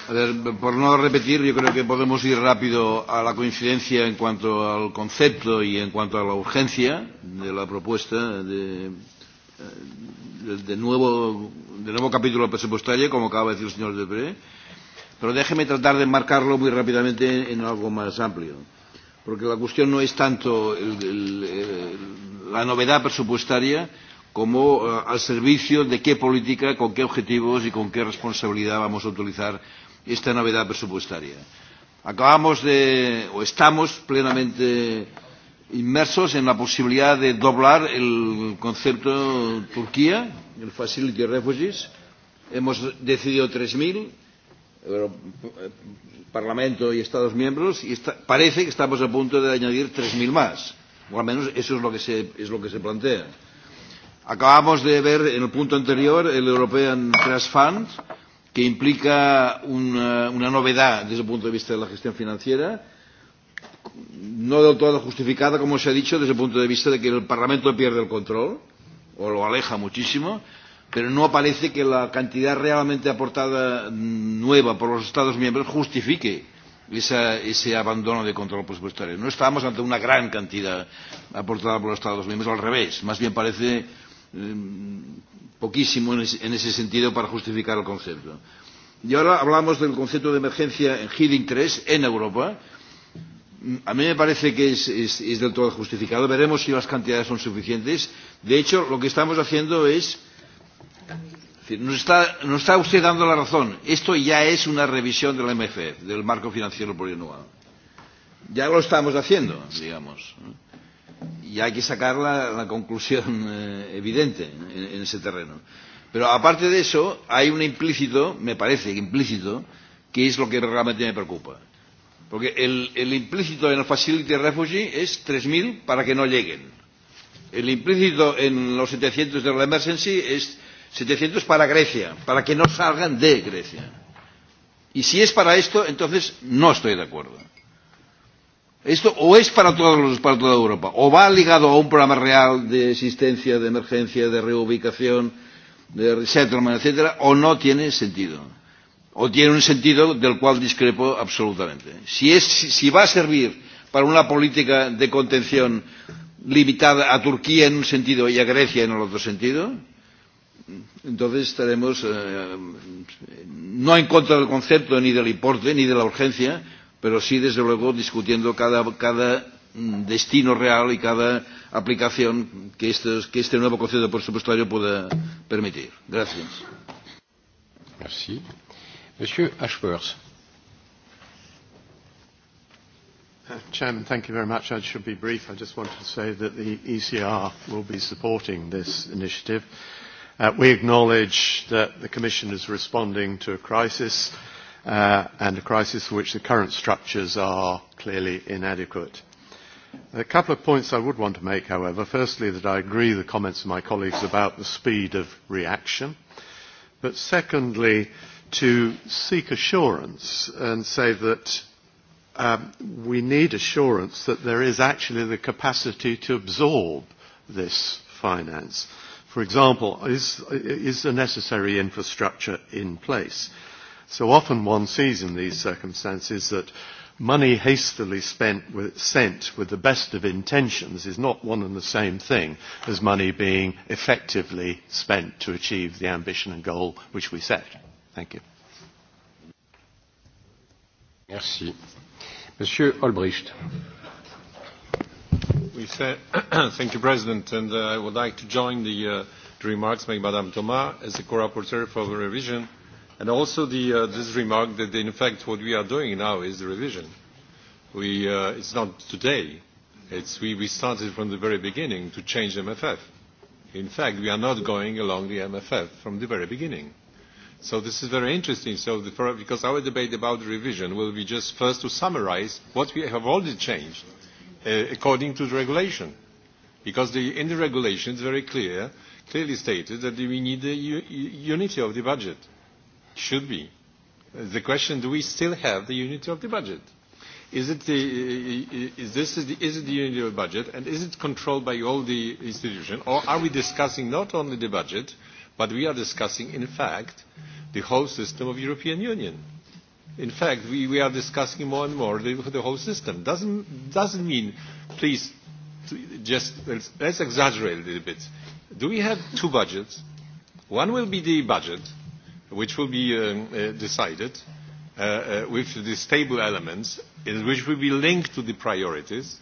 A ver, por no repetir, yo creo que podemos ir rápido a la coincidencia en cuanto al concepto y en cuanto a la urgencia de la propuesta de, eh, de, nuevo, de nuevo capítulo presupuestario, como acaba de decir el señor Depré. Pero déjeme tratar de enmarcarlo muy rápidamente en algo más amplio. Eh, porque la cuestión no es tanto el, el, el, la novedad presupuestaria como uh, al servicio de qué política, con qué objetivos y con qué responsabilidad vamos a utilizar esta novedad presupuestaria. Acabamos de, o estamos plenamente inmersos en la posibilidad de doblar el concepto Turquía, el Facility Refugees. Hemos decidido Parlamento y Estados miembros y está, parece que estamos a punto de añadir 3.000 más, o al menos eso es lo que se, es lo que se plantea. Acabamos de ver en el punto anterior el European Trust Fund, que implica una, una novedad desde el punto de vista de la gestión financiera, no del todo justificada, como se ha dicho, desde el punto de vista de que el Parlamento pierde el control, o lo aleja muchísimo, pero no aparece que la cantidad realmente aportada mm, nueva por los Estados miembros justifique esa, ese abandono de control presupuestario. No estamos ante una gran cantidad aportada por los Estados miembros, al revés, más bien parece eh, poquísimo en ese, en ese sentido para justificar el concepto. Y ahora hablamos del concepto de emergencia en Healing 3 en Europa. A mí me parece que es, es, es del todo justificado. Veremos si las cantidades son suficientes. De hecho, lo que estamos haciendo es Nos está, nos está usted dando la razón. Esto ya es una revisión del MFF, del marco financiero plurianual. Ya lo estamos haciendo, digamos. ¿no? Y hay que sacar la, la conclusión eh, evidente ¿no? en, en ese terreno. Pero aparte de eso, hay un implícito, me parece implícito, que es lo que realmente me preocupa. Porque el, el implícito en el Facility Refugee es 3.000 para que no lleguen. El implícito en los 700 de la Emergency es 700 para Grecia, para que no salgan de Grecia. Y si es para esto, entonces no estoy de acuerdo. Esto o es para, todos los, para toda Europa, o va ligado a un programa real de existencia, de emergencia, de reubicación, de resettlement, etcétera, o no tiene sentido. O tiene un sentido del cual discrepo absolutamente. Si, es, si va a servir para una política de contención limitada a Turquía en un sentido y a Grecia en el otro sentido, Entonces estaremos eh, no en contra del concepto ni del importe ni de la urgencia, pero sí desde luego discutiendo cada, cada mm, destino real y cada aplicación que, estos, que este nuevo concepto presupuestario pueda permitir. Gracias. Merci. Monsieur Ashworth. Uh, Chairman, thank you very much. I should be brief. I just wanted to say that the ECR will be supporting this initiative. Uh, we acknowledge that the Commission is responding to a crisis uh, and a crisis for which the current structures are clearly inadequate. A couple of points I would want to make, however. Firstly, that I agree with the comments of my colleagues about the speed of reaction. But secondly, to seek assurance and say that um, we need assurance that there is actually the capacity to absorb this finance. Uh, for example, is, is the necessary infrastructure in place? So often one sees in these circumstances that money hastily spent with, sent with the best of intentions is not one and the same thing as money being effectively spent to achieve the ambition and goal which we set. Thank you. Merci. Monsieur Olbricht. Thank you, President. And uh, I would like to join the, uh, the remarks made by Madame Thomas as the co-rapporteur for the revision, and also the, uh, this remark that, in fact, what we are doing now is the revision. We, uh, it's not today. It's, we, we started from the very beginning to change MFF. In fact, we are not going along the MFF from the very beginning. So this is very interesting. So the, because our debate about the revision will be just first to summarize what we have already changed – Uh, according to the regulation. Because the, in the regulation it's very clear, clearly stated that we need the u unity of the budget. Should be. Uh, the question, do we still have the unity of the budget? Is it the, uh, is this is the, is it the unity of the budget and is it controlled by all the institutions or are we discussing not only the budget but we are discussing in fact the whole system of European Union? In fact, we, we are discussing more and more the, the whole system. Doesn't, doesn't mean, please, just let's, let's exaggerate a little bit. Do we have two budgets? One will be the budget, which will be um, uh, decided uh, uh, with the stable elements, in which will be linked to the priorities,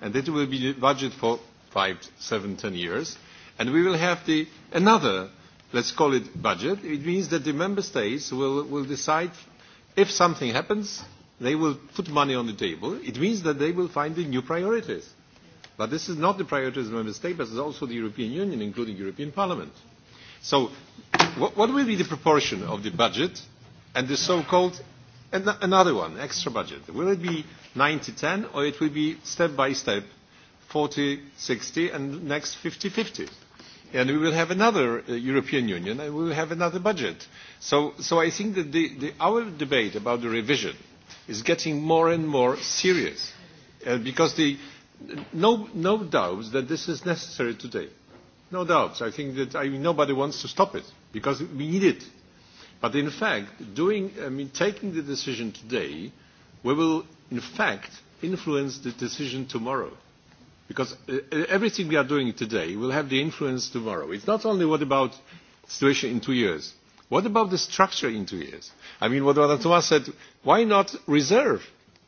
and it will be the budget for five, seven, ten years. And we will have the, another, let's call it budget. It means that the member states will, will decide if something happens, they will put money on the table. It means that they will find the new priorities. But this is not the priorities of the member states, but it's also the European Union, including European Parliament. So what, what will be the proportion of the budget and the so-called an another one, extra budget? Will it be 90-10 or it will be step by step 40-60 and next 50-50? and we will have another uh, European Union, and we will have another budget. So, so I think that the, the, our debate about the revision is getting more and more serious, uh, because the, no, no doubts that this is necessary today. No doubts. I think that I mean, nobody wants to stop it, because we need it. But in fact, doing, I mean, taking the decision today, we will in fact influence the decision tomorrow Because uh, uh, everything we are doing today will have the influence tomorrow. It's not only what about the situation in two years. What about the structure in two years? I mean, what Mr Thomas said, why not reserve?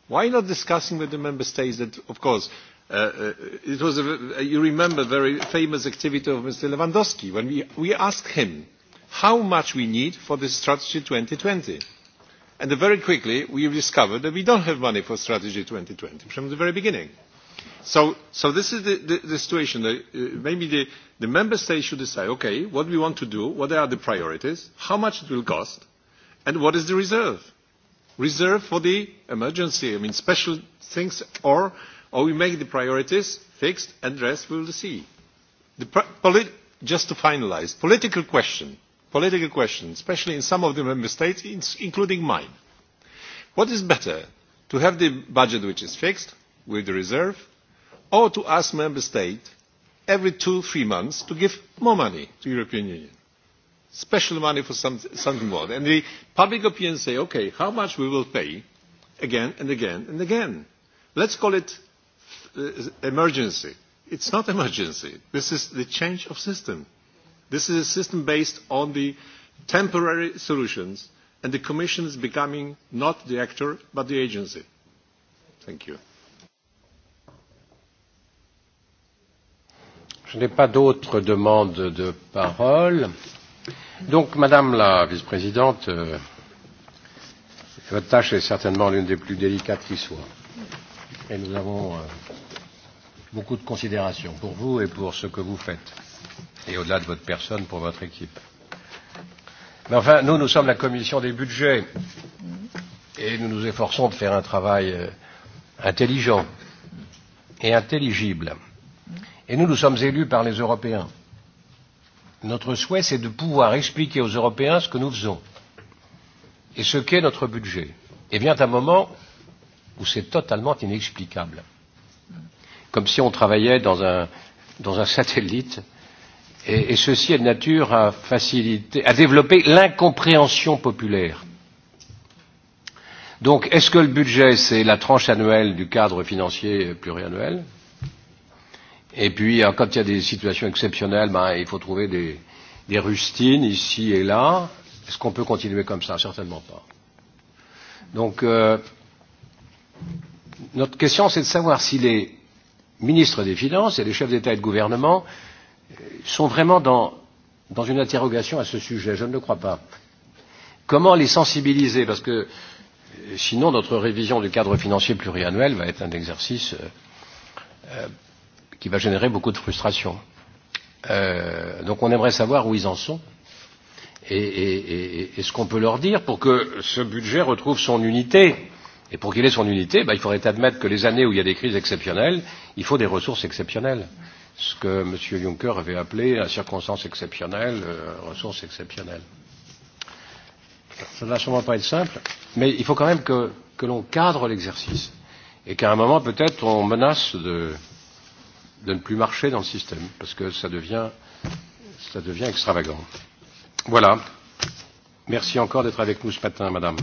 Why not discussing with the member states that, of course, uh, uh it was a, uh, you remember very famous activity of Mr. Lewandowski when we, we asked him how much we need for the strategy 2020. And very quickly, we discovered that we don't have money for strategy 2020 from the very beginning. So, so this is the, the, the situation. That, uh, maybe the, the member states should decide, okay, what we want to do, what are the priorities, how much it will cost, and what is the reserve? Reserve for the emergency, I mean, special things, or, or we make the priorities fixed and the rest we'll see. The polit just to finalize, political question, political question, especially in some of the member states, including mine. What is better, to have the budget which is fixed with the reserve, or to ask member states every two, or three months to give more money to the European Union. Special money for some, something more. And the public opinion say, okay, how much we will pay again and again and again. Let's call it uh, emergency. It's not emergency. This is the change of system. This is a system based on the temporary solutions and the Commission is becoming not the actor but the agency. Thank you. Je n'ai pas d'autres demandes de parole. Donc, Madame la Vice-présidente, euh, votre tâche est certainement l'une des plus délicates qui soit. Et nous avons euh, beaucoup de considération pour vous et pour ce que vous faites. Et au-delà de votre personne, pour votre équipe. Mais enfin, nous, nous sommes la commission des budgets. Et nous nous efforçons de faire un travail euh, intelligent et intelligible. Et nous, nous sommes élus par les Européens. Notre souhait, c'est de pouvoir expliquer aux Européens ce que nous faisons et ce qu'est notre budget. Et vient un moment où c'est totalement inexplicable. Comme si on travaillait dans un, dans un satellite. Et, et ceci est de nature à, faciliter, à développer l'incompréhension populaire. Donc, est-ce que le budget, c'est la tranche annuelle du cadre financier pluriannuel Et puis, euh, quand il y a des situations exceptionnelles, ben, il faut trouver des, des rustines ici et là. Est-ce qu'on peut continuer comme ça Certainement pas. Donc, euh, notre question, c'est de savoir si les ministres des Finances et les chefs d'État et de gouvernement sont vraiment dans, dans une interrogation à ce sujet. Je ne le crois pas. Comment les sensibiliser Parce que euh, sinon, notre révision du cadre financier pluriannuel va être un exercice euh, euh qui va générer beaucoup de frustration. Euh, donc on aimerait savoir où ils en sont et, et, et, et ce qu'on peut leur dire pour que ce budget retrouve son unité. Et pour qu'il ait son unité, ben, il faudrait admettre que les années où il y a des crises exceptionnelles, il faut des ressources exceptionnelles. Ce que M. Juncker avait appelé à circonstances exceptionnelles, euh, ressources exceptionnelles. Ça ne va sûrement pas être simple, mais il faut quand même que, que l'on cadre l'exercice et qu'à un moment, peut-être, on menace de, euh, de ne plus marcher dans le système, parce que ça devient, ça devient extravagant. Voilà. Merci encore d'être avec nous ce matin, Madame.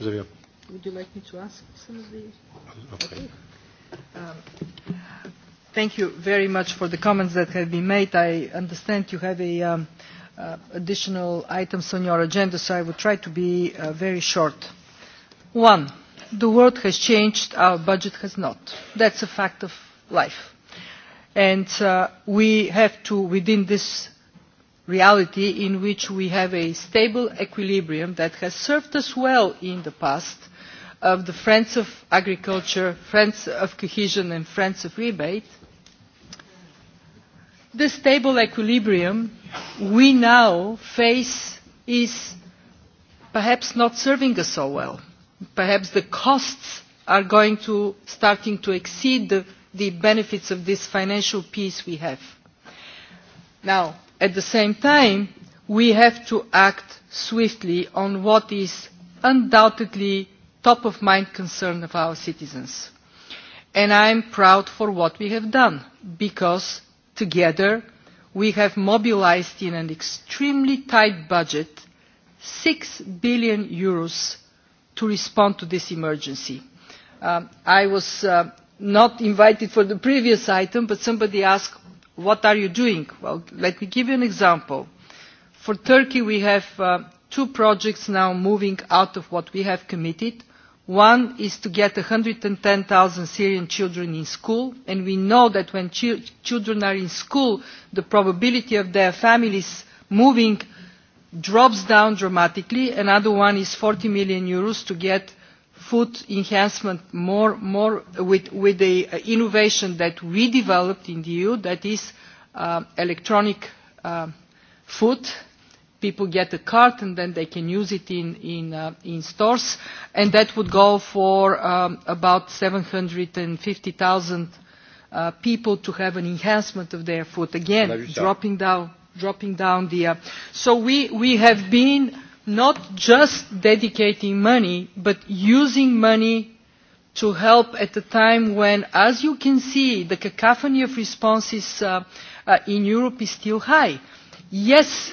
Vous avez... Would you like me to ask some of the... Ah, okay. Um, thank you very much for the comments that have been made. I understand you have a... Um, Uh, additional items on your agenda, so I will try to be uh, very short. One, the world has changed, our budget has not. That's a fact of life. And uh, we have to, within this reality in which we have a stable equilibrium that has served us well in the past, of the friends of agriculture, friends of cohesion and friends of rebate, this stable equilibrium we now face is perhaps not serving us so well perhaps the costs are going to start to exceed the, the benefits of this financial peace we have. Now, at the same time, we have to act swiftly on what is undoubtedly top of mind concern of our citizens. And I am proud for what we have done, because together we have mobilised in an extremely tight budget six billion euros to respond to this emergency. Um, I was uh, not invited for the previous item, but somebody asked, what are you doing? Well, let me give you an example. For Turkey, we have uh, two projects now moving out of what we have committed. One is to get 110,000 Syrian children in school, and we know that when ch children are in school, the probability of their families moving uh, drops down dramatically. Another one is 40 million euros to get food enhancement more, more with, with the innovation that we developed in the EU, that is uh, electronic uh, food. People get a card and then they can use it in, in, uh, in stores. And that would go for um, about 750,000 uh, people to have an enhancement of their food. Again, dropping down dropping down the. Uh, so we, we have been not just dedicating money, but using money to help at a time when, as you can see, the cacophony of responses uh, uh, in Europe is still high. Yes,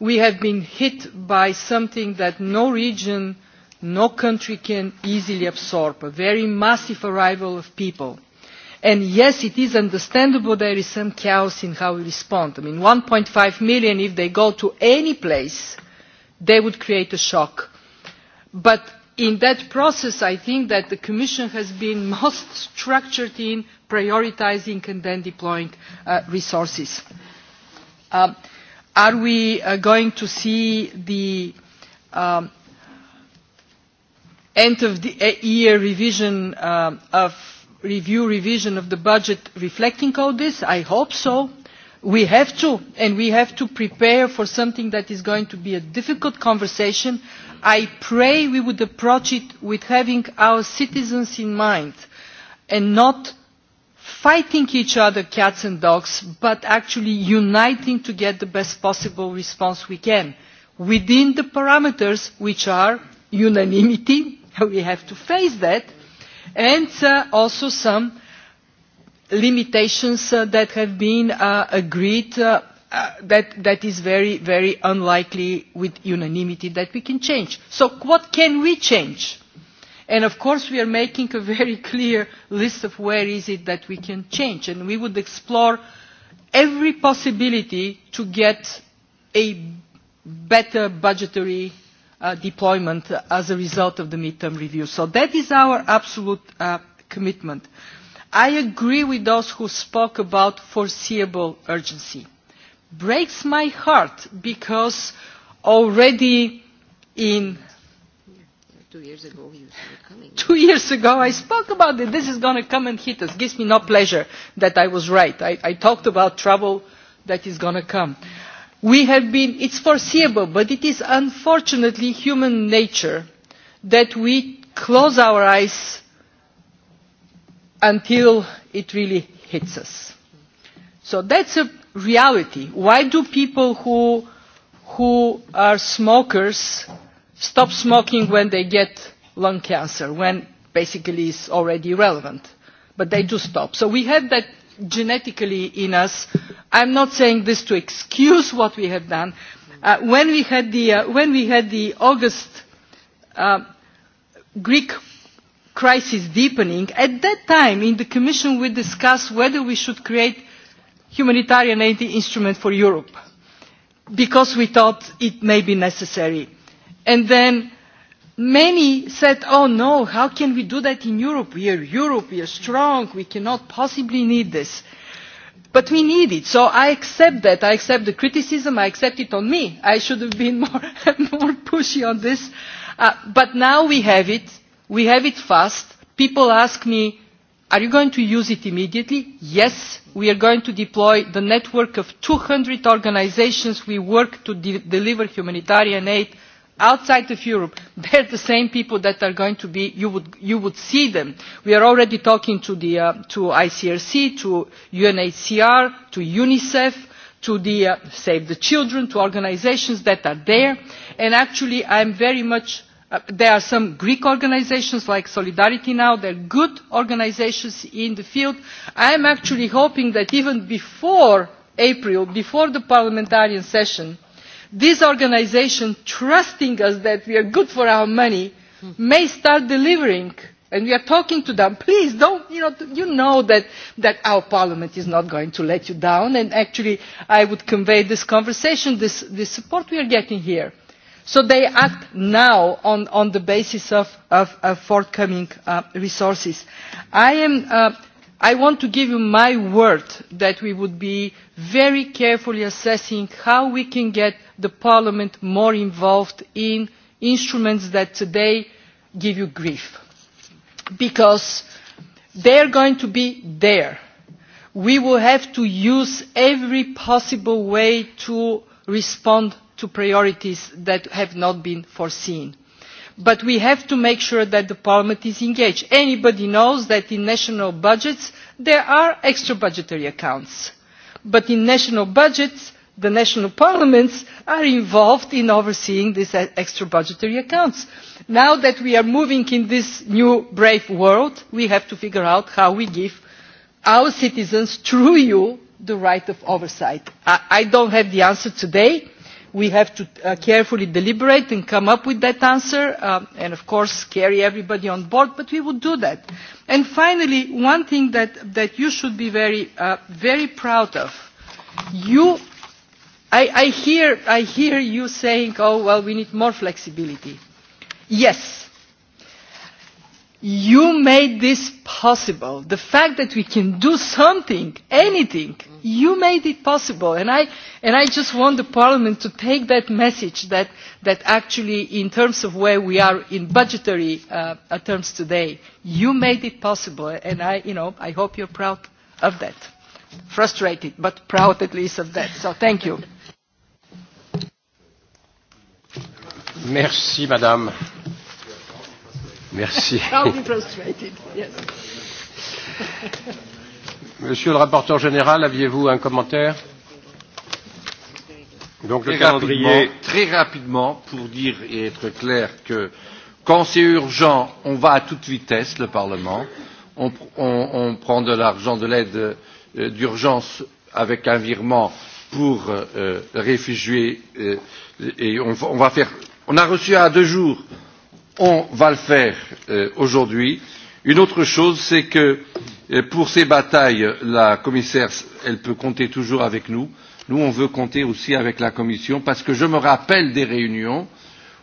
we have been hit by something that no region, no country can easily absorb, a very massive arrival of people and yes it is understandable there is some chaos in how we respond. i mean. one five million if they go to any place they would create a shock but in that process i think that the commission has been most structured in prioritising and then deploying uh, resources. Um, are we uh, going to see the um, end of the uh, year revision um, of review revision of the budget reflecting all this? I hope so. We have to, and we have to prepare for something that is going to be a difficult conversation. I pray we would approach it with having our citizens in mind and not fighting each other cats and dogs, but actually uniting to get the best possible response we can within the parameters which are unanimity, we have to face that, and uh, also some limitations uh, that have been uh, agreed uh, uh, that, that is very, very unlikely with unanimity that we can change. So what can we change? And of course we are making a very clear list of where is it that we can change. And we would explore every possibility to get a better budgetary Uh, deployment as a result of the mid term review. So that is our absolute uh, commitment. I agree with those who spoke about foreseeable urgency. Breaks my heart because already in two years ago you coming. Two years ago I spoke about it. This is going to come and hit us. It Gives me no pleasure that I was right. I, I talked about trouble that is going to come. Uh, we have been is foreseeable but it is unfortunately human nature that we close our eyes until it really hits us so that is a reality why do people who who are smokers stop smoking when they get lung cancer when basically it is already irrelevant but they do stop so we have that genetically in us. i am not saying this to excuse what we have done. Uh, when, we had the, uh, when we had the august uh, greek crisis deepening at that time in the commission we discussed whether we should create a humanitarian aid instrument for europe because we thought it may be necessary. and then many said, oh no, how can we do that in Europe? We are Europe, we are strong, we cannot possibly need this. But we need it. So I accept that. I accept the criticism. I accept it on me. I should have been more, more pushy on this. Uh, but now we have it. We have it fast. People ask me, are you going to use it immediately? Yes, we are going to deploy the network of 200 organizations we work to de deliver humanitarian aid outside of europe they are the same people that are going to be you would, you would see them. we are already talking to the uh, icrc to unhcr to unicef to the uh, save the children to organisations that are there and actually i am very much uh, there are some greek organisations like solidarity now they are good organisations in the field. i am actually hoping that even before april before the parliamentarian session This organisation trusting us that we are good for our money may start delivering and we are talking to them please don't you know you know that that our parliament is not going to let you down and actually i would convey this conversation this this support we are getting here so they act now on on the basis of of, of forthcoming uh, resources i am uh, i want to give you my word that we would be very carefully assessing how we can get the parliament more involved in instruments that today give you grief because they are going to be there. We will have to use every possible way to respond to priorities that have not been foreseen. But we have to make sure that the Parliament is engaged. Anybody knows that in national budgets there are extra budgetary accounts but in national budgets the national parliaments are involved in overseeing these e-, extra budgetary accounts. now that we are moving in this new brave world we have to figure out how we give our citizens through you the right of oversight. i, I do not have the answer today we have to uh, carefully deliberate and come up with that answer uh, and of course carry everybody on board but we would do that. And finally one thing that, that you should be very, uh, very proud of you I, I, hear, I hear you saying oh well we need more flexibility. yes you made this possible. The fact that we can do something, anything, you made it possible. And I, and I just want the Parliament to take that message that, that actually in terms of where we are in budgetary uh, terms today, you made it possible. And I, you know, I hope you're proud of that. Frustrated, but proud at least of that. So thank you. Merci, Madame. Merci. Monsieur le rapporteur général, aviez-vous un commentaire Donc très le Rapidement, très rapidement, pour dire et être clair que quand c'est urgent, on va à toute vitesse, le Parlement. On, on, on prend de l'argent de l'aide euh, d'urgence avec un virement pour euh, euh réfugiés euh, et on, on va faire. On a reçu à deux jours on va le faire euh, aujourd'hui. une autre chose c'est que euh, pour ces batailles la commissaire elle peut compter toujours avec nous. nous on veut compter aussi avec la commission parce que je me rappelle des réunions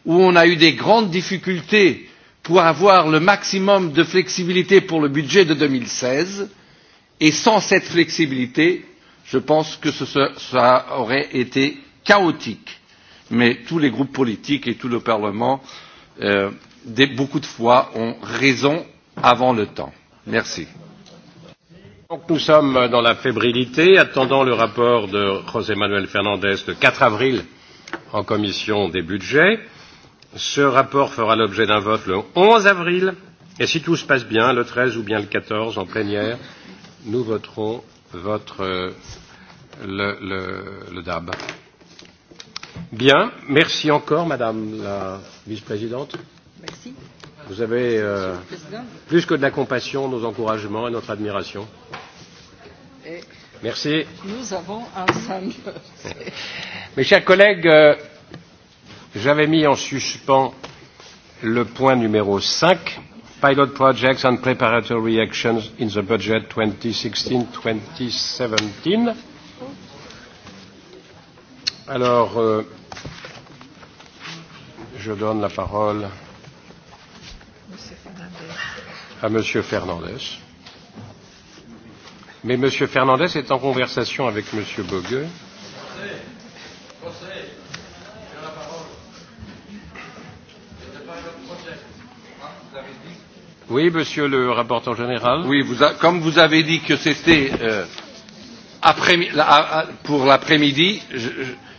où on a eu des grandes difficultés pour avoir le maximum de flexibilité pour le budget de deux mille seize et sans cette flexibilité je pense que cela aurait été chaotique mais tous les groupes politiques et tout le parlement euh, beaucoup de fois ont raison avant le temps. Merci. Donc nous sommes dans la fébrilité, attendant le rapport de José Manuel Fernandez le 4 avril en commission des budgets. Ce rapport fera l'objet d'un vote le 11 avril et si tout se passe bien, le 13 ou bien le 14 en plénière, nous voterons votre, euh, le, le, le DAB. Bien, merci encore, Madame la Vice-présidente. Merci. Vous avez euh, plus que de la compassion, nos encouragements et notre admiration. Et merci. Nous avons ensemble. Mes chers collègues, euh, j'avais mis en suspens le point numéro 5, Pilot Projects and Preparatory Actions in the Budget 2016-2017. Alors, euh, je donne la parole à Monsieur Fernandez. Mais Monsieur Fernandez est en conversation avec Monsieur Bogueux. Oui, monsieur le rapporteur général. Oui, vous a, comme vous avez dit que c'était euh, après, pour l'après-midi,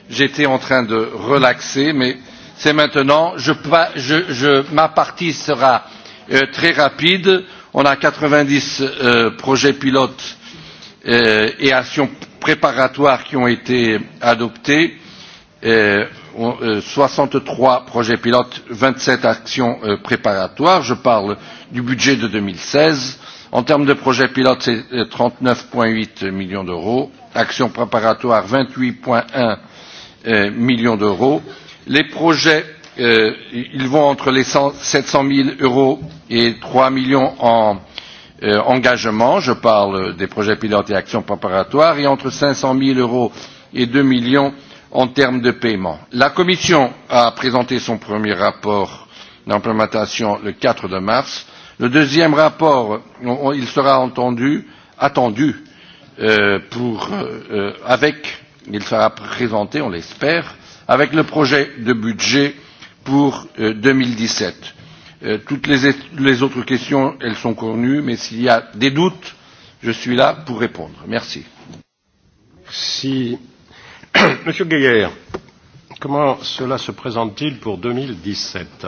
j'étais en train de relaxer, mais c'est maintenant. Je, je, je, ma partie sera euh, très rapide. On a 90 euh, projets pilotes euh, et actions préparatoires qui ont été adoptés, soixante euh, 63 euh, projets pilotes, 27 actions euh, préparatoires. Je parle du budget de 2016. En termes de projets pilotes, c'est 39,8 euh, millions d'euros. Actions préparatoires, 28,1 euh, millions d'euros les projets euh, vont entre les sept cents zéro euros et trois millions en euh, engagement je parle des projets pilotes et actions préparatoires et entre cinq cents zéro euros et deux millions en termes de paiement. la commission a présenté son premier rapport d'implémentation le quatre mars. le deuxième rapport il sera entendu, attendu euh, pour, euh, euh, avec il sera présenté on l'espère avec le projet de budget pour euh, deux mille dix sept euh, toutes les, autres questions sont connues mais s'il y a des doutes je suis là pour répondre. merci. merci. monsieur geier comment cela se présente t il pour deux mille dix sept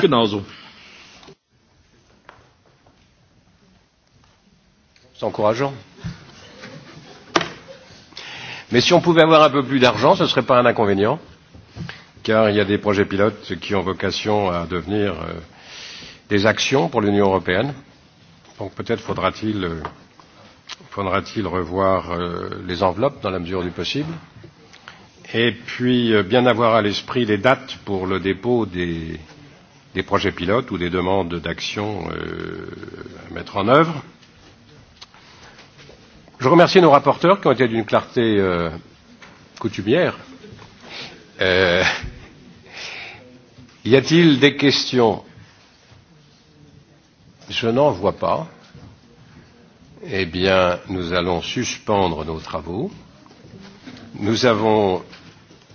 genauso. C'est encourageant. Mais si on pouvait avoir un peu plus d'argent, ce ne serait pas un inconvénient, car il y a des projets pilotes qui ont vocation à devenir euh, des actions pour l'Union européenne. Donc peut-être faudra-t-il euh, faudra revoir euh, les enveloppes dans la mesure du possible. Et puis bien avoir à l'esprit les dates pour le dépôt des, des projets pilotes ou des demandes d'action euh, à mettre en œuvre je remercie nos rapporteurs qui ont été d'une clarté euh, coutumière. Euh, y a-t-il des questions Je n'en vois pas. Eh bien, nous allons suspendre nos travaux. Nous avons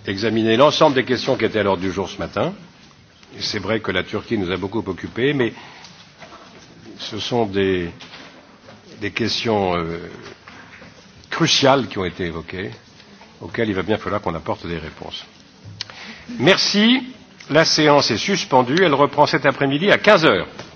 examiné l'ensemble des questions qui étaient à l'ordre du jour ce matin. C'est vrai que la Turquie nous a beaucoup occupés, mais ce sont des, des questions euh, cruciales qui ont été évoquées, auxquelles il va bien falloir qu'on apporte des réponses. Merci. La séance est suspendue. Elle reprend cet après-midi à 15 heures.